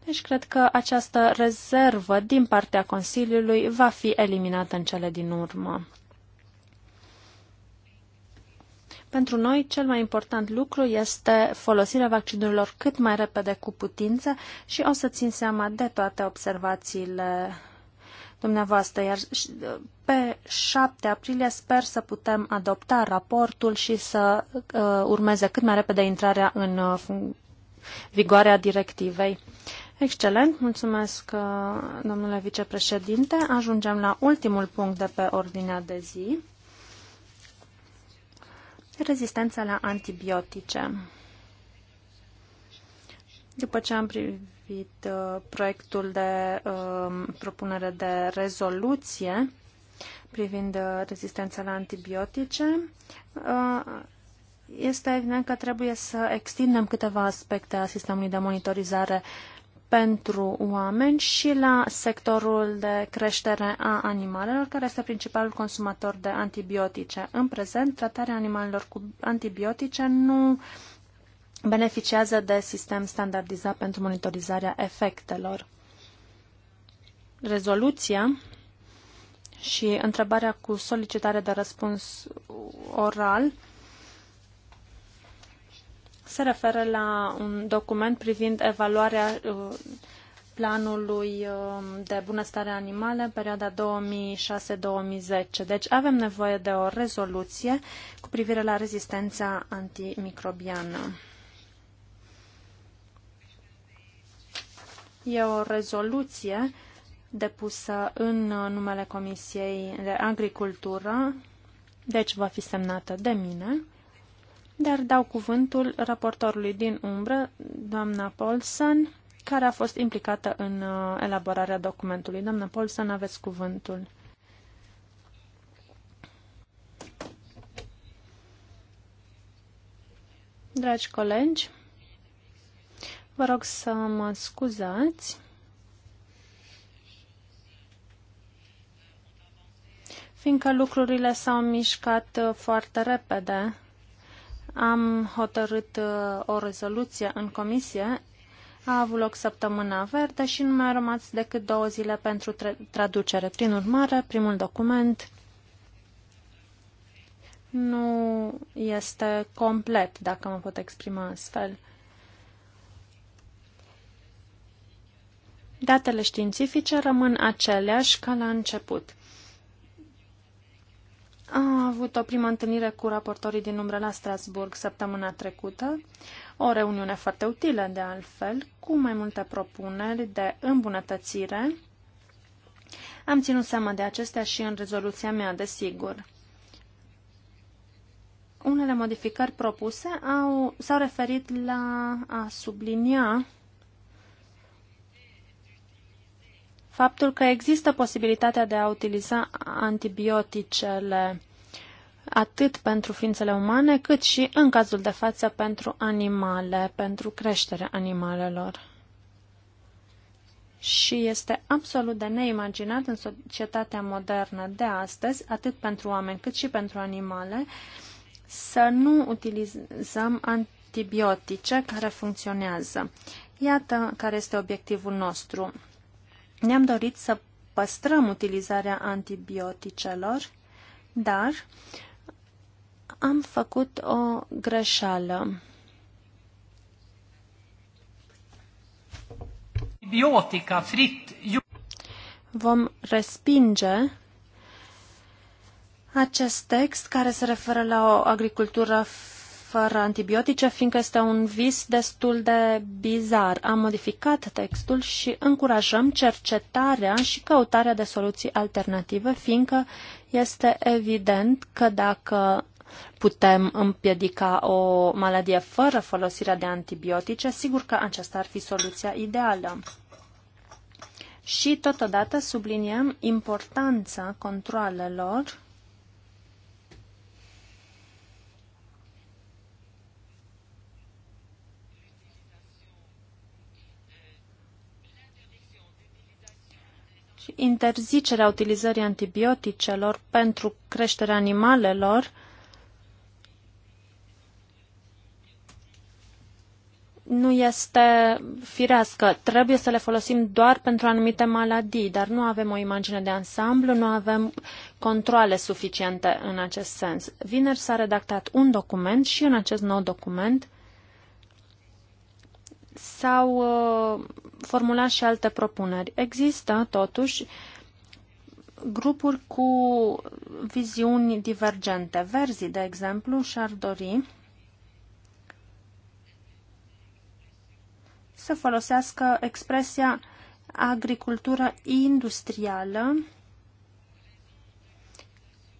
Deci cred că această rezervă din partea Consiliului va fi eliminată în cele din urmă. Pentru noi, cel mai important lucru este folosirea vaccinurilor cât mai repede cu putință și o să țin seama de toate observațiile dumneavoastră, iar pe 7 aprilie sper să putem adopta raportul și să uh, urmeze cât mai repede intrarea în uh, vigoarea directivei. Excelent, mulțumesc uh, domnule vicepreședinte. Ajungem la ultimul punct de pe ordinea de zi. Rezistența la antibiotice. După ce am privit privit uh, proiectul de um, propunere de rezoluție privind uh, rezistența la antibiotice. Uh, este evident că trebuie să extindem câteva aspecte a sistemului de monitorizare pentru oameni și la sectorul de creștere a animalelor, care este principalul consumator de antibiotice. În prezent, tratarea animalelor cu antibiotice nu uh, beneficiază de sistem standardizat pentru monitorizarea efectelor. Rezoluția și întrebarea cu solicitare de răspuns oral se referă la un document privind evaluarea uh, planului um, de bunăstare animale în perioada 2006-2010. Deci avem nevoie de o rezoluție cu privire la rezistența antimicrobiană. E o rezoluție depusă în numele Comisiei de Agricultură, deci va fi semnată de mine, dar dau cuvântul raportorului din umbră, doamna Paulsen, care a fost implicată în uh, elaborarea documentului. Doamna Paulsen, aveți cuvântul. Dragi colegi, Vă rog să mă scuzați. Fiindcă lucrurile s-au mișcat uh, foarte repede, am hotărât uh, o rezoluție în comisie. A avut loc săptămâna verde și nu mai a rămas decât două zile pentru tra traducere. Prin urmare, primul document nu este complet, dacă mă pot exprima astfel. Datele științifice rămân aceleași ca la început. Am avut o primă întâlnire cu raportorii din umbră la Strasburg săptămâna trecută, o reuniune foarte utilă de altfel, cu mai multe propuneri de îmbunătățire. Am ținut seama de acestea și în rezoluția mea, desigur. Unele modificări propuse au, s-au referit la a sublinia faptul că există posibilitatea de a utiliza antibioticele atât pentru ființele umane, cât și, în cazul de față, pentru animale, pentru creșterea animalelor. Și este absolut de neimaginat în societatea modernă de astăzi, atât pentru oameni cât și pentru animale, să nu utilizăm antibiotice care funcționează. Iată care este obiectivul nostru. Ne-am dorit să păstrăm utilizarea antibioticelor, dar am făcut o greșeală. Antibiotica frit. Vom respinge acest text care se referă la o agricultură fără antibiotice, fiindcă este un vis destul de bizar. Am modificat textul și încurajăm cercetarea și căutarea de soluții alternative, fiindcă este evident că dacă putem împiedica o maladie fără folosirea de antibiotice, sigur că aceasta ar fi soluția ideală. Și totodată subliniem importanța controalelor și interzicerea utilizării antibioticelor pentru creșterea animalelor nu este firească. Trebuie să le folosim doar pentru anumite maladii, dar nu avem o imagine de ansamblu, nu avem controle suficiente în acest sens. Vineri s-a redactat un document și în acest nou document s-au uh, formulat și alte propuneri. Există, totuși, grupuri cu viziuni divergente. Verzii, de exemplu, și-ar dori să folosească expresia agricultură industrială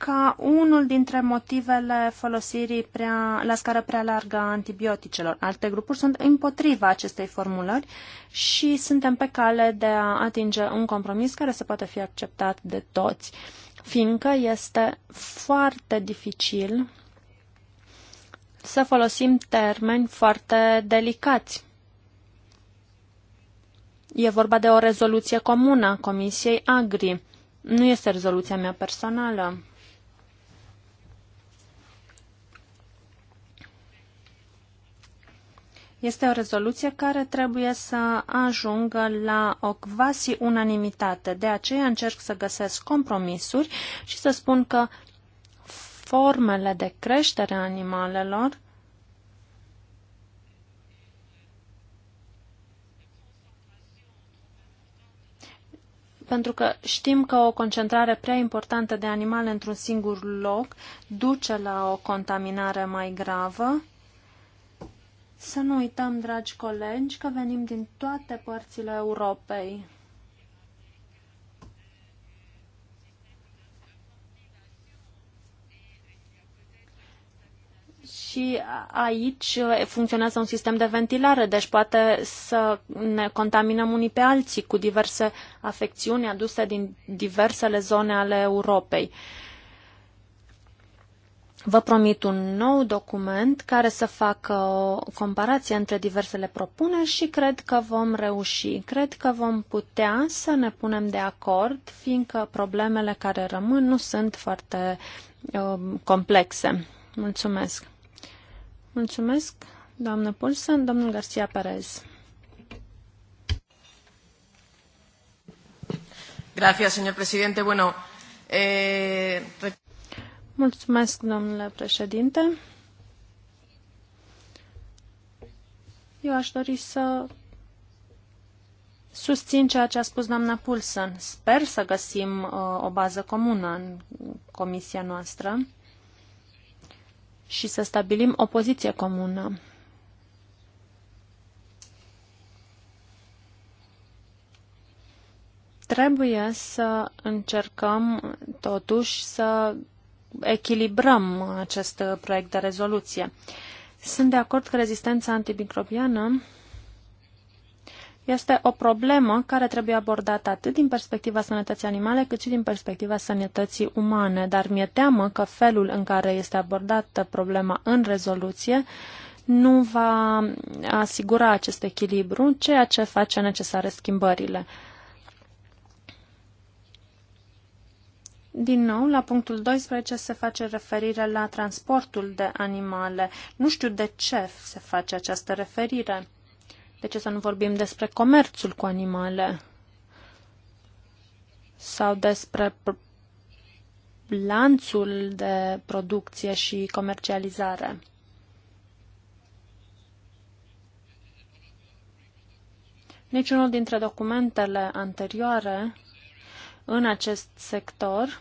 ca unul dintre motivele folosirii prea, la scară prea largă a antibioticelor. Alte grupuri sunt împotriva acestei formulări și suntem pe cale de a atinge un compromis care să poată fi acceptat de toți, fiindcă este foarte dificil să folosim termeni foarte delicați. E vorba de o rezoluție comună a Comisiei Agri. Nu este rezoluția mea personală. Este o rezoluție care trebuie să ajungă la o quasi unanimitate. De aceea încerc să găsesc compromisuri și să spun că formele de creștere a animalelor pentru că știm că o concentrare prea importantă de animale într-un singur loc duce la o contaminare mai gravă să nu uităm, dragi colegi, că venim din toate părțile Europei. și aici funcționează un sistem de ventilare, deci poate să ne contaminăm unii pe alții cu diverse afecțiuni aduse din diversele zone ale Europei. Vă promit un nou document care să facă o comparație între diversele propuneri și cred că vom reuși. Cred că vom putea să ne punem de acord, fiindcă problemele care rămân nu sunt foarte uh, complexe. Mulțumesc. Mulțumesc, doamnă Pulsen, domnul Garcia Perez. Gracias, señor presidente. Bueno, eh... Mulțumesc, domnule președinte. Eu aș dori să susțin ceea ce a spus doamna Pulson. Sper să găsim uh, o bază comună în comisia noastră și să stabilim o poziție comună. Trebuie să încercăm totuși să echilibrăm acest proiect de rezoluție. Sunt de acord că rezistența antimicrobiană este o problemă care trebuie abordată atât din perspectiva sănătății animale, cât și din perspectiva sănătății umane, dar mi-e teamă că felul în care este abordată problema în rezoluție nu va asigura acest echilibru, ceea ce face necesare schimbările. Din nou, la punctul 12 se face referire la transportul de animale. Nu știu de ce se face această referire. De ce să nu vorbim despre comerțul cu animale? Sau despre lanțul de producție și comercializare? Niciunul dintre documentele anterioare în acest sector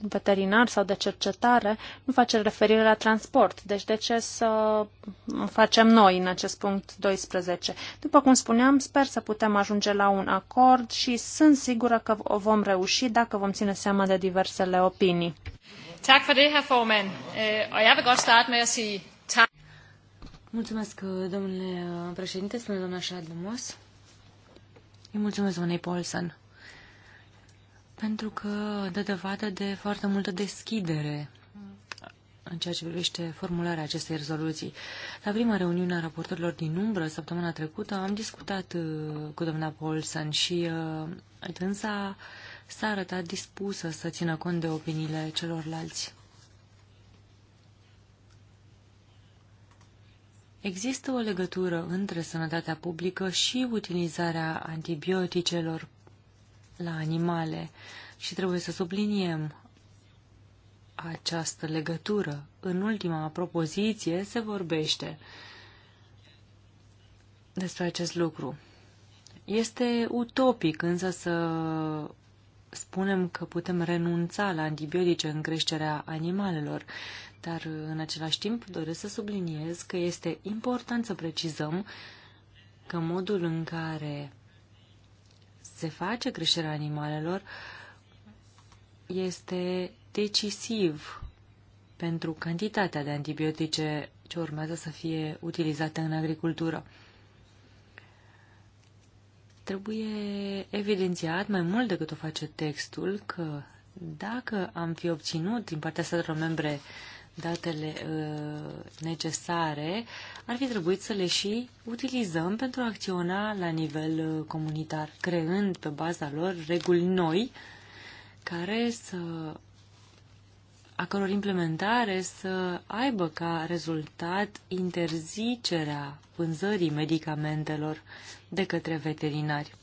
veterinar sau de cercetare nu face referire la transport. Deci de ce să facem noi în acest punct 12? După cum spuneam, sper să putem ajunge la un acord și sunt sigură că o vom reuși dacă vom ține seama de diversele opinii. Tak for det, herr øh, Mulțumesc, domnule președinte, spune doamna Șadlumos. Îi mulțumesc, domnule Paulson pentru că dă dovadă de foarte multă deschidere în ceea ce privește formularea acestei rezoluții. La prima reuniune a raportorilor din umbră, săptămâna trecută, am discutat uh, cu doamna Paulson și uh, dânsa s-a arătat dispusă să țină cont de opiniile celorlalți. Există o legătură între sănătatea publică și utilizarea antibioticelor la animale și trebuie să subliniem această legătură. În ultima propoziție se vorbește despre acest lucru. Este utopic însă să spunem că putem renunța la antibiotice în creșterea animalelor, dar în același timp doresc să subliniez că este important să precizăm că modul în care se face creșterea animalelor este decisiv pentru cantitatea de antibiotice ce urmează să fie utilizate în agricultură. Trebuie evidențiat mai mult decât o face textul că dacă am fi obținut din partea statelor membre uh, datele uh, necesare, ar fi trebuit să le și utilizăm pentru a acționa la nivel uh, comunitar, creând pe baza lor reguli noi care să a căror implementare să aibă ca rezultat interzicerea vânzării medicamentelor de către veterinari.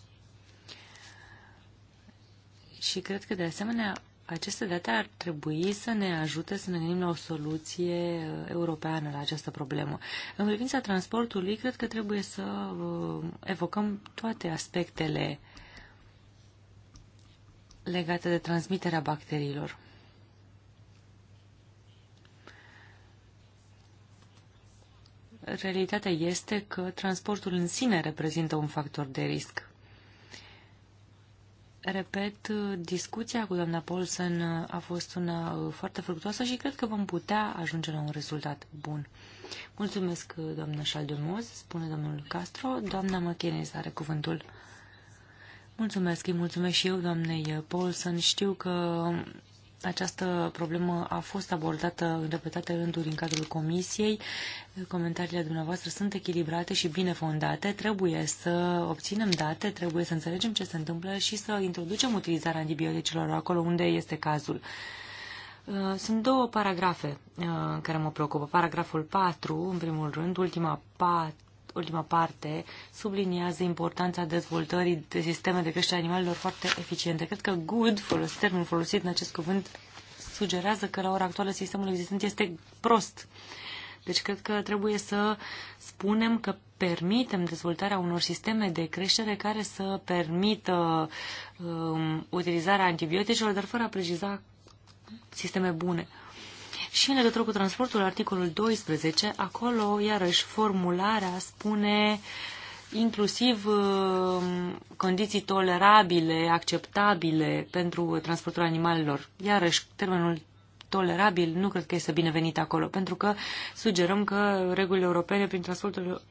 Și cred că, de asemenea, aceste date ar trebui să ne ajute să ne gândim la o soluție uh, europeană la această problemă. În privința transportului, cred că trebuie să uh, evocăm toate aspectele legate de transmiterea bacteriilor. Realitatea este că transportul în sine reprezintă un factor de risc. Repet, discuția cu doamna Paulsen a fost una uh, foarte fructuoasă și cred că vom putea ajunge la un rezultat bun. Mulțumesc, uh, doamna Șaldemoz, spune domnul Castro. Doamna McKinney are cuvântul. Mulțumesc, îi mulțumesc și eu, doamnei uh, Paulsen. Știu că um, această problemă a fost abordată în repetate rânduri în cadrul comisiei. Comentariile dumneavoastră sunt echilibrate și bine fondate. Trebuie să obținem date, trebuie să înțelegem ce se întâmplă și să introducem utilizarea antibioticelor acolo unde este cazul. Uh, sunt două paragrafe uh, care mă preocupă. Paragraful 4, în primul rând, ultima, 4, ultima parte subliniază importanța dezvoltării de sisteme de creștere animalelor foarte eficiente. Cred că good, folos, termenul folosit în acest cuvânt, sugerează că la ora actuală sistemul existent este prost. Deci cred că trebuie să spunem că permitem dezvoltarea unor sisteme de creștere care să permită um, utilizarea antibioticelor, dar fără a preciza sisteme bune. Și în legătură cu transportul, articolul 12, acolo, iarăși, formularea spune inclusiv uh, condiții tolerabile, acceptabile pentru transportul animalelor. Iarăși, termenul tolerabil nu cred că este binevenit acolo, pentru că sugerăm că regulile europene prin transportul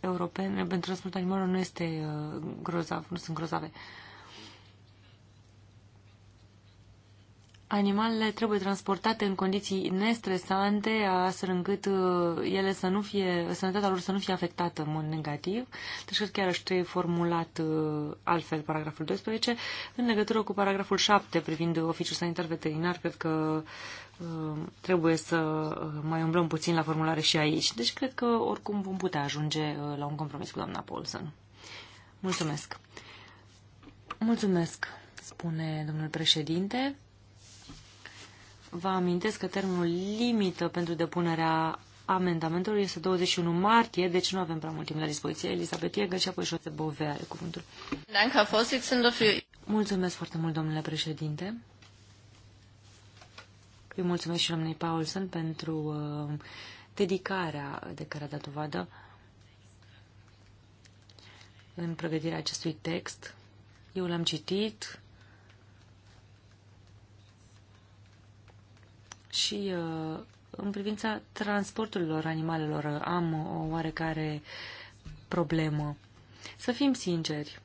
european, pentru transportul animalelor nu este uh, grozav, nu sunt grozave. Uh, Animalele trebuie transportate în condiții nestresante, astfel încât uh, ele să nu fie, sănătatea lor să nu fie afectată în mod negativ. Deci cred că iarăși trebuie formulat uh, altfel paragraful 12. În legătură cu paragraful 7 privind oficiul sanitar veterinar, cred că uh, trebuie să mai umblăm puțin la formulare și aici. Deci cred că oricum vom putea ajunge la un compromis cu doamna Paulson. Mulțumesc! Mulțumesc, spune domnul președinte. Vă amintesc că termenul limită pentru depunerea amendamentelor este 21 martie, deci nu avem prea mult timp la dispoziție. Elisabeth Iegă și apoi Șoțe Bove are cuvântul. Mulțumesc foarte mult, domnule președinte. Îi mulțumesc și domnului Paulson pentru uh, dedicarea de care a dat dovadă în pregătirea acestui text. Eu l-am citit, Și uh, în privința transporturilor animalelor am o oarecare problemă. Să fim sinceri.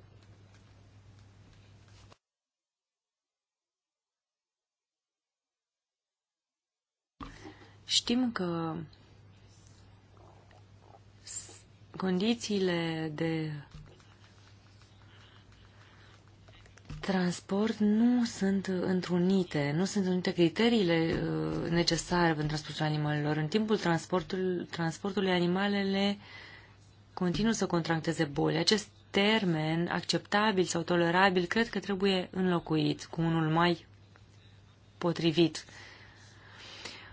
Știm că condițiile de transport nu sunt întrunite, nu sunt întrunite criteriile uh, necesare pentru transportul animalelor. În timpul transportului, transportului animalele continuă să contracteze boli. Acest termen acceptabil sau tolerabil cred că trebuie înlocuit cu unul mai potrivit.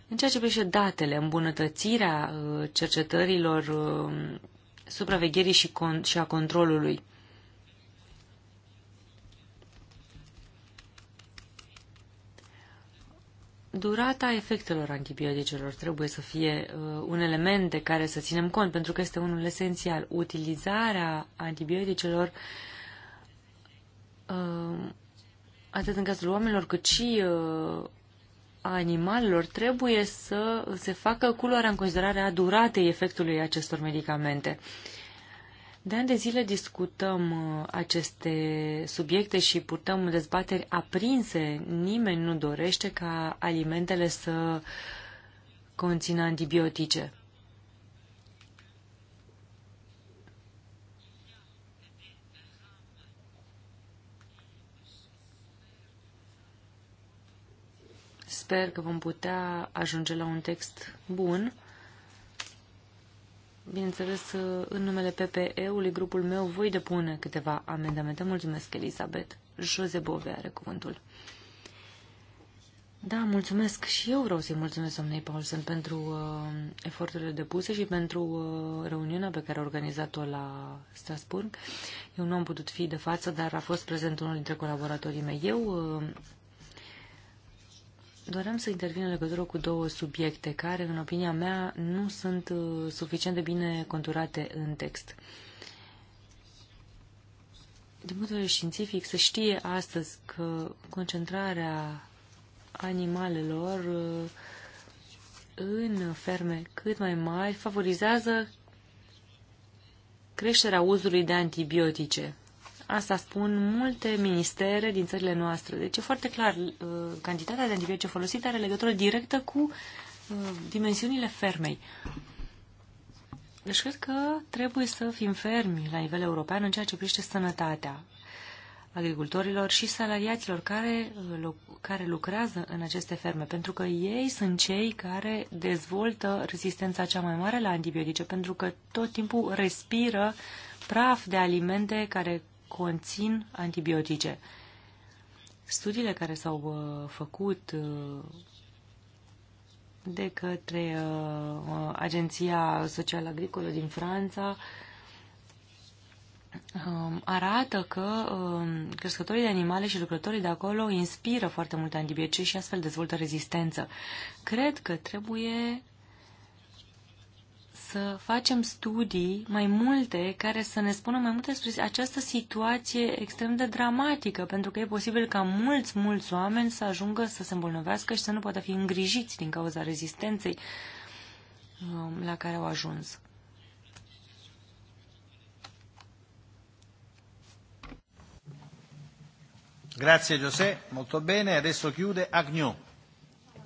În ceea ce privește datele, îmbunătățirea uh, cercetărilor, uh, supravegherii și, con- și a controlului, Durata efectelor antibioticelor trebuie să fie uh, un element de care să ținem cont, pentru că este unul esențial. Utilizarea antibioticelor, uh, atât în cazul oamenilor, cât și uh, a animalelor, trebuie să se facă cu luarea în considerare a duratei efectului acestor medicamente. Uh, de ani de zile discutăm uh, aceste subiecte și purtăm dezbateri aprinse. Nimeni nu dorește ca alimentele să conțină antibiotice. Sper că vom putea ajunge la un text bun bineînțeles, în numele PPE-ului, grupul meu, voi depune câteva amendamente. Mulțumesc, Elisabeth. Jose Bove are cuvântul. Da, mulțumesc și eu vreau să-i mulțumesc domnului Paulsen pentru uh, eforturile depuse și pentru uh, reuniunea pe care a organizat-o la Strasburg. Eu nu am putut fi de față, dar a fost prezent unul dintre colaboratorii mei. Eu uh, Doream să intervin în legătură cu două subiecte care, în opinia mea, nu sunt uh, suficient de bine conturate în text. Din punct de vedere științific, se știe astăzi că concentrarea animalelor uh, în ferme cât mai mari favorizează creșterea uzului de antibiotice. Asta spun multe ministere din țările noastre. Deci e foarte clar, uh, cantitatea de antibiotice folosite are legătură directă cu uh, dimensiunile fermei. Deci cred că trebuie să fim fermi la nivel european în ceea ce privește sănătatea agricultorilor și salariaților care, uh, care lucrează în aceste ferme, pentru că ei sunt cei care dezvoltă rezistența cea mai mare la antibiotice, pentru că tot timpul respiră praf de alimente care conțin antibiotice. Studiile care s-au uh, făcut uh, de către uh, Agenția Socială Agricolă din Franța um, arată că um, crescătorii de animale și lucrătorii de acolo inspiră foarte multe antibiotice și astfel dezvoltă rezistență. Cred că trebuie să facem studii mai multe care să ne spună mai multe despre această situație extrem de dramatică, pentru că e posibil ca mulți, mulți oameni să ajungă să se îmbolnăvească și să nu poată fi îngrijiți din cauza rezistenței um, la care au ajuns. Grazie José, molto bene. Adesso chiude Agnew.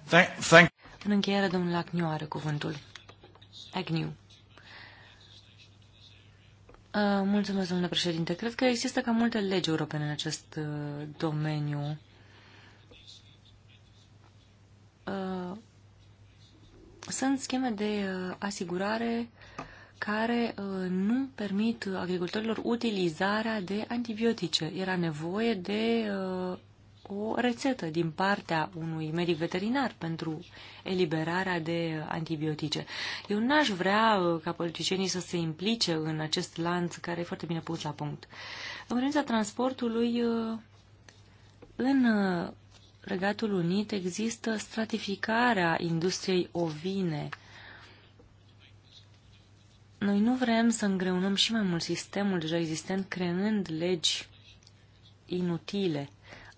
Thank, thank. În încheiere, domnul Agnew are cuvântul. Agnew. Uh, mulțumesc, domnule președinte. Cred că există cam multe legi europene în acest uh, domeniu. Uh, sunt scheme de asigurare care nu permit agricultorilor utilizarea de antibiotice. Era nevoie de o rețetă din partea unui medic veterinar pentru eliberarea de antibiotice. Eu n-aș vrea uh, ca politicienii să se implice în acest lanț care e foarte bine pus la punct. În privința transportului, uh, în uh, Regatul Unit există stratificarea industriei ovine. Noi nu vrem să îngreunăm și mai mult sistemul deja existent, creând legi inutile.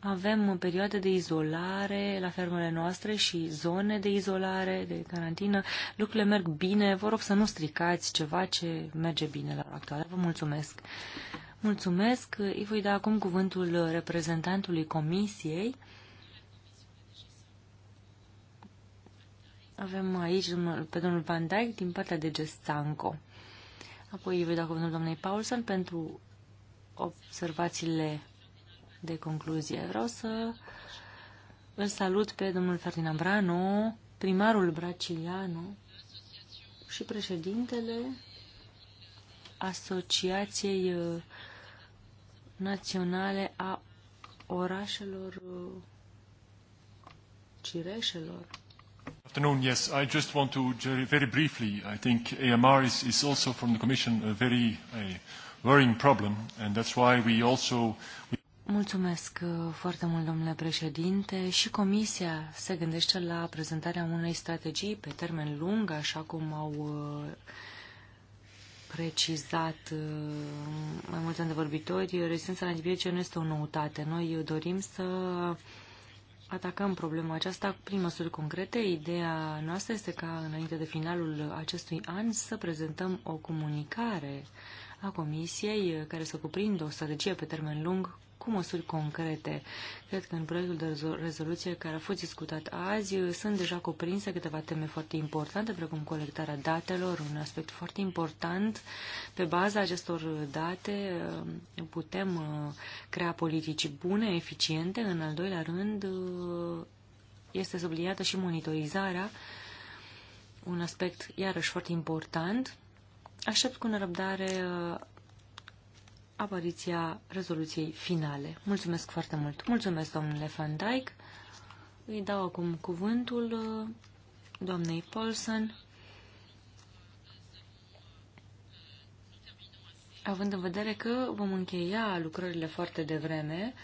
Avem perioade de izolare la fermele noastre și zone de izolare, de carantină. Lucrurile merg bine. Vă rog să nu stricați ceva ce merge bine la actuală. Vă mulțumesc. Mulțumesc. Îi voi da acum cuvântul reprezentantului Comisiei. Avem aici pe domnul Van Dijk din partea de Gestanco. Apoi îi voi da cuvântul doamnei Paulson pentru observațiile de concluzie. Vreau să îl salut pe domnul Ferdinand Branu, primarul bracilianu și președintele Asociației uh, Naționale a Orașelor uh, Cireșelor. Afternoon, yes. I just want to, very briefly, I think AMR is, is also from the Commission a very a worrying problem, and that's why we also... Mulțumesc uh, foarte mult, domnule președinte. Și Comisia se gândește la prezentarea unei strategii pe termen lung, așa cum au uh, precizat uh, mai mulți antevorbitori. Rezistența la antibiotice nu este o noutate. Noi dorim să atacăm problema aceasta prin măsuri concrete. Ideea noastră este ca, înainte de finalul acestui an, să prezentăm o comunicare a Comisiei care să cuprindă o strategie pe termen lung cu măsuri concrete. Cred că în proiectul de rezoluție care a fost discutat azi uh, sunt deja cuprinse câteva teme foarte importante, precum colectarea datelor, un aspect foarte important. Pe baza acestor date uh, putem uh, crea politici bune, eficiente. În al doilea rând este subliniată și monitorizarea, un aspect iarăși foarte important. Aștept cu nerăbdare apariția rezoluției finale. Mulțumesc foarte mult. Mulțumesc, domnule Van Dijk. Îi dau acum cuvântul uh, doamnei Paulson. Având în vedere că vom încheia lucrările foarte devreme,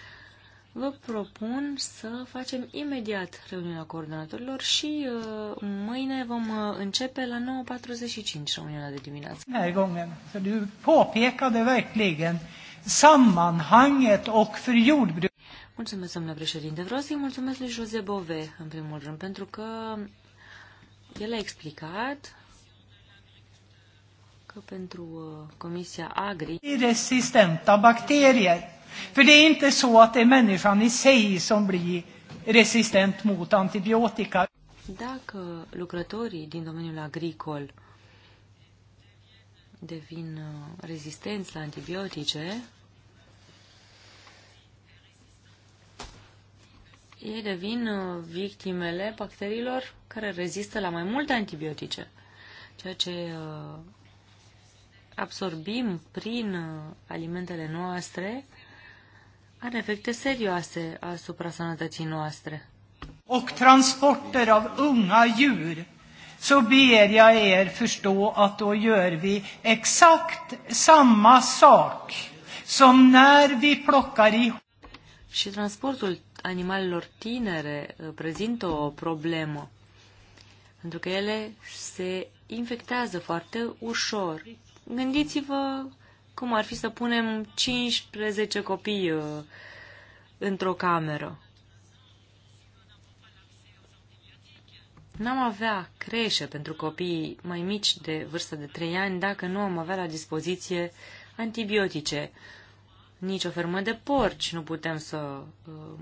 vă propun să facem imediat reuniunea coordonatorilor și uh, mâine vom uh, începe la 9.45 reuniunea de dimineață. Den gången, för du påpekade verkligen sammanhanget och för jordbruk. Mulțumesc, domnule președinte. Vreau să-i mulțumesc lui Jose Bove, în primul rând, pentru că el a explicat că pentru uh, Comisia Agri... ...resistenta bacterier. För det är inte så att det är människan i sig som blir resistent mot antibiotika. Dacă lucrătorii din domeniul agricol devin uh, rezistenți la antibiotice, ei devin uh, victimele bacteriilor care rezistă la mai multe antibiotice, ceea ce absorbim prin uh, alimentele noastre are efecte serioase asupra sănătății noastre. Och transporter av unga djur så ber jag er förstå att då gör vi exakt samma sak som när vi plockar i și transportul animalelor tinere uh, prezintă o problemă, pentru că ele se infectează foarte ușor. Gândiți-vă cum ar fi să punem 15 copii uh, într-o cameră. N-am avea creșe pentru copii mai mici de vârstă de 3 ani dacă nu am avea la dispoziție antibiotice. Nici o fermă de porci nu putem să uh,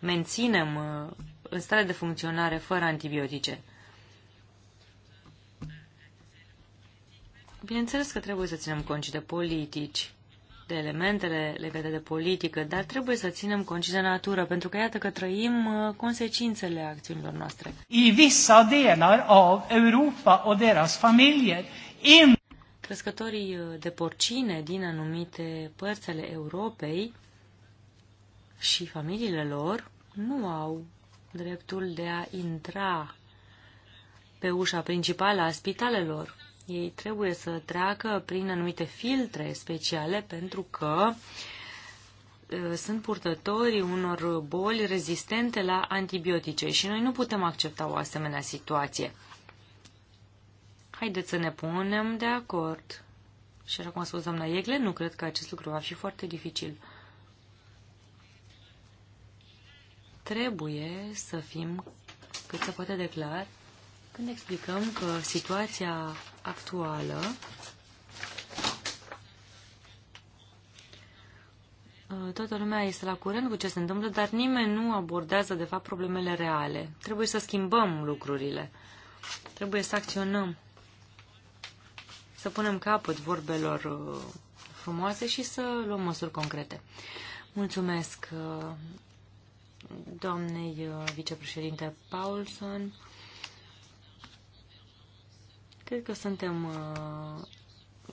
menținem uh, în stare de funcționare fără antibiotice. Bineînțeles că trebuie să ținem cont de politici, de elementele legate de politică, dar trebuie să ținem cont și de natură, pentru că iată că trăim uh, consecințele acțiunilor noastre. I vissa delar av Europa och deras familjer in... Crescătorii uh, de porcine din anumite părți ale Europei și familiile lor nu au dreptul de a intra pe ușa principală a spitalelor. Ei trebuie să treacă prin anumite filtre speciale pentru că sunt purtătorii unor boli rezistente la antibiotice și noi nu putem accepta o asemenea situație. Haideți să ne punem de acord. Și așa cum a spus doamna Iegle, nu cred că acest lucru va fi foarte dificil. Trebuie să fim cât se poate declar când explicăm că situația actuală uh, Toată lumea este la curent cu ce se întâmplă, dar nimeni nu abordează, de fapt, problemele reale. Trebuie să schimbăm lucrurile. Trebuie să acționăm. Să punem capăt vorbelor uh, frumoase și să luăm măsuri concrete. Mulțumesc uh, doamnei vicepreședinte Paulson. Cred că suntem uh,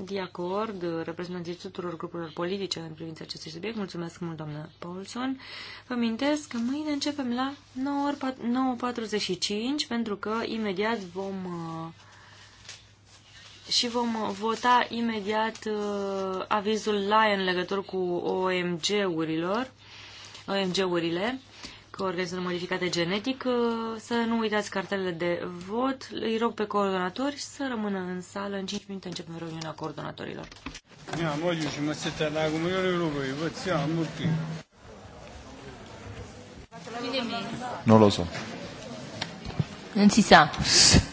de acord, uh, reprezentanții tuturor grupurilor politice în privința acestui subiect. Mulțumesc mult, doamnă Paulson. Vă amintesc că mâine începem la 9.45, pentru că imediat vom uh, și vom vota imediat avizul LAI în legătură cu OMG-urilor, OMG-urile cu organismele modificate genetic. Uh, să nu uitați cartelele de vot. Îi rog pe coordonatori să rămână în sală. În 5 minute începem reuniunea coordonatorilor. Ia, mă, eu și mă sete la cum eu le rugă, eu văd, ia, mult Nu lo Nu Non si